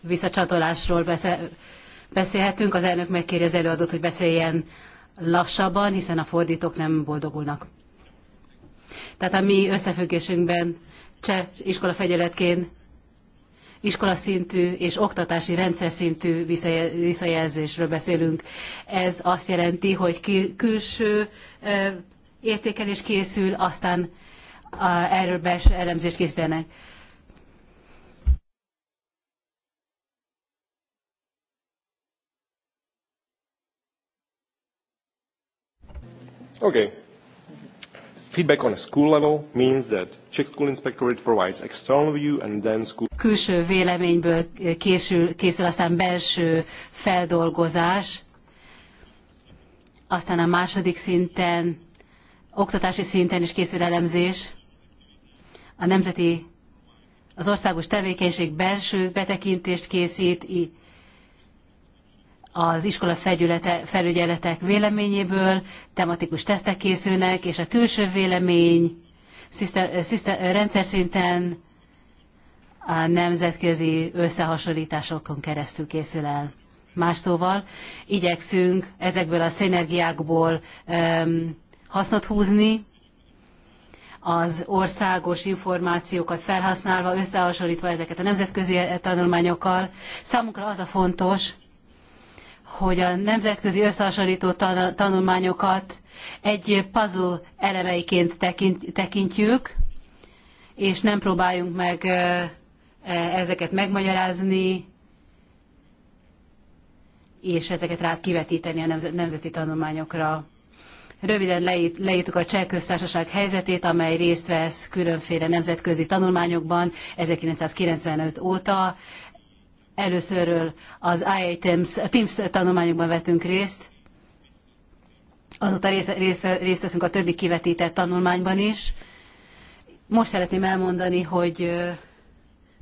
visszacsatolásról beszélhetünk. Az elnök megkérje az előadót, hogy beszéljen lassabban, hiszen a fordítók nem boldogulnak. Tehát a mi összefüggésünkben cseh iskola fegyeletként szintű és oktatási rendszer szintű visszajelzésről beszélünk. Ez azt jelenti, hogy külső értékelés készül, aztán erről belső elemzést készítenek. Okay. Feedback on a school level means that Czech School Inspectorate provides external view and then school... Külső véleményből készül, készül aztán belső feldolgozás, aztán a második szinten, oktatási szinten is készül elemzés, a nemzeti, az országos tevékenység belső betekintést készít, az iskola felügyeletek véleményéből, tematikus tesztek készülnek, és a külső vélemény szisztem, szisztem, rendszer szinten a nemzetközi összehasonlításokon keresztül készül el. Más szóval igyekszünk ezekből a szinergiákból um, hasznot húzni, az országos információkat felhasználva, összehasonlítva ezeket a nemzetközi tanulmányokkal. Számunkra az a fontos, hogy a nemzetközi összehasonlító tanulmányokat egy puzzle elemeiként tekintjük, és nem próbáljunk meg ezeket megmagyarázni, és ezeket rá kivetíteni a nemzeti tanulmányokra. Röviden leírtuk a Cseh köztársaság helyzetét, amely részt vesz különféle nemzetközi tanulmányokban 1995 óta előszörről az IATEMS, a TIMS e e tanulmányokban vettünk részt, azóta részt, rész rész veszünk a többi kivetített tanulmányban is. Most szeretném elmondani, hogy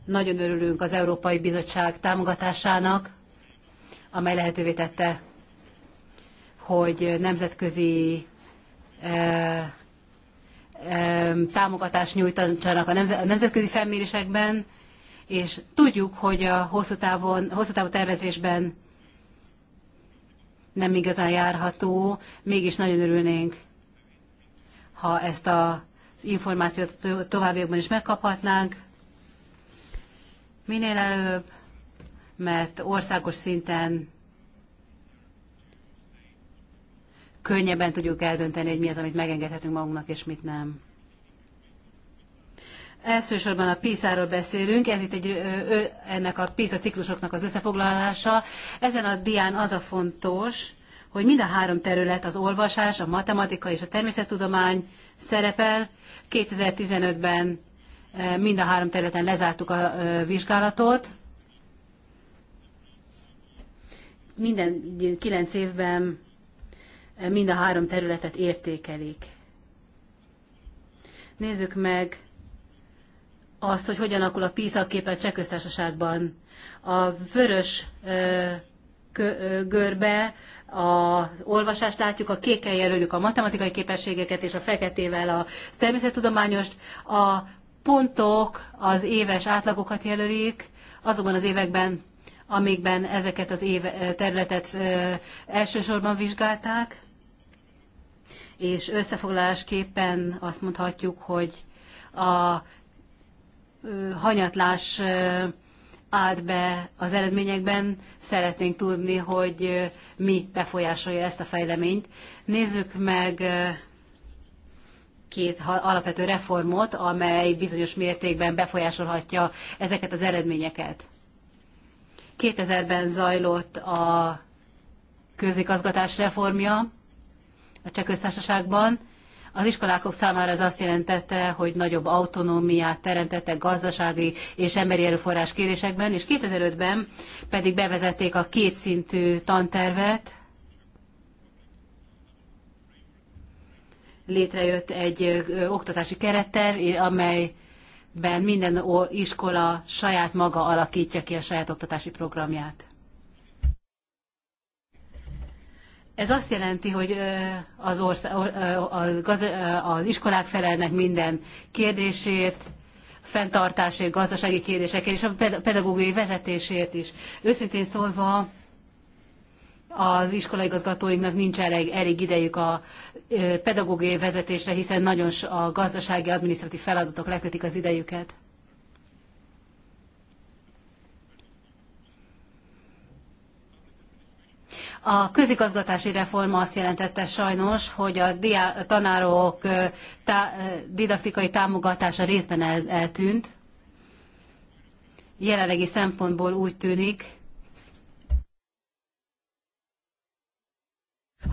nagyon örülünk az Európai Bizottság támogatásának, amely lehetővé tette, hogy nemzetközi támogatást nyújtsanak a nemzetközi felmérésekben, és tudjuk, hogy a hosszú, távon, hosszú távú tervezésben nem igazán járható, mégis nagyon örülnénk, ha ezt az információt továbbiakban is megkaphatnánk. Minél előbb, mert országos szinten könnyebben tudjuk eldönteni, hogy mi az, amit megengedhetünk magunknak, és mit nem. Elsősorban a PISA-ról beszélünk, ez itt egy, ö, ennek a PISA ciklusoknak az összefoglalása. Ezen a dián az a fontos, hogy mind a három terület, az olvasás, a matematika és a természettudomány szerepel. 2015-ben mind a három területen lezártuk a vizsgálatot. Minden kilenc évben mind a három területet értékelik. Nézzük meg azt, hogy hogyan alakul a PISA képe a Csehköztársaságban. A vörös görbe a olvasást látjuk, a kékkel jelöljük a matematikai képességeket, és a feketével a természettudományost. A pontok az éves átlagokat jelölik azokban az években, amikben ezeket az éve, területet ö, elsősorban vizsgálták, és összefoglalásképpen azt mondhatjuk, hogy a hanyatlás állt be az eredményekben, szeretnénk tudni, hogy mi befolyásolja ezt a fejleményt. Nézzük meg két alapvető reformot, amely bizonyos mértékben befolyásolhatja ezeket az eredményeket. 2000-ben zajlott a közigazgatás reformja a cseh köztársaságban, az iskolákok számára ez azt jelentette, hogy nagyobb autonómiát teremtettek gazdasági és emberi erőforrás kérésekben, és 2005-ben pedig bevezették a kétszintű tantervet, létrejött egy oktatási keretterv, amelyben minden iskola saját maga alakítja ki a saját oktatási programját. Ez azt jelenti, hogy az, ország, az, az iskolák felelnek minden kérdésért, fenntartásért, gazdasági kérdésekért, és a pedagógiai vezetésért is. Őszintén szólva, az iskolaigazgatóinknak nincs elég, elég idejük a pedagógiai vezetésre, hiszen nagyon a gazdasági, adminisztratív feladatok lekötik az idejüket. A közigazgatási reform azt jelentette sajnos, hogy a diá- tanárok tá- didaktikai támogatása részben el- eltűnt. Jelenlegi szempontból úgy tűnik,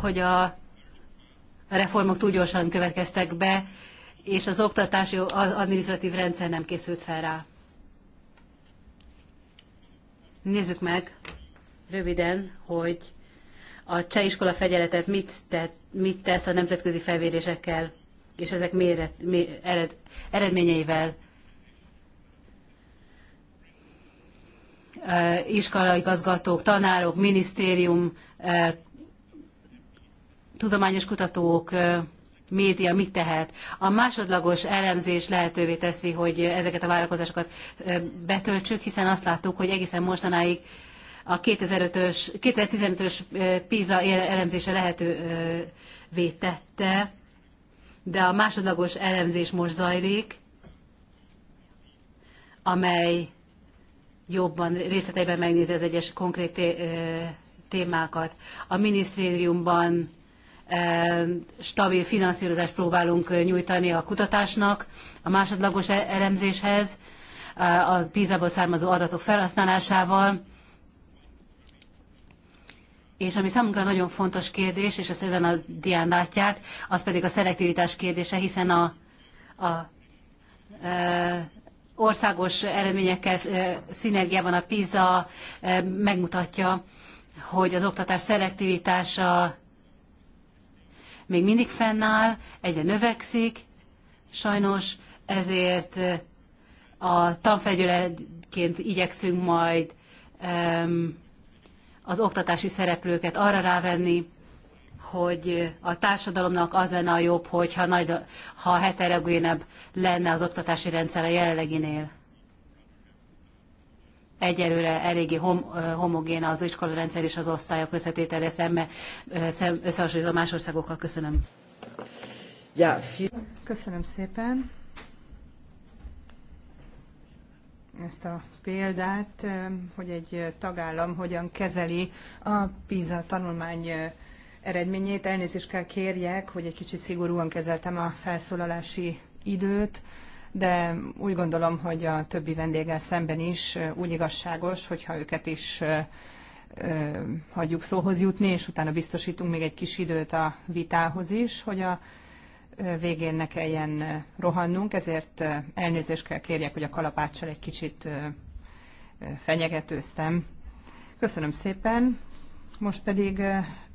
hogy a reformok túl gyorsan következtek be, és az oktatási administratív rendszer nem készült fel rá. Nézzük meg röviden, hogy a cseh iskola fegyeletet mit, tett, mit tesz a nemzetközi felvérésekkel és ezek méret, méret, eredményeivel. eredményeivel. iskolaigazgatók, tanárok, minisztérium, tudományos kutatók, média mit tehet. A másodlagos elemzés lehetővé teszi, hogy ezeket a várakozásokat betöltsük, hiszen azt láttuk, hogy egészen mostanáig a 2015-ös PISA elemzése lehetővé tette, de a másodlagos elemzés most zajlik, amely jobban részleteiben megnézi az egyes konkrét témákat. A minisztériumban stabil finanszírozást próbálunk nyújtani a kutatásnak, a másodlagos e-, elemzéshez, a PISA-ból származó adatok felhasználásával, és ami számunkra nagyon fontos kérdés, és ezt ezen a dián látják, az pedig a szelektivitás kérdése, hiszen a, a e, országos eredményekkel e, szinergiában a PISA e, megmutatja, hogy az oktatás szelektivitása még mindig fennáll, egyre növekszik, sajnos ezért e, a tanfegyületként igyekszünk majd um, az oktatási szereplőket arra rávenni, hogy a társadalomnak az lenne a jobb, hogyha nagy, ha heterogénebb lenne az oktatási rendszer a jelenleginél. Egyelőre eléggé hom, homogén az iskola rendszer és az osztályok összetétele szembe összehasonlítva más országokkal. Köszönöm. Ja, Köszönöm szépen. ezt a példát, hogy egy tagállam hogyan kezeli a PISA tanulmány eredményét. Elnézést kell kérjek, hogy egy kicsit szigorúan kezeltem a felszólalási időt, de úgy gondolom, hogy a többi vendéggel szemben is úgy igazságos, hogyha őket is hagyjuk szóhoz jutni, és utána biztosítunk még egy kis időt a vitához is, hogy a végén ne kelljen rohannunk, ezért elnézést kell kérjek, hogy a kalapáccsal egy kicsit fenyegetőztem. Köszönöm szépen. Most pedig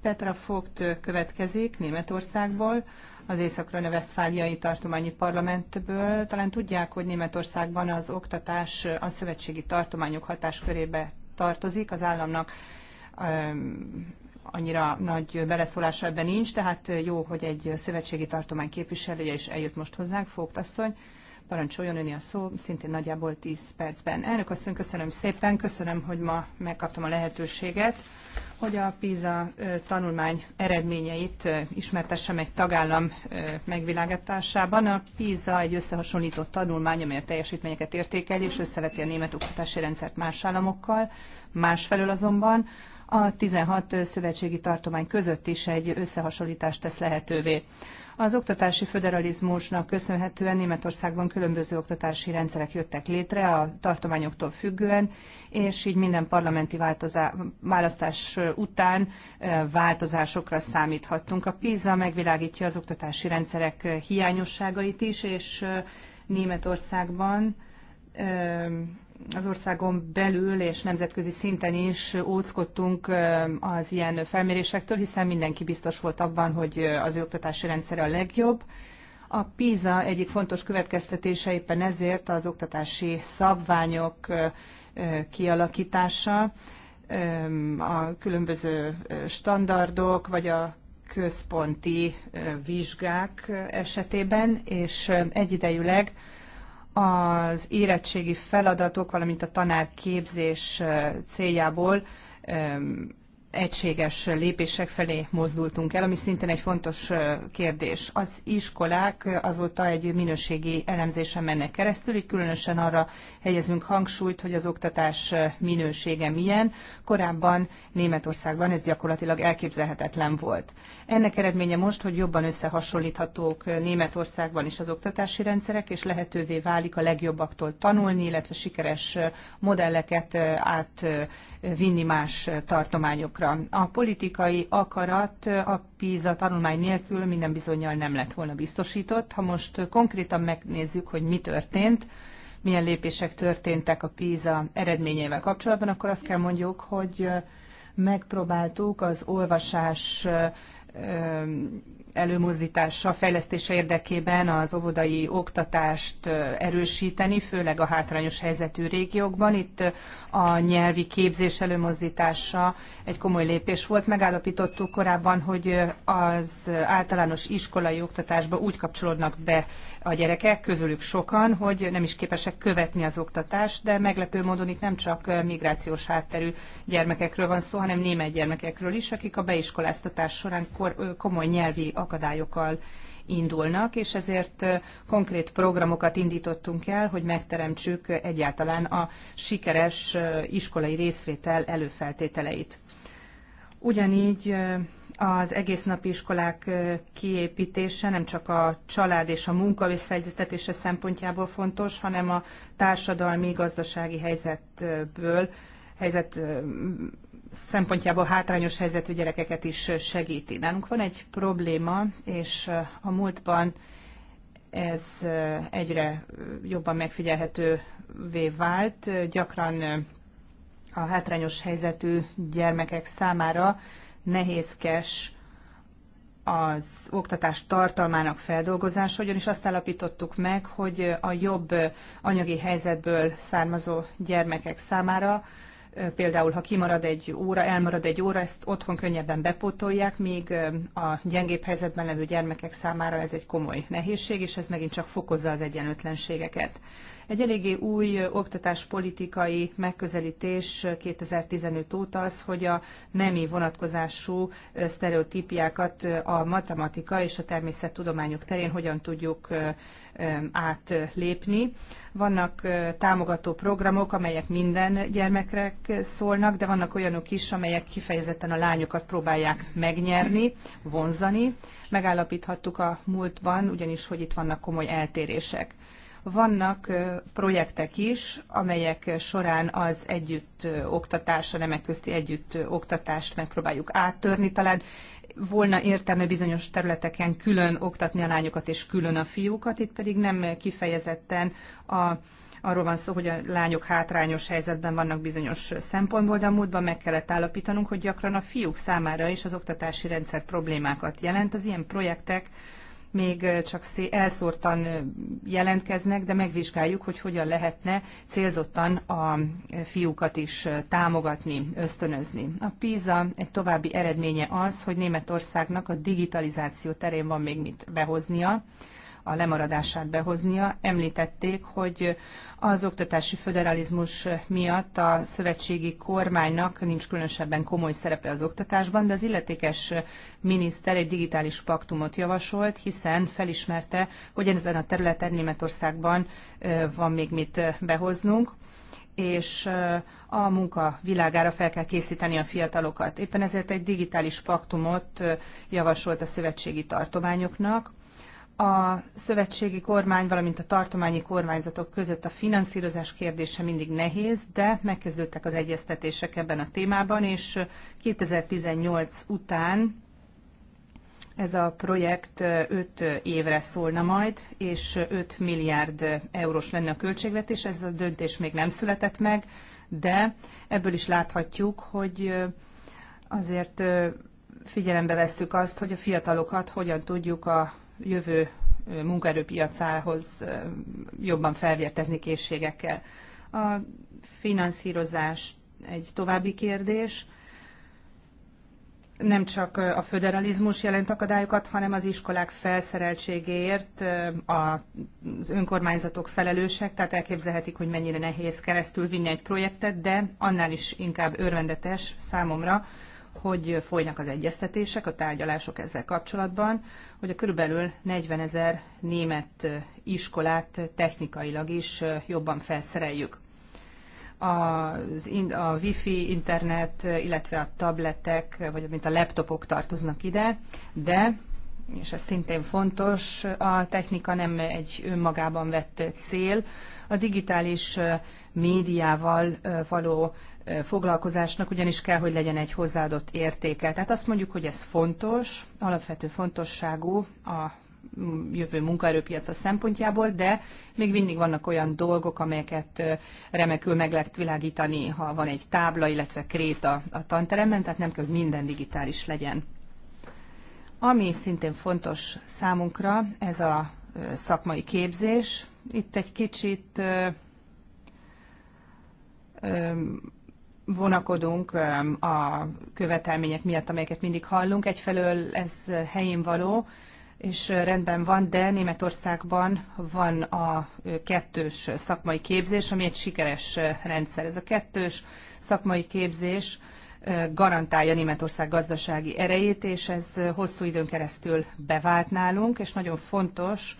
Petra Fogt következik Németországból, az Észak-Röne-Veszfáliai Tartományi Parlamentből. Talán tudják, hogy Németországban az oktatás a szövetségi tartományok hatáskörébe tartozik, az államnak annyira nagy beleszólása ebben nincs, tehát jó, hogy egy szövetségi tartomány képviselője is eljött most hozzánk, Fogt asszony. Parancsoljon öni a szó, szintén nagyjából 10 percben. Elnök asszony, köszönöm szépen, köszönöm, hogy ma megkaptam a lehetőséget, hogy a PISA tanulmány eredményeit ismertessem egy tagállam megvilágításában. A PISA egy összehasonlító tanulmány, amely a teljesítményeket értékeli és összeveti a német oktatási rendszert más államokkal. Másfelől azonban a 16 szövetségi tartomány között is egy összehasonlítást tesz lehetővé. Az oktatási föderalizmusnak köszönhetően Németországban különböző oktatási rendszerek jöttek létre a tartományoktól függően, és így minden parlamenti változá- választás után változásokra számíthattunk. A PISA megvilágítja az oktatási rendszerek hiányosságait is, és Németországban az országon belül és nemzetközi szinten is óckodtunk az ilyen felmérésektől, hiszen mindenki biztos volt abban, hogy az ő oktatási rendszere a legjobb. A PISA egyik fontos következtetése éppen ezért az oktatási szabványok kialakítása, a különböző standardok, vagy a központi vizsgák esetében, és egyidejűleg az érettségi feladatok, valamint a tanárképzés céljából egységes lépések felé mozdultunk el, ami szintén egy fontos kérdés. Az iskolák azóta egy minőségi elemzésen mennek keresztül, így különösen arra helyezünk hangsúlyt, hogy az oktatás minősége milyen. Korábban Németországban ez gyakorlatilag elképzelhetetlen volt. Ennek eredménye most, hogy jobban összehasonlíthatók Németországban is az oktatási rendszerek, és lehetővé válik a legjobbaktól tanulni, illetve sikeres modelleket átvinni más tartományokra gyakran. A politikai akarat a PISA tanulmány nélkül minden bizonyal nem lett volna biztosított. Ha most konkrétan megnézzük, hogy mi történt, milyen lépések történtek a PISA eredményével kapcsolatban, akkor azt kell mondjuk, hogy megpróbáltuk az olvasás előmozdítása, fejlesztése érdekében az óvodai oktatást erősíteni, főleg a hátrányos helyzetű régiókban. Itt a nyelvi képzés előmozdítása egy komoly lépés volt. Megállapítottuk korábban, hogy az általános iskolai oktatásba úgy kapcsolódnak be a gyerekek, közülük sokan, hogy nem is képesek követni az oktatást, de meglepő módon itt nem csak migrációs hátterű gyermekekről van szó, hanem német gyermekekről is, akik a beiskoláztatás során komoly nyelvi akadályokkal indulnak, és ezért konkrét programokat indítottunk el, hogy megteremtsük egyáltalán a sikeres iskolai részvétel előfeltételeit. Ugyanígy az egész napi iskolák kiépítése nem csak a család és a munka visszaegyeztetése szempontjából fontos, hanem a társadalmi, gazdasági helyzetből, helyzet szempontjából hátrányos helyzetű gyerekeket is segíti. Nálunk van egy probléma, és eh, a múltban ez eh, egyre eh, jobban megfigyelhetővé vált. Gyakran a hátrányos helyzetű gyermekek számára nehézkes az oktatás tartalmának feldolgozása, ugyanis azt állapítottuk meg, hogy a jobb anyagi helyzetből származó gyermekek számára például ha kimarad egy óra, elmarad egy óra, ezt otthon könnyebben bepótolják, míg a gyengébb helyzetben levő gyermekek számára ez egy komoly nehézség, és ez megint csak fokozza az egyenlőtlenségeket. Egy eléggé új oktatáspolitikai megközelítés 2015 óta az, hogy a nemi vonatkozású sztereotípiákat a matematika és a természettudományok terén hogyan tudjuk átlépni. Vannak támogató programok, amelyek minden gyermekre szólnak, de vannak olyanok is, amelyek kifejezetten a lányokat próbálják megnyerni, vonzani. Megállapíthattuk a múltban, ugyanis, hogy itt vannak komoly eltérések. Vannak projektek is, amelyek során az együtt oktatás, a nemek közti együtt oktatást megpróbáljuk áttörni. Talán volna értelme bizonyos területeken külön oktatni a lányokat és külön a fiúkat, itt pedig nem kifejezetten a arról van szó, hogy a lányok hátrányos helyzetben vannak bizonyos szempontból, de a múltban meg kellett állapítanunk, hogy gyakran a fiúk számára is az oktatási rendszer problémákat jelent. Az ilyen projektek még csak elszórtan jelentkeznek, de megvizsgáljuk, hogy hogyan lehetne célzottan a fiúkat is támogatni, ösztönözni. A PISA egy további eredménye az, hogy Németországnak a digitalizáció terén van még mit behoznia, a lemaradását behoznia. Említették, hogy az oktatási föderalizmus miatt a szövetségi kormánynak nincs különösebben komoly szerepe az oktatásban, de az illetékes miniszter egy digitális paktumot javasolt, hiszen felismerte, hogy ezen a területen Németországban van még mit behoznunk és a munka világára fel kell készíteni a fiatalokat. Éppen ezért egy digitális paktumot javasolt a szövetségi tartományoknak, a szövetségi kormány, valamint a tartományi kormányzatok között a finanszírozás kérdése mindig nehéz, de megkezdődtek az egyeztetések ebben a témában, és 2018 után ez a projekt 5 évre szólna majd, és 5 milliárd eurós lenne a költségvetés, ez a döntés még nem született meg, de ebből is láthatjuk, hogy azért figyelembe vesszük azt, hogy a fiatalokat hogyan tudjuk a jövő munkaerőpiacához jobban felvértezni készségekkel. A finanszírozás egy további kérdés. Nem csak a föderalizmus jelent akadályokat, hanem az iskolák felszereltségéért az önkormányzatok felelősek, tehát elképzelhetik, hogy mennyire nehéz keresztül vinni egy projektet, de annál is inkább örvendetes számomra, hogy folynak az egyeztetések, a tárgyalások ezzel kapcsolatban, hogy a körülbelül 40 ezer német iskolát technikailag is jobban felszereljük. Az, a wifi, internet, illetve a tabletek, vagy mint a laptopok tartoznak ide, de és ez szintén fontos, a technika nem egy önmagában vett cél. A digitális médiával való foglalkozásnak ugyanis kell, hogy legyen egy hozzáadott értéke. Tehát azt mondjuk, hogy ez fontos, alapvető fontosságú a jövő munkaerőpiaca szempontjából, de még mindig vannak olyan dolgok, amelyeket remekül meg lehet világítani, ha van egy tábla, illetve kréta a tanteremben, tehát nem kell, hogy minden digitális legyen. Ami szintén fontos számunkra, ez a szakmai képzés. Itt egy kicsit vonakodunk um, a követelmények miatt, amelyeket mindig hallunk. Egyfelől ez helyén való, és rendben van, de Németországban van a kettős szakmai képzés, ami egy sikeres rendszer. Ez a kettős szakmai képzés garantálja Németország gazdasági erejét, és ez hosszú időn keresztül bevált nálunk, és nagyon fontos,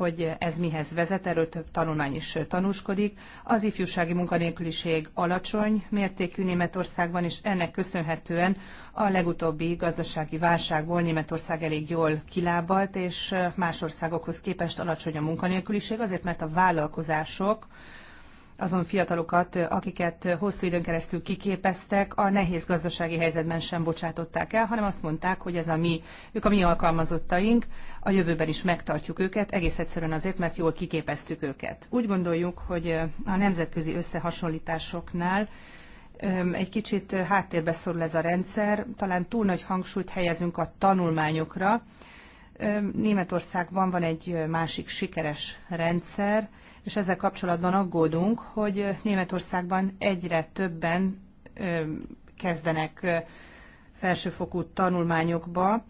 hogy ez mihez vezet, erről több tanulmány is tanúskodik. Az ifjúsági munkanélküliség alacsony mértékű Németországban, és ennek köszönhetően a legutóbbi gazdasági válságból Németország elég jól kilábalt, és más országokhoz képest alacsony a munkanélküliség, azért mert a vállalkozások azon fiatalokat, akiket hosszú időn keresztül kiképeztek, a nehéz gazdasági helyzetben sem bocsátották el, hanem azt mondták, hogy ez a mi, ők a mi alkalmazottaink, a jövőben is megtartjuk őket, egész egyszerűen azért, mert jól kiképeztük őket. Úgy gondoljuk, hogy a nemzetközi összehasonlításoknál egy kicsit háttérbe szorul ez a rendszer, talán túl nagy hangsúlyt helyezünk a tanulmányokra. Németországban van egy másik sikeres rendszer, és ezzel kapcsolatban aggódunk, hogy Németországban egyre többen kezdenek felsőfokú tanulmányokba.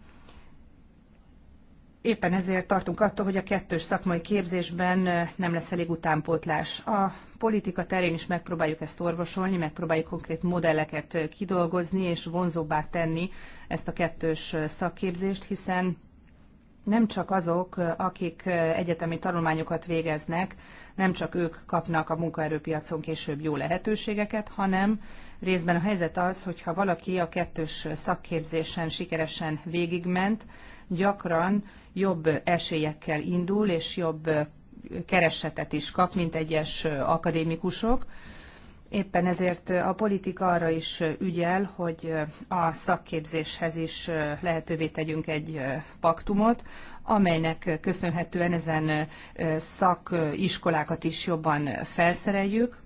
Éppen ezért tartunk attól, hogy a kettős szakmai képzésben nem lesz elég utánpótlás. A politika terén is megpróbáljuk ezt orvosolni, megpróbáljuk konkrét modelleket kidolgozni és vonzóbbá tenni ezt a kettős szakképzést, hiszen nem csak azok, akik egyetemi tanulmányokat végeznek, nem csak ők kapnak a munkaerőpiacon később jó lehetőségeket, hanem részben a helyzet az, hogy ha valaki a kettős szakképzésen sikeresen végigment, gyakran jobb esélyekkel indul, és jobb keresetet is kap, mint egyes akadémikusok, Éppen ezért a politika arra is ügyel, hogy a szakképzéshez is lehetővé tegyünk egy paktumot, amelynek köszönhetően ezen szakiskolákat is jobban felszereljük,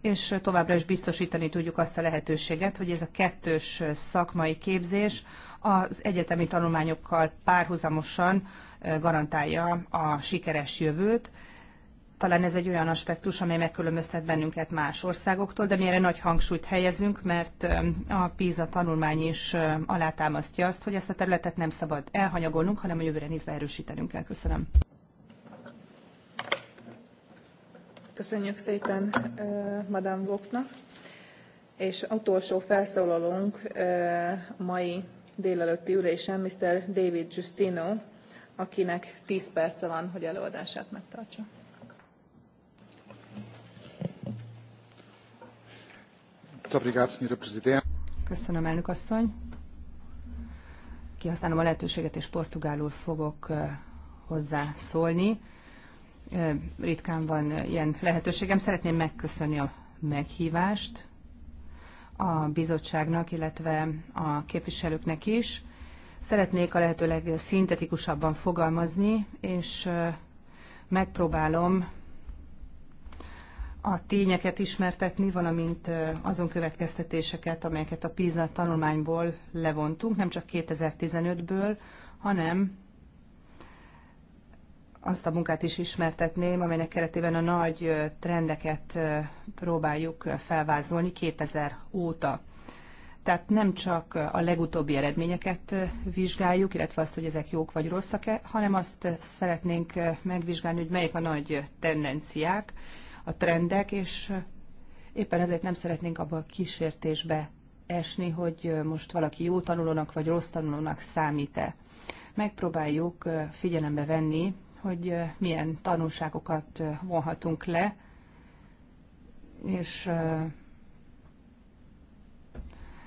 és továbbra is biztosítani tudjuk azt a lehetőséget, hogy ez a kettős szakmai képzés az egyetemi tanulmányokkal párhuzamosan garantálja a sikeres jövőt, talán ez egy olyan aspektus, amely megkülönböztet bennünket más országoktól, de mi erre nagy hangsúlyt helyezünk, mert a PISA tanulmány is alátámasztja azt, hogy ezt a területet nem szabad elhanyagolnunk, hanem a jövőre nézve erősítenünk kell. Köszönöm. Köszönjük szépen Madame Voknak. És utolsó felszólalónk mai délelőtti ülésen Mr. David Justino, akinek 10 perce van, hogy előadását megtartsa. Köszönöm, elnök asszony. Kihasználom a lehetőséget, és portugálul fogok hozzászólni. Ritkán van ilyen lehetőségem. Szeretném megköszönni a meghívást a bizottságnak, illetve a képviselőknek is. Szeretnék a lehető legszintetikusabban fogalmazni, és megpróbálom a tényeket ismertetni, valamint azon következtetéseket, amelyeket a PISA tanulmányból levontunk, nem csak 2015-ből, hanem azt a munkát is ismertetném, amelynek keretében a nagy trendeket próbáljuk felvázolni 2000 óta. Tehát nem csak a legutóbbi eredményeket vizsgáljuk, illetve azt, hogy ezek jók vagy rosszak-e, hanem azt szeretnénk megvizsgálni, hogy melyek a nagy tendenciák, a trendek, és éppen ezért nem szeretnénk abba a kísértésbe esni, hogy most valaki jó tanulónak vagy rossz tanulónak számít-e. Megpróbáljuk figyelembe venni, hogy milyen tanulságokat vonhatunk le, és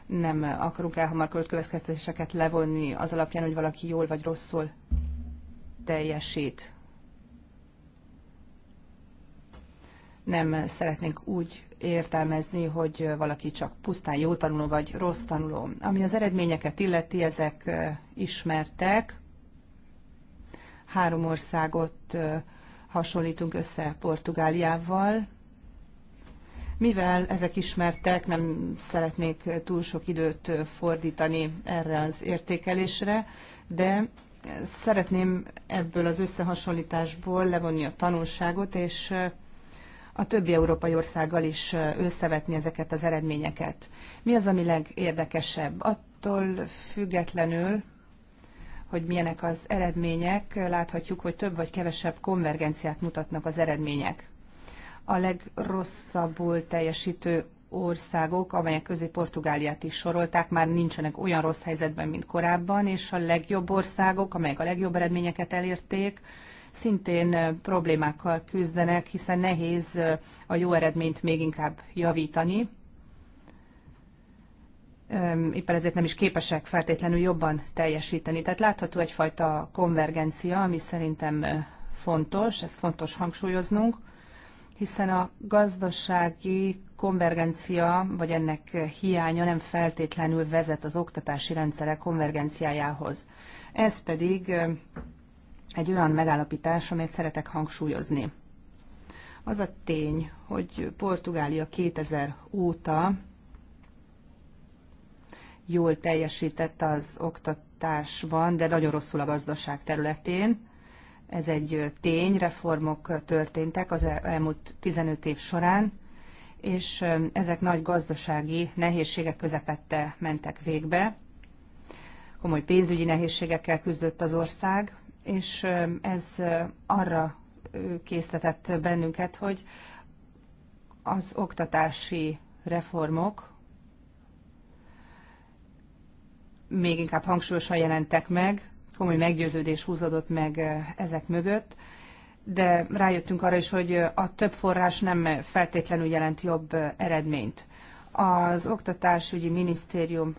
nem akarunk elhamarkodott következtetéseket levonni az alapján, hogy valaki jól vagy rosszul teljesít. nem szeretnénk úgy értelmezni, hogy valaki csak pusztán jó tanuló vagy rossz tanuló. Ami az eredményeket illeti, ezek ismertek. Három országot hasonlítunk össze Portugáliával. Mivel ezek ismertek, nem szeretnék túl sok időt fordítani erre az értékelésre, de szeretném ebből az összehasonlításból levonni a tanulságot, és a többi európai országgal is összevetni ezeket az eredményeket. Mi az, ami legérdekesebb? Attól függetlenül, hogy milyenek az eredmények, láthatjuk, hogy több vagy kevesebb konvergenciát mutatnak az eredmények. A legrosszabbul teljesítő országok, amelyek közé Portugáliát is sorolták, már nincsenek olyan rossz helyzetben, mint korábban, és a legjobb országok, amelyek a legjobb eredményeket elérték, szintén problémákkal küzdenek, hiszen nehéz a jó eredményt még inkább javítani. Éppen ezért nem is képesek feltétlenül jobban teljesíteni. Tehát látható egyfajta konvergencia, ami szerintem fontos, ezt fontos hangsúlyoznunk, hiszen a gazdasági konvergencia, vagy ennek hiánya nem feltétlenül vezet az oktatási rendszerek konvergenciájához. Ez pedig egy olyan megállapítás, amit szeretek hangsúlyozni. Az a tény, hogy Portugália 2000 óta jól teljesített az oktatásban, de nagyon rosszul a gazdaság területén. Ez egy tény, reformok történtek az elmúlt 15 év során, és ezek nagy gazdasági nehézségek közepette mentek végbe. Komoly pénzügyi nehézségekkel küzdött az ország, és ez arra késztetett bennünket, hogy az oktatási reformok még inkább hangsúlyosan jelentek meg, komoly meggyőződés húzódott meg ezek mögött, de rájöttünk arra is, hogy a több forrás nem feltétlenül jelent jobb eredményt. Az Oktatásügyi Minisztérium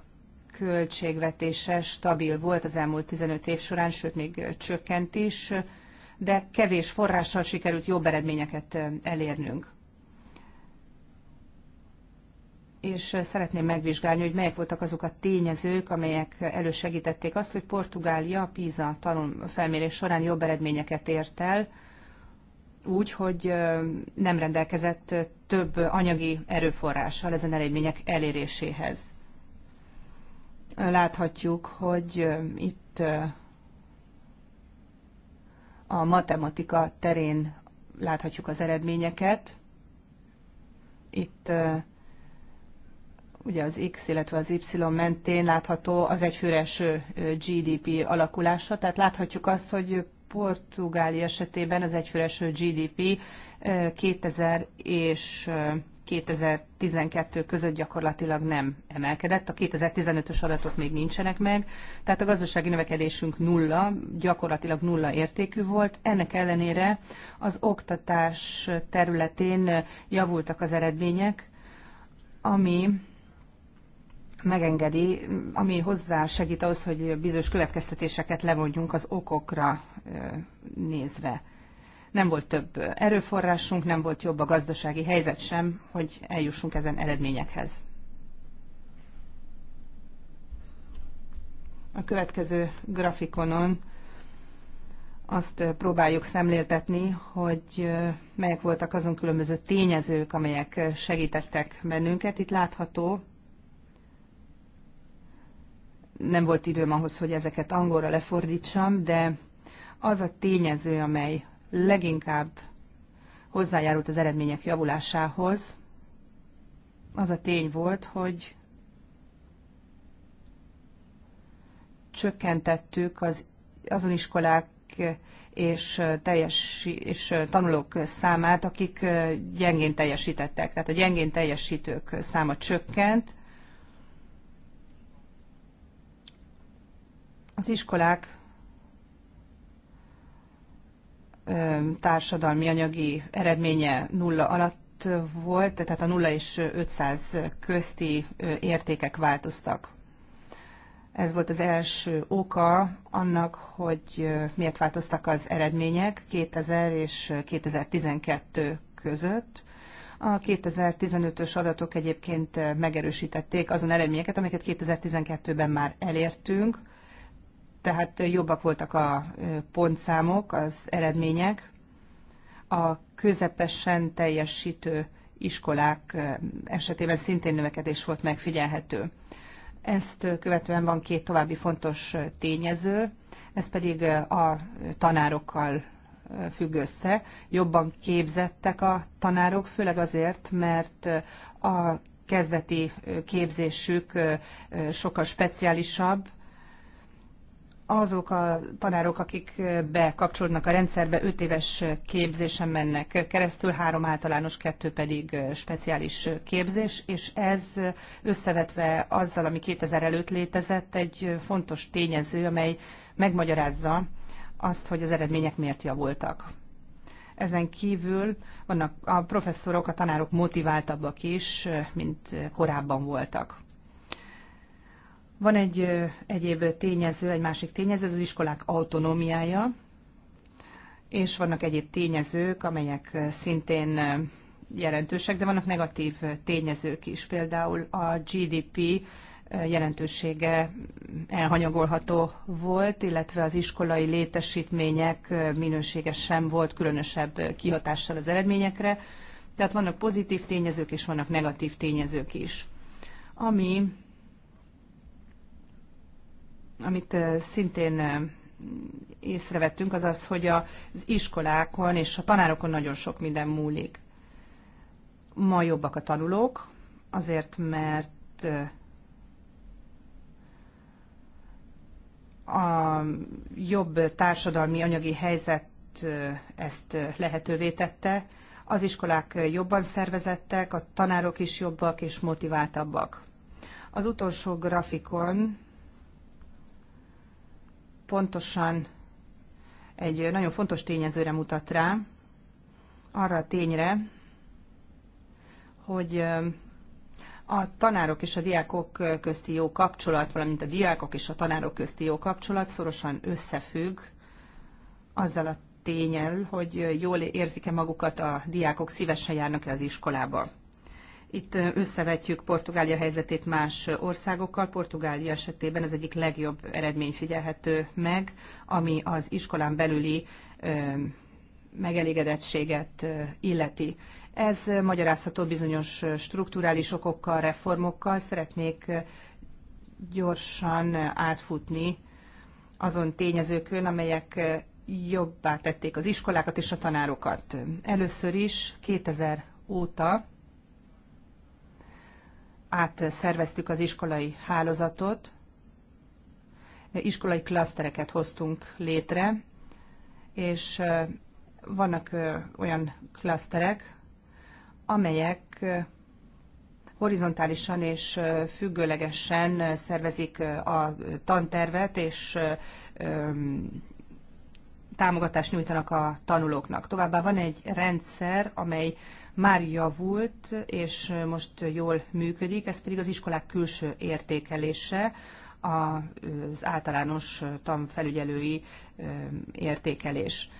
költségvetése stabil volt az elmúlt 15 év során, sőt még csökkent is, de kevés forrással sikerült jobb eredményeket elérnünk. És szeretném megvizsgálni, hogy melyek voltak azok a tényezők, amelyek elősegítették azt, hogy Portugália a PISA tanul felmérés során jobb eredményeket ért el, úgy, hogy nem rendelkezett több anyagi erőforrással ezen eredmények eléréséhez láthatjuk, hogy itt a matematika terén láthatjuk az eredményeket. Itt ugye az X, illetve az Y mentén látható az egyfőre eső GDP alakulása, tehát láthatjuk azt, hogy Portugália esetében az egyfőre eső GDP 2000 és 2012 között gyakorlatilag nem emelkedett. A 2015-ös adatok még nincsenek meg, tehát a gazdasági növekedésünk nulla, gyakorlatilag nulla értékű volt. Ennek ellenére az oktatás területén javultak az eredmények, ami megengedi, ami hozzá segít ahhoz, hogy bizonyos következtetéseket levonjunk az okokra nézve nem volt több erőforrásunk, nem volt jobb a gazdasági helyzet sem, hogy eljussunk ezen eredményekhez. A következő grafikonon azt próbáljuk szemléltetni, hogy melyek voltak azon különböző tényezők, amelyek segítettek bennünket. Itt látható, nem volt időm ahhoz, hogy ezeket angolra lefordítsam, de az a tényező, amely leginkább hozzájárult az eredmények javulásához, az a tény volt, hogy csökkentettük az, azon iskolák és, teljes, és tanulók számát, akik gyengén teljesítettek. Tehát a gyengén teljesítők száma csökkent. Az iskolák társadalmi anyagi eredménye nulla alatt volt, tehát a 0 és 500 közti értékek változtak. Ez volt az első oka annak, hogy miért változtak az eredmények 2000 és 2012 között. A 2015-ös adatok egyébként megerősítették azon eredményeket, amiket 2012-ben már elértünk, tehát jobbak voltak a pontszámok, az eredmények. A közepesen teljesítő iskolák esetében szintén növekedés volt megfigyelhető. Ezt követően van két további fontos tényező, ez pedig a tanárokkal függ össze. Jobban képzettek a tanárok, főleg azért, mert a kezdeti képzésük sokkal speciálisabb, azok a tanárok, akik bekapcsolódnak a rendszerbe, 5 éves képzésen mennek keresztül, három általános, kettő pedig speciális képzés, és ez összevetve azzal, ami 2000 előtt létezett, egy fontos tényező, amely megmagyarázza azt, hogy az eredmények miért javultak. Ezen kívül vannak a professzorok, a tanárok motiváltabbak is, mint korábban voltak. Van egy egyéb tényező, egy másik tényező, ez az iskolák autonómiája, és vannak egyéb tényezők, amelyek szintén jelentősek, de vannak negatív tényezők is, például a GDP jelentősége elhanyagolható volt, illetve az iskolai létesítmények minősége sem volt különösebb kihatással az eredményekre. Tehát vannak pozitív tényezők és vannak negatív tényezők is. Ami amit szintén észrevettünk, az az, hogy az iskolákon és a tanárokon nagyon sok minden múlik. Ma jobbak a tanulók, azért mert a jobb társadalmi anyagi helyzet ezt lehetővé tette. Az iskolák jobban szervezettek, a tanárok is jobbak és motiváltabbak. Az utolsó grafikon pontosan egy nagyon fontos tényezőre mutat rá, arra a tényre, hogy a tanárok és a diákok közti jó kapcsolat, valamint a diákok és a tanárok közti jó kapcsolat szorosan összefügg azzal a tényel, hogy jól érzik-e magukat a diákok, szívesen járnak-e az iskolába. Itt összevetjük Portugália helyzetét más országokkal. Portugália esetében az egyik legjobb eredmény figyelhető meg, ami az iskolán belüli megelégedettséget illeti. Ez magyarázható bizonyos strukturális okokkal, reformokkal. Szeretnék gyorsan átfutni azon tényezőkön, amelyek jobbá tették az iskolákat és a tanárokat. Először is 2000 óta átszerveztük az iskolai hálózatot, iskolai klasztereket hoztunk létre, és vannak olyan klaszterek, amelyek horizontálisan és függőlegesen szervezik a tantervet, és támogatást nyújtanak a tanulóknak. Továbbá van egy rendszer, amely már javult, és most jól működik, ez pedig az iskolák külső értékelése, az általános tanfelügyelői értékelés.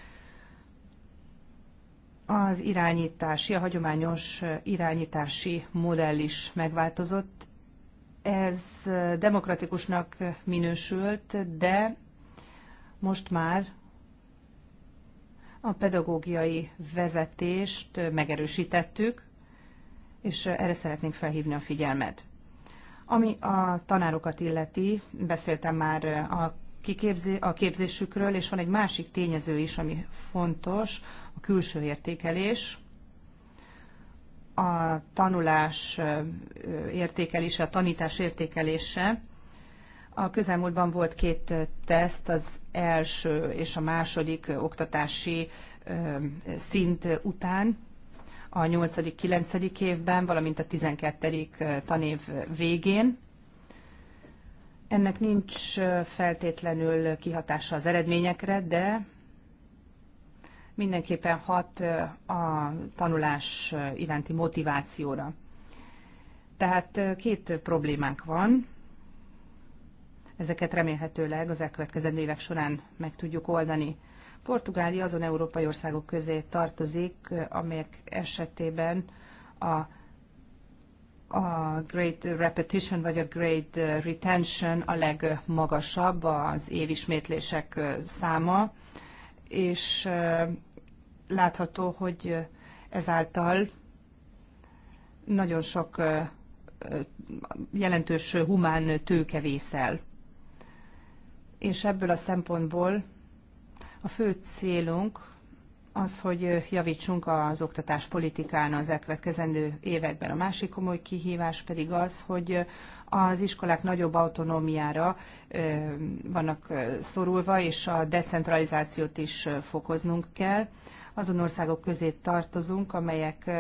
Az irányítási, a hagyományos irányítási modell is megváltozott. Ez demokratikusnak minősült, de most már a pedagógiai vezetést megerősítettük, és erre szeretnénk felhívni a figyelmet. Ami a tanárokat illeti, beszéltem már a, kiképzé, a képzésükről, és van egy másik tényező is, ami fontos, a külső értékelés, a tanulás értékelése, a tanítás értékelése. A közelmúltban volt két teszt, az első és a második oktatási szint után, a 8.-9. évben, valamint a 12. tanév végén. Ennek nincs feltétlenül kihatása az eredményekre, de mindenképpen hat a tanulás iránti motivációra. Tehát két problémánk van ezeket remélhetőleg az elkövetkezendő évek során meg tudjuk oldani. Portugália azon európai országok közé tartozik, amelyek esetében a, a Great Repetition vagy a Great Retention a legmagasabb az évismétlések száma, és látható, hogy ezáltal nagyon sok jelentős humán tőke vészel és ebből a szempontból a fő célunk az, hogy javítsunk az oktatás politikán az elkövetkezendő években. A másik komoly kihívás pedig az, hogy az iskolák nagyobb autonómiára vannak szorulva, és a decentralizációt is fokoznunk kell. Azon országok közé tartozunk, amelyek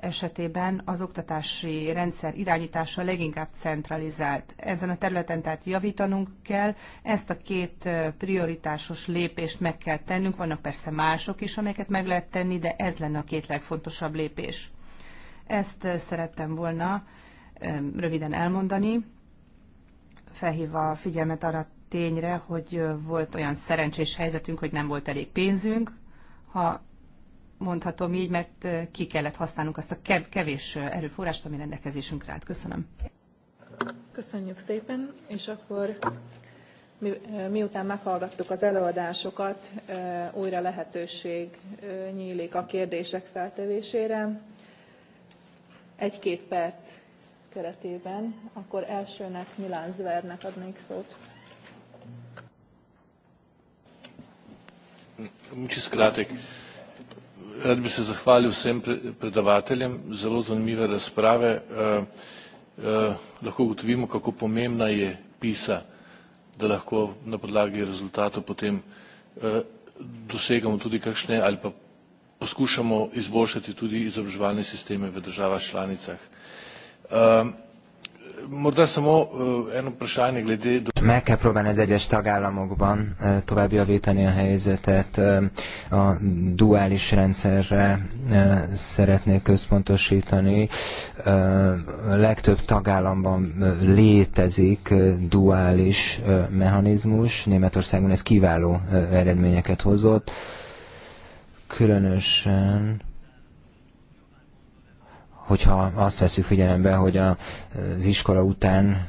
esetében az oktatási rendszer irányítása leginkább centralizált. Ezen a területen tehát javítanunk kell, ezt a két prioritásos lépést meg kell tennünk, vannak persze mások is, amelyeket meg lehet tenni, de ez lenne a két legfontosabb lépés. Ezt szerettem volna röviden elmondani, felhívva a figyelmet arra tényre, hogy volt olyan szerencsés helyzetünk, hogy nem volt elég pénzünk, ha mondhatom így, mert ki kellett használnunk azt a kevés erőforrást, ami rendelkezésünkre állt. Köszönöm. Köszönjük szépen, és akkor mi, miután meghallgattuk az előadásokat, újra lehetőség nyílik a kérdések feltevésére. Egy-két perc keretében, akkor elsőnek Milán Zvernek adnék szót. Kicsit Rad bi se zahvalil vsem predavateljem, zelo zanimive razprave. Eh, eh, lahko ugotovimo, kako pomembna je PISA, da lahko na podlagi rezultatov potem eh, dosegamo tudi kakšne ali pa poskušamo izboljšati tudi izobraževalne sisteme v državah članicah. Morda samo eh, eno vprašanje glede... Meg kell próbálni az egyes tagállamokban eh, tovább javítani a helyzetet. Eh, a duális rendszerre szeretnék központosítani. A legtöbb tagállamban létezik duális mechanizmus. Németországban ez kiváló eredményeket hozott. Különösen hogyha azt veszük figyelembe, hogy az iskola után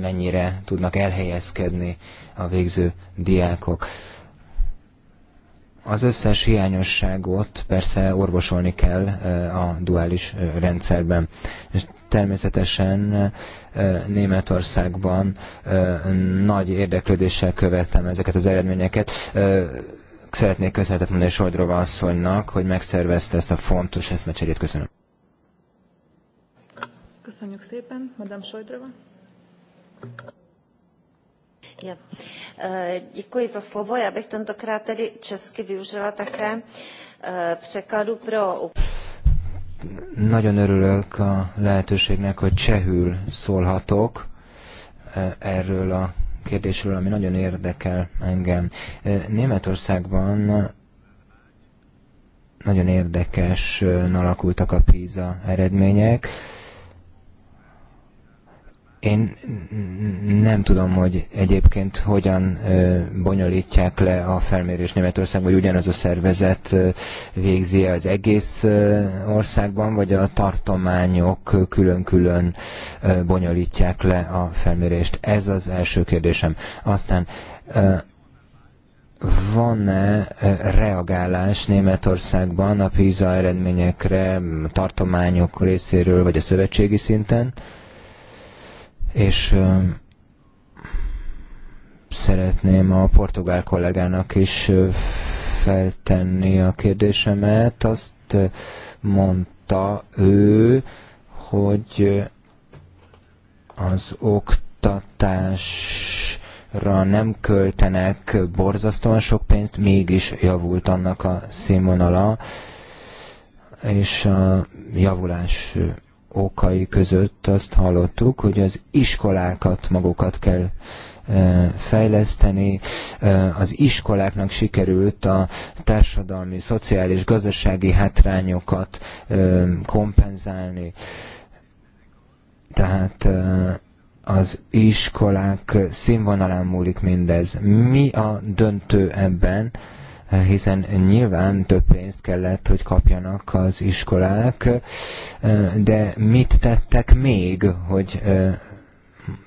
mennyire tudnak elhelyezkedni a végző diákok. Az összes hiányosságot persze orvosolni kell a duális rendszerben. És természetesen Németországban nagy érdeklődéssel követtem ezeket az eredményeket. Szeretnék köszönetet mondani Sojdrova asszonynak, hogy megszervezte ezt a fontos eszmecserét. Köszönöm. Köszönjük szépen. Madame Sojtrova. Ja. E, děkuji za slovo. Já bych tentokrát tedy česky využila také e, překladu pro... Nagyon örülök a lehetőségnek, hogy csehül szólhatok e, erről a kérdésről, ami nagyon érdekel engem. Németországban nagyon érdekes alakultak a PISA eredmények. Én nem tudom, hogy egyébként hogyan bonyolítják le a felmérés Németországban, hogy ugyanaz a szervezet végzi az egész országban, vagy a tartományok külön-külön bonyolítják le a felmérést. Ez az első kérdésem. Aztán van-e reagálás Németországban a PISA eredményekre, tartományok részéről, vagy a szövetségi szinten? és szeretném a portugál kollégának is feltenni a kérdésemet. Azt mondta ő, hogy az oktatásra nem költenek borzasztóan sok pénzt, mégis javult annak a színvonala, és a javulás okai között azt hallottuk, hogy az iskolákat magukat kell e, fejleszteni. E, az iskoláknak sikerült a társadalmi, szociális, gazdasági hátrányokat e, kompenzálni. Tehát az iskolák színvonalán múlik mindez. Mi a döntő ebben? hiszen nyilván több pénzt kellett, hogy kapjanak az iskolák, de mit tettek még, hogy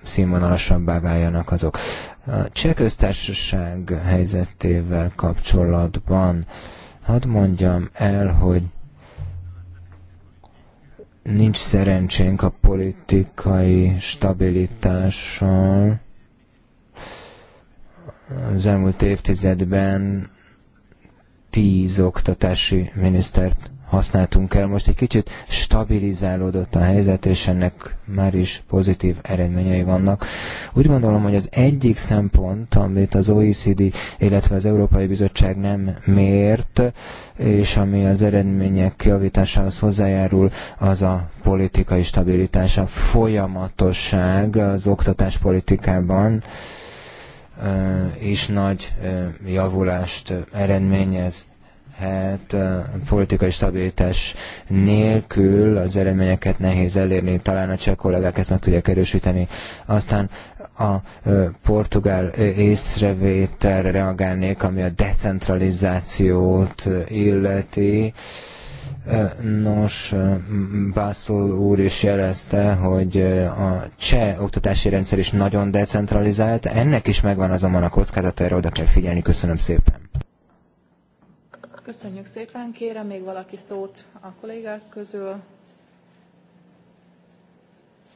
színvonalasabbá váljanak azok. A cseh köztársaság helyzetével kapcsolatban hadd mondjam el, hogy nincs szerencsénk a politikai stabilitással. Az elmúlt évtizedben tíz oktatási minisztert használtunk el. Most egy kicsit stabilizálódott a helyzet, és ennek már is pozitív eredményei vannak. Úgy gondolom, hogy az egyik szempont, amit az OECD, illetve az Európai Bizottság nem mért, és ami az eredmények kiavításához hozzájárul, az a politikai stabilitás, a folyamatosság az oktatáspolitikában, politikában, is nagy javulást eredményezhet. Politikai stabilitás nélkül az eredményeket nehéz elérni, talán a cseh kollégák ezt meg tudják erősíteni. Aztán a portugál észrevételre reagálnék, ami a decentralizációt illeti. Nos, Bászl úr is jelezte, hogy a cseh oktatási rendszer is nagyon decentralizált. Ennek is megvan azonban a kockázata, erre oda kell figyelni. Köszönöm szépen. Köszönjük szépen. Kérem még valaki szót a kollégák közül.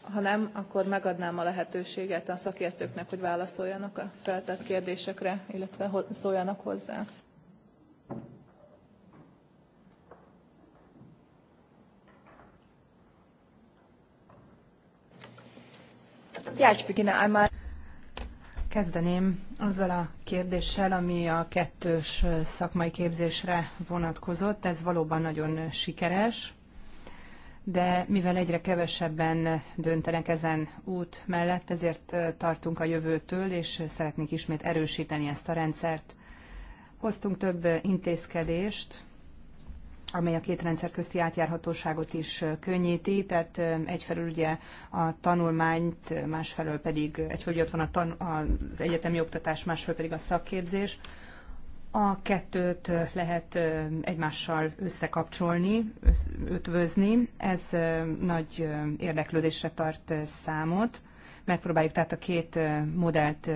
Ha nem, akkor megadnám a lehetőséget a szakértőknek, hogy válaszoljanak a feltett kérdésekre, illetve szóljanak hozzá. Ja, uh, Kezdeném azzal a kérdéssel, ami a kettős szakmai képzésre vonatkozott. Ez valóban nagyon sikeres, de mivel egyre kevesebben döntenek ezen út mellett, ezért tartunk a jövőtől, és szeretnénk ismét erősíteni ezt a rendszert. Hoztunk több intézkedést, amely a két rendszer közti átjárhatóságot is könnyíti, tehát egyfelől ugye a tanulmányt, másfelől pedig, egyfelől ott van a tan- az egyetemi oktatás, másfelől pedig a szakképzés. A kettőt lehet egymással összekapcsolni, ötvözni. Ez nagy érdeklődésre tart számot. Megpróbáljuk tehát a két modellt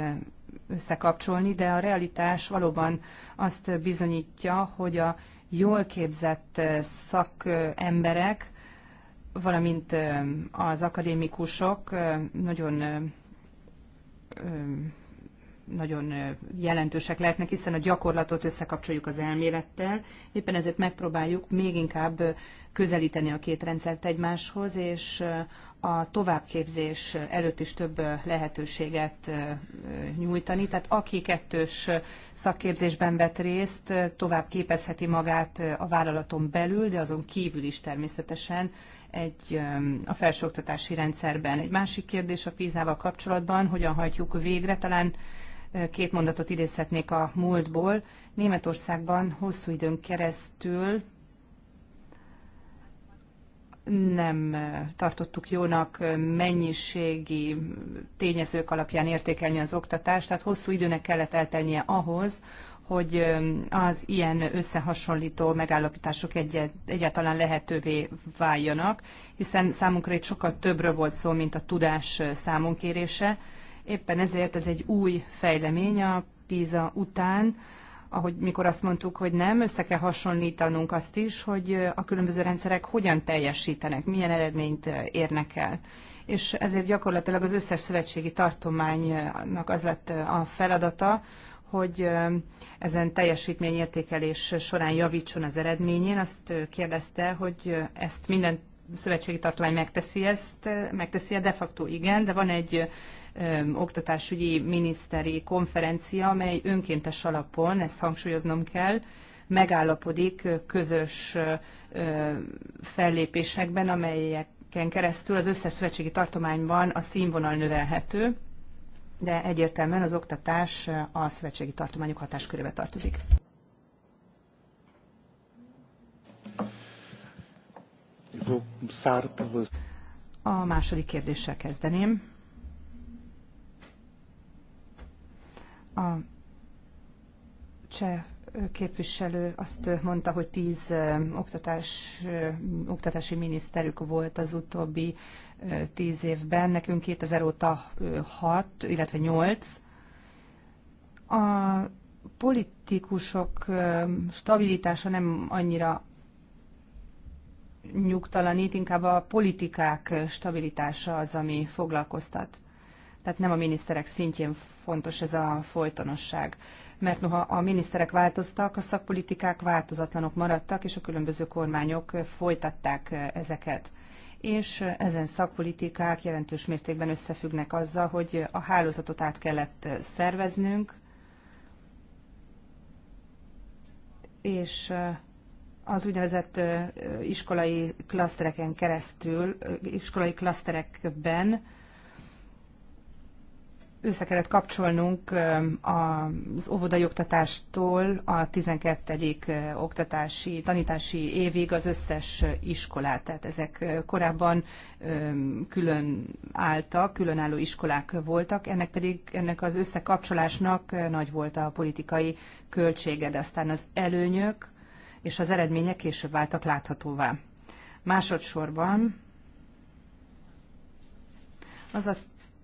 összekapcsolni, de a realitás valóban azt bizonyítja, hogy a jól képzett szakemberek, valamint az akadémikusok nagyon nagyon jelentősek lehetnek, hiszen a gyakorlatot összekapcsoljuk az elmélettel. Éppen ezért megpróbáljuk még inkább közelíteni a két rendszert egymáshoz, és a továbbképzés előtt is több lehetőséget nyújtani. Tehát aki kettős szakképzésben vett részt, tovább képezheti magát a vállalaton belül, de azon kívül is természetesen egy, a felsőoktatási rendszerben. Egy másik kérdés a PISA-val kapcsolatban, hogyan hajtjuk végre, talán két mondatot idézhetnék a múltból. Németországban hosszú időn keresztül nem tartottuk jónak mennyiségi tényezők alapján értékelni az oktatást, tehát hosszú időnek kellett eltelnie ahhoz, hogy az ilyen összehasonlító megállapítások egyet, egyáltalán lehetővé váljanak, hiszen számunkra itt sokkal többről volt szó, mint a tudás számunkérése. Éppen ezért ez egy új fejlemény a PISA után, ahogy mikor azt mondtuk, hogy nem, össze kell hasonlítanunk azt is, hogy a különböző rendszerek hogyan teljesítenek, milyen eredményt érnek el. És ezért gyakorlatilag az összes szövetségi tartománynak az lett a feladata, hogy ezen teljesítményértékelés során javítson az eredményén. Azt kérdezte, hogy ezt minden szövetségi tartomány megteszi ezt, megteszi -e de facto igen, de van egy oktatásügyi miniszteri konferencia, amely önkéntes alapon, ezt hangsúlyoznom kell, megállapodik közös fellépésekben, amelyeken keresztül az összes szövetségi tartományban a színvonal növelhető, de egyértelműen az oktatás a szövetségi tartományok hatáskörébe tartozik. A második kérdéssel kezdeném. A cseh képviselő azt mondta, hogy tíz oktatás, oktatási miniszterük volt az utóbbi tíz évben, nekünk 2000 óta hat, illetve nyolc. A politikusok stabilitása nem annyira nyugtalanít, inkább a politikák stabilitása az, ami foglalkoztat. Tehát nem a miniszterek szintjén fontos ez a folytonosság. Mert noha a miniszterek változtak, a szakpolitikák változatlanok maradtak, és a különböző kormányok folytatták ezeket és ezen szakpolitikák jelentős mértékben összefüggnek azzal, hogy a hálózatot át kellett szerveznünk, és az úgynevezett iskolai klasztereken keresztül, iskolai klaszterekben össze kellett kapcsolnunk az óvodai oktatástól a 12. oktatási, tanítási évig az összes iskolát. Tehát ezek korábban külön álltak, különálló iskolák voltak, ennek pedig ennek az összekapcsolásnak nagy volt a politikai költsége, de aztán az előnyök és az eredmények később váltak láthatóvá. Másodszorban az a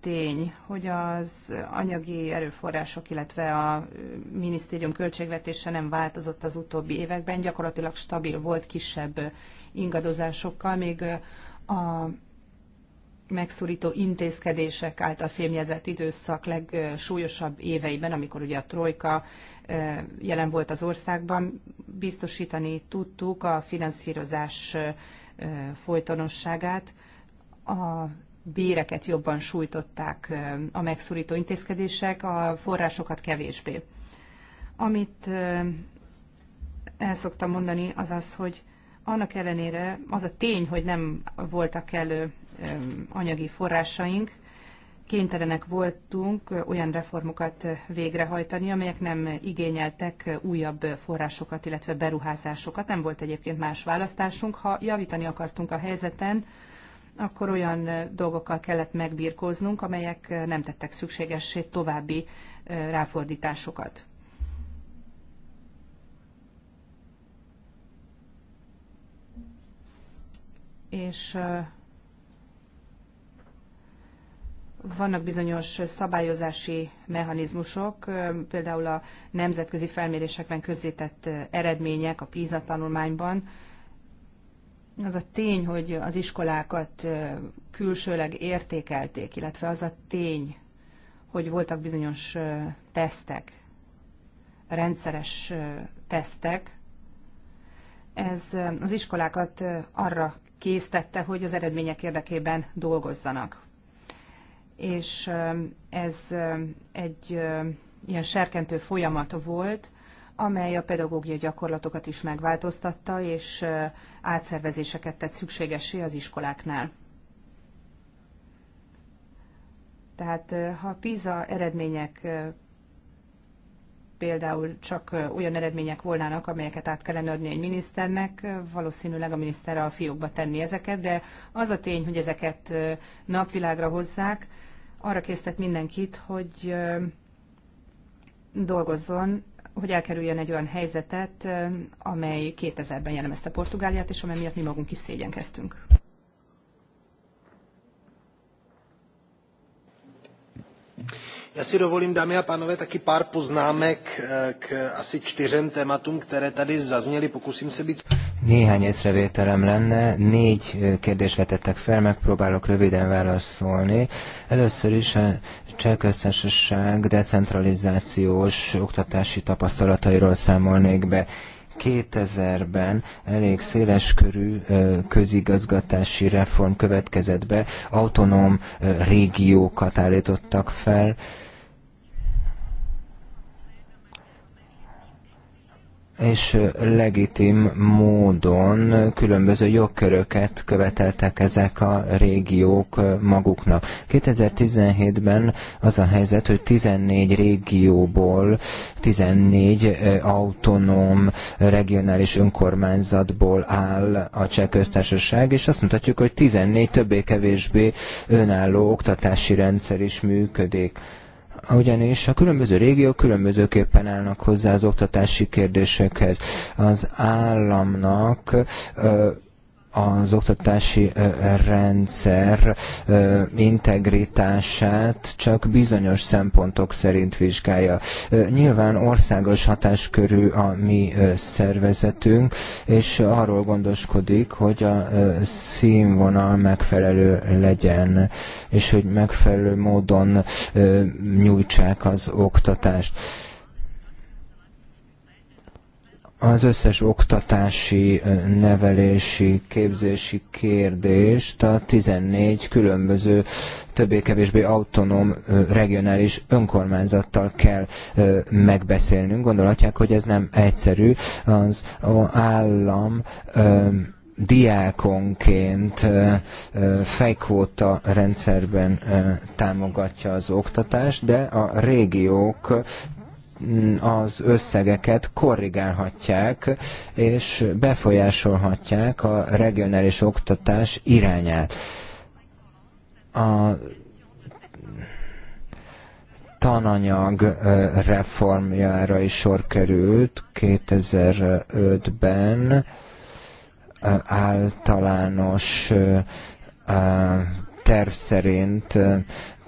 tény, hogy az anyagi erőforrások, illetve a minisztérium költségvetése nem változott az utóbbi években, gyakorlatilag stabil volt kisebb ingadozásokkal, még a megszorító intézkedések által fémjezett időszak legsúlyosabb éveiben, amikor ugye a trojka e, jelen volt az országban, biztosítani tudtuk a finanszírozás e, folytonosságát. A béreket jobban sújtották a megszorító intézkedések, a forrásokat kevésbé. Amit el szoktam mondani, az az, hogy annak ellenére az a tény, hogy nem voltak elő anyagi forrásaink, kénytelenek voltunk olyan reformokat végrehajtani, amelyek nem igényeltek újabb forrásokat, illetve beruházásokat. Nem volt egyébként más választásunk. Ha javítani akartunk a helyzeten, akkor olyan dolgokkal kellett megbírkoznunk, amelyek nem tettek szükségessé további ráfordításokat. És vannak bizonyos szabályozási mechanizmusok, például a nemzetközi felmérésekben közzétett eredmények a PISA tanulmányban, az a tény, hogy az iskolákat külsőleg értékelték, illetve az a tény, hogy voltak bizonyos tesztek, rendszeres tesztek, ez az iskolákat arra késztette, hogy az eredmények érdekében dolgozzanak. És ez egy ilyen serkentő folyamat volt, amely a pedagógiai gyakorlatokat is megváltoztatta, és átszervezéseket tett szükségessé az iskoláknál. Tehát ha a PISA eredmények például csak olyan eredmények volnának, amelyeket át kellene adni egy miniszternek, valószínűleg a miniszter a fiókba tenni ezeket, de az a tény, hogy ezeket napvilágra hozzák, arra késztet mindenkit, hogy dolgozzon hogy elkerüljön egy olyan helyzetet, amely 2000-ben jellemezte Portugáliát, és amely miatt mi magunk is szégyenkeztünk. Já si dovolím, dámy a pánové, taky pár poznámek e, k asi čtyřem tématům, které tady zazněly. Pokusím se být... Néhány észrevételem lenne, négy e, kérdést vetettek fel, megpróbálok röviden válaszolni. Először is e, cselköztársaság decentralizációs oktatási tapasztalatairól számolnék be. 2000-ben elég széleskörű közigazgatási reform következett be, autonóm régiókat állítottak fel, és legitim módon különböző jogköröket követeltek ezek a régiók maguknak. 2017-ben az a helyzet, hogy 14 régióból, 14 autonóm regionális önkormányzatból áll a cseh köztársaság, és azt mutatjuk, hogy 14 többé-kevésbé önálló oktatási rendszer is működik ugyanis a különböző régiók különbözőképpen állnak hozzá az oktatási kérdésekhez. Az államnak az oktatási rendszer integritását csak bizonyos szempontok szerint vizsgálja. Nyilván országos hatáskörű a mi szervezetünk, és arról gondoskodik, hogy a színvonal megfelelő legyen, és hogy megfelelő módon nyújtsák az oktatást az összes oktatási, nevelési, képzési kérdést a 14 különböző többé-kevésbé autonóm regionális önkormányzattal kell megbeszélnünk. Gondolhatják, hogy ez nem egyszerű. Az állam diákonként fejkvóta rendszerben támogatja az oktatást, de a régiók az összegeket korrigálhatják, és befolyásolhatják a regionális oktatás irányát. A tananyag reformjára is sor került 2005-ben általános terv szerint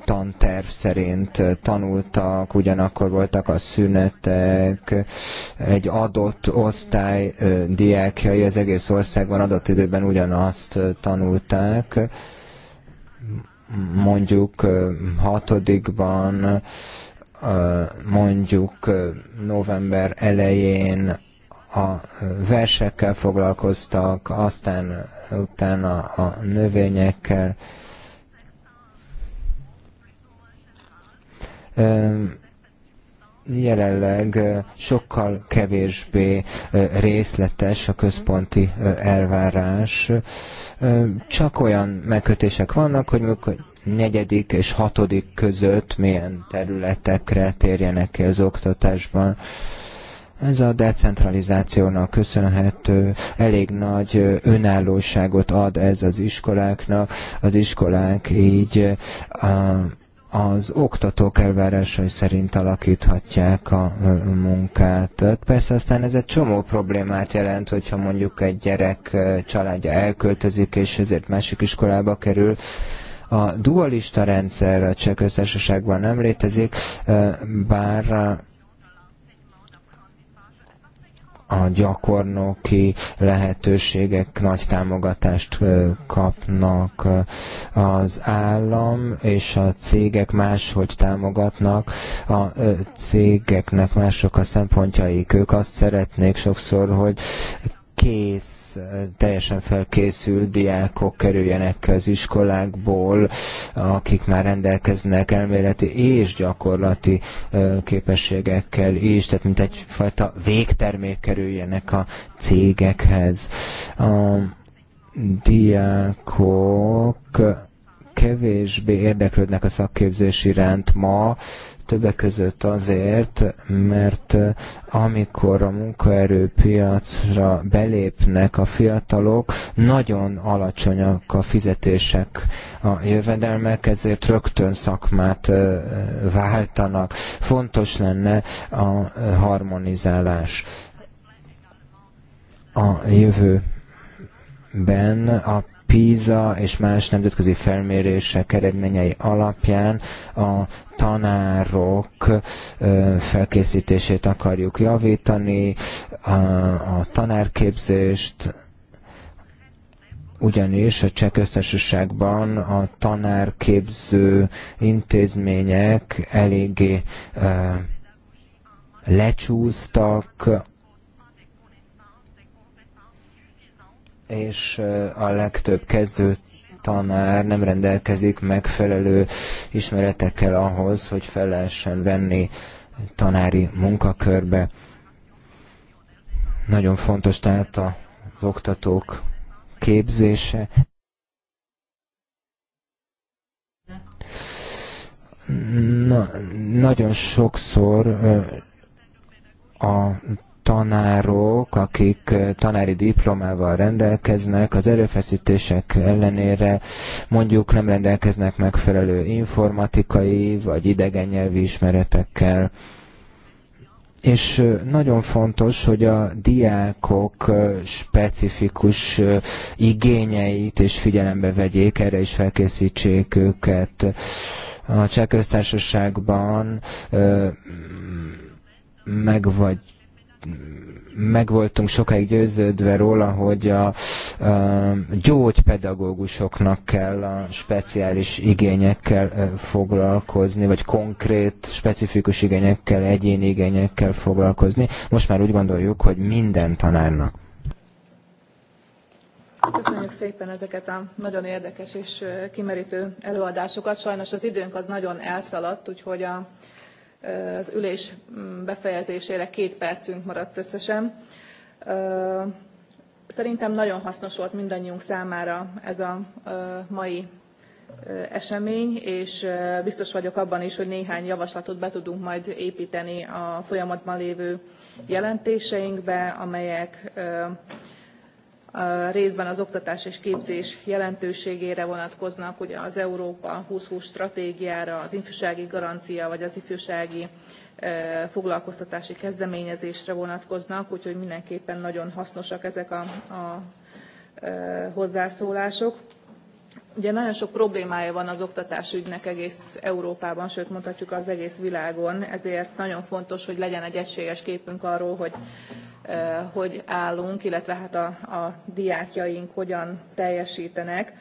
tanterv szerint tanultak, ugyanakkor voltak a szünetek, egy adott osztály diákjai az egész országban adott időben ugyanazt tanulták, mondjuk hatodikban, mondjuk november elején a versekkel foglalkoztak, aztán utána a növényekkel, jelenleg eh, sokkal kevésbé eh, részletes a központi eh, elvárás. Csak olyan megkötések vannak, hogy mondjuk negyedik és hatodik között milyen területekre térjenek ki az oktatásban. Ez a decentralizációnak köszönhető, elég nagy önállóságot ad ez az iskoláknak, az iskolák így a az oktatók elvárásai szerint alakíthatják a munkát. Persze aztán ez egy csomó problémát jelent, hogyha mondjuk egy gyerek családja elköltözik, és ezért másik iskolába kerül, a dualista rendszer a cseh köztársaságban nem létezik, bár a gyakornoki lehetőségek nagy támogatást kapnak az állam, és a cégek máshogy támogatnak. A cégeknek mások a szempontjaik. Ők azt szeretnék sokszor, hogy kész, teljesen felkészült diákok kerüljenek az iskolákból, akik már rendelkeznek elméleti és gyakorlati képességekkel is, tehát mint egyfajta végtermék kerüljenek a cégekhez. A diákok kevésbé érdeklődnek a szakképzés iránt ma, Többek között azért, mert eh, amikor a munkaerőpiacra belépnek a fiatalok, nagyon alacsonyak a fizetések, a jövedelmek, ezért rögtön szakmát eh, váltanak. Fontos lenne a eh, harmonizálás a jövőben a PISA és más nemzetközi felmérések eredményei alapján a tanárok felkészítését akarjuk javítani, a, a tanárképzést, ugyanis a cseh a tanárképző intézmények eléggé lecsúsztak, és a legtöbb kezdő tanár nem rendelkezik megfelelő ismeretekkel ahhoz, hogy fel lehessen venni tanári munkakörbe. Nagyon fontos tehát az oktatók képzése. Na, nagyon sokszor a tanárok, akik eh, tanári diplomával rendelkeznek, az erőfeszítések ellenére mondjuk nem rendelkeznek megfelelő informatikai vagy idegen nyelvi ismeretekkel. És eh, nagyon fontos, hogy a diákok eh, specifikus igényeit és figyelembe vegyék, erre is felkészítsék őket. A cseh köztársaságban meg vagy meg voltunk sokáig győződve róla, hogy a, a gyógypedagógusoknak kell a speciális igényekkel foglalkozni, vagy konkrét, specifikus igényekkel, egyéni igényekkel foglalkozni. Most már úgy gondoljuk, hogy minden tanárnak. Köszönjük szépen ezeket a nagyon érdekes és kimerítő előadásokat. Sajnos az időnk az nagyon elszaladt, úgyhogy a az ülés mm, befejezésére két percünk maradt összesen. Szerintem nagyon hasznos volt mindannyiunk számára ez a mai esemény, és biztos vagyok abban is, hogy néhány javaslatot be tudunk majd építeni a folyamatban lévő jelentéseinkbe, amelyek részben az oktatás és képzés jelentőségére vonatkoznak, ugye az Európa 2020 stratégiára, az ifjúsági garancia vagy az ifjúsági e, foglalkoztatási kezdeményezésre vonatkoznak, úgyhogy mindenképpen nagyon hasznosak ezek a, a e, hozzászólások ugye nagyon sok problémája van az oktatásügynek egész Európában, sőt mondhatjuk az egész világon, ezért nagyon fontos, hogy legyen egy egységes képünk arról, hogy eh, hogy állunk, illetve hát a, a diákjaink hogyan teljesítenek,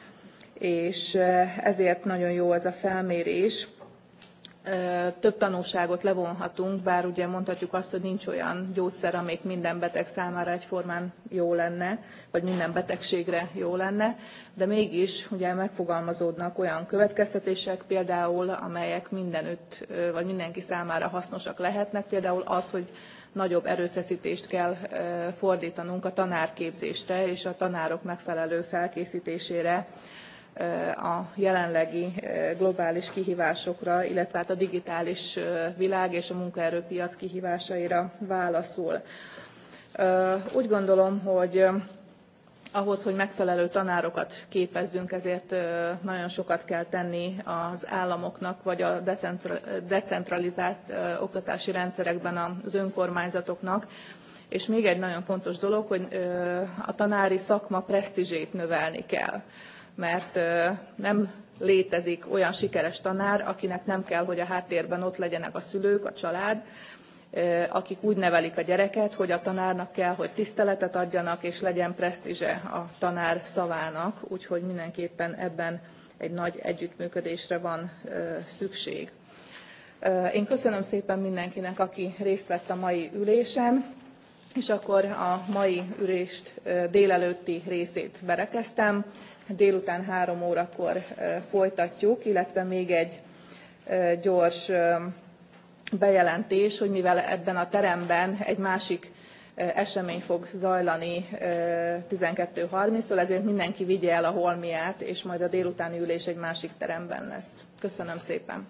és eh, ezért nagyon jó ez a felmérés több tanulságot levonhatunk, bár ugye mondhatjuk azt, hogy nincs olyan gyógyszer, amelyik minden beteg számára egyformán jó lenne, vagy minden betegségre jó lenne, de mégis ugye megfogalmazódnak olyan következtetések például, amelyek mindenütt, vagy mindenki számára hasznosak lehetnek, például az, hogy nagyobb erőfeszítést kell fordítanunk a tanárképzésre és a tanárok megfelelő felkészítésére a jelenlegi globális kihívásokra, illetve hát a digitális világ és a munkaerőpiac kihívásaira válaszul. Úgy gondolom, hogy ahhoz, hogy megfelelő tanárokat képezzünk, ezért nagyon sokat kell tenni az államoknak, vagy a decentralizált oktatási rendszerekben az önkormányzatoknak. És még egy nagyon fontos dolog, hogy a tanári szakma presztízsét növelni kell mert nem létezik olyan sikeres tanár, akinek nem kell, hogy a háttérben ott legyenek a szülők, a család, akik úgy nevelik a gyereket, hogy a tanárnak kell, hogy tiszteletet adjanak, és legyen presztízse a tanár szavának, úgyhogy mindenképpen ebben egy nagy együttműködésre van szükség. Én köszönöm szépen mindenkinek, aki részt vett a mai ülésen, és akkor a mai ülést délelőtti részét berekeztem délután három órakor folytatjuk, illetve még egy gyors bejelentés, hogy mivel ebben a teremben egy másik esemény fog zajlani 12.30-tól, ezért mindenki vigye el a holmiát, és majd a délutáni ülés egy másik teremben lesz. Köszönöm szépen!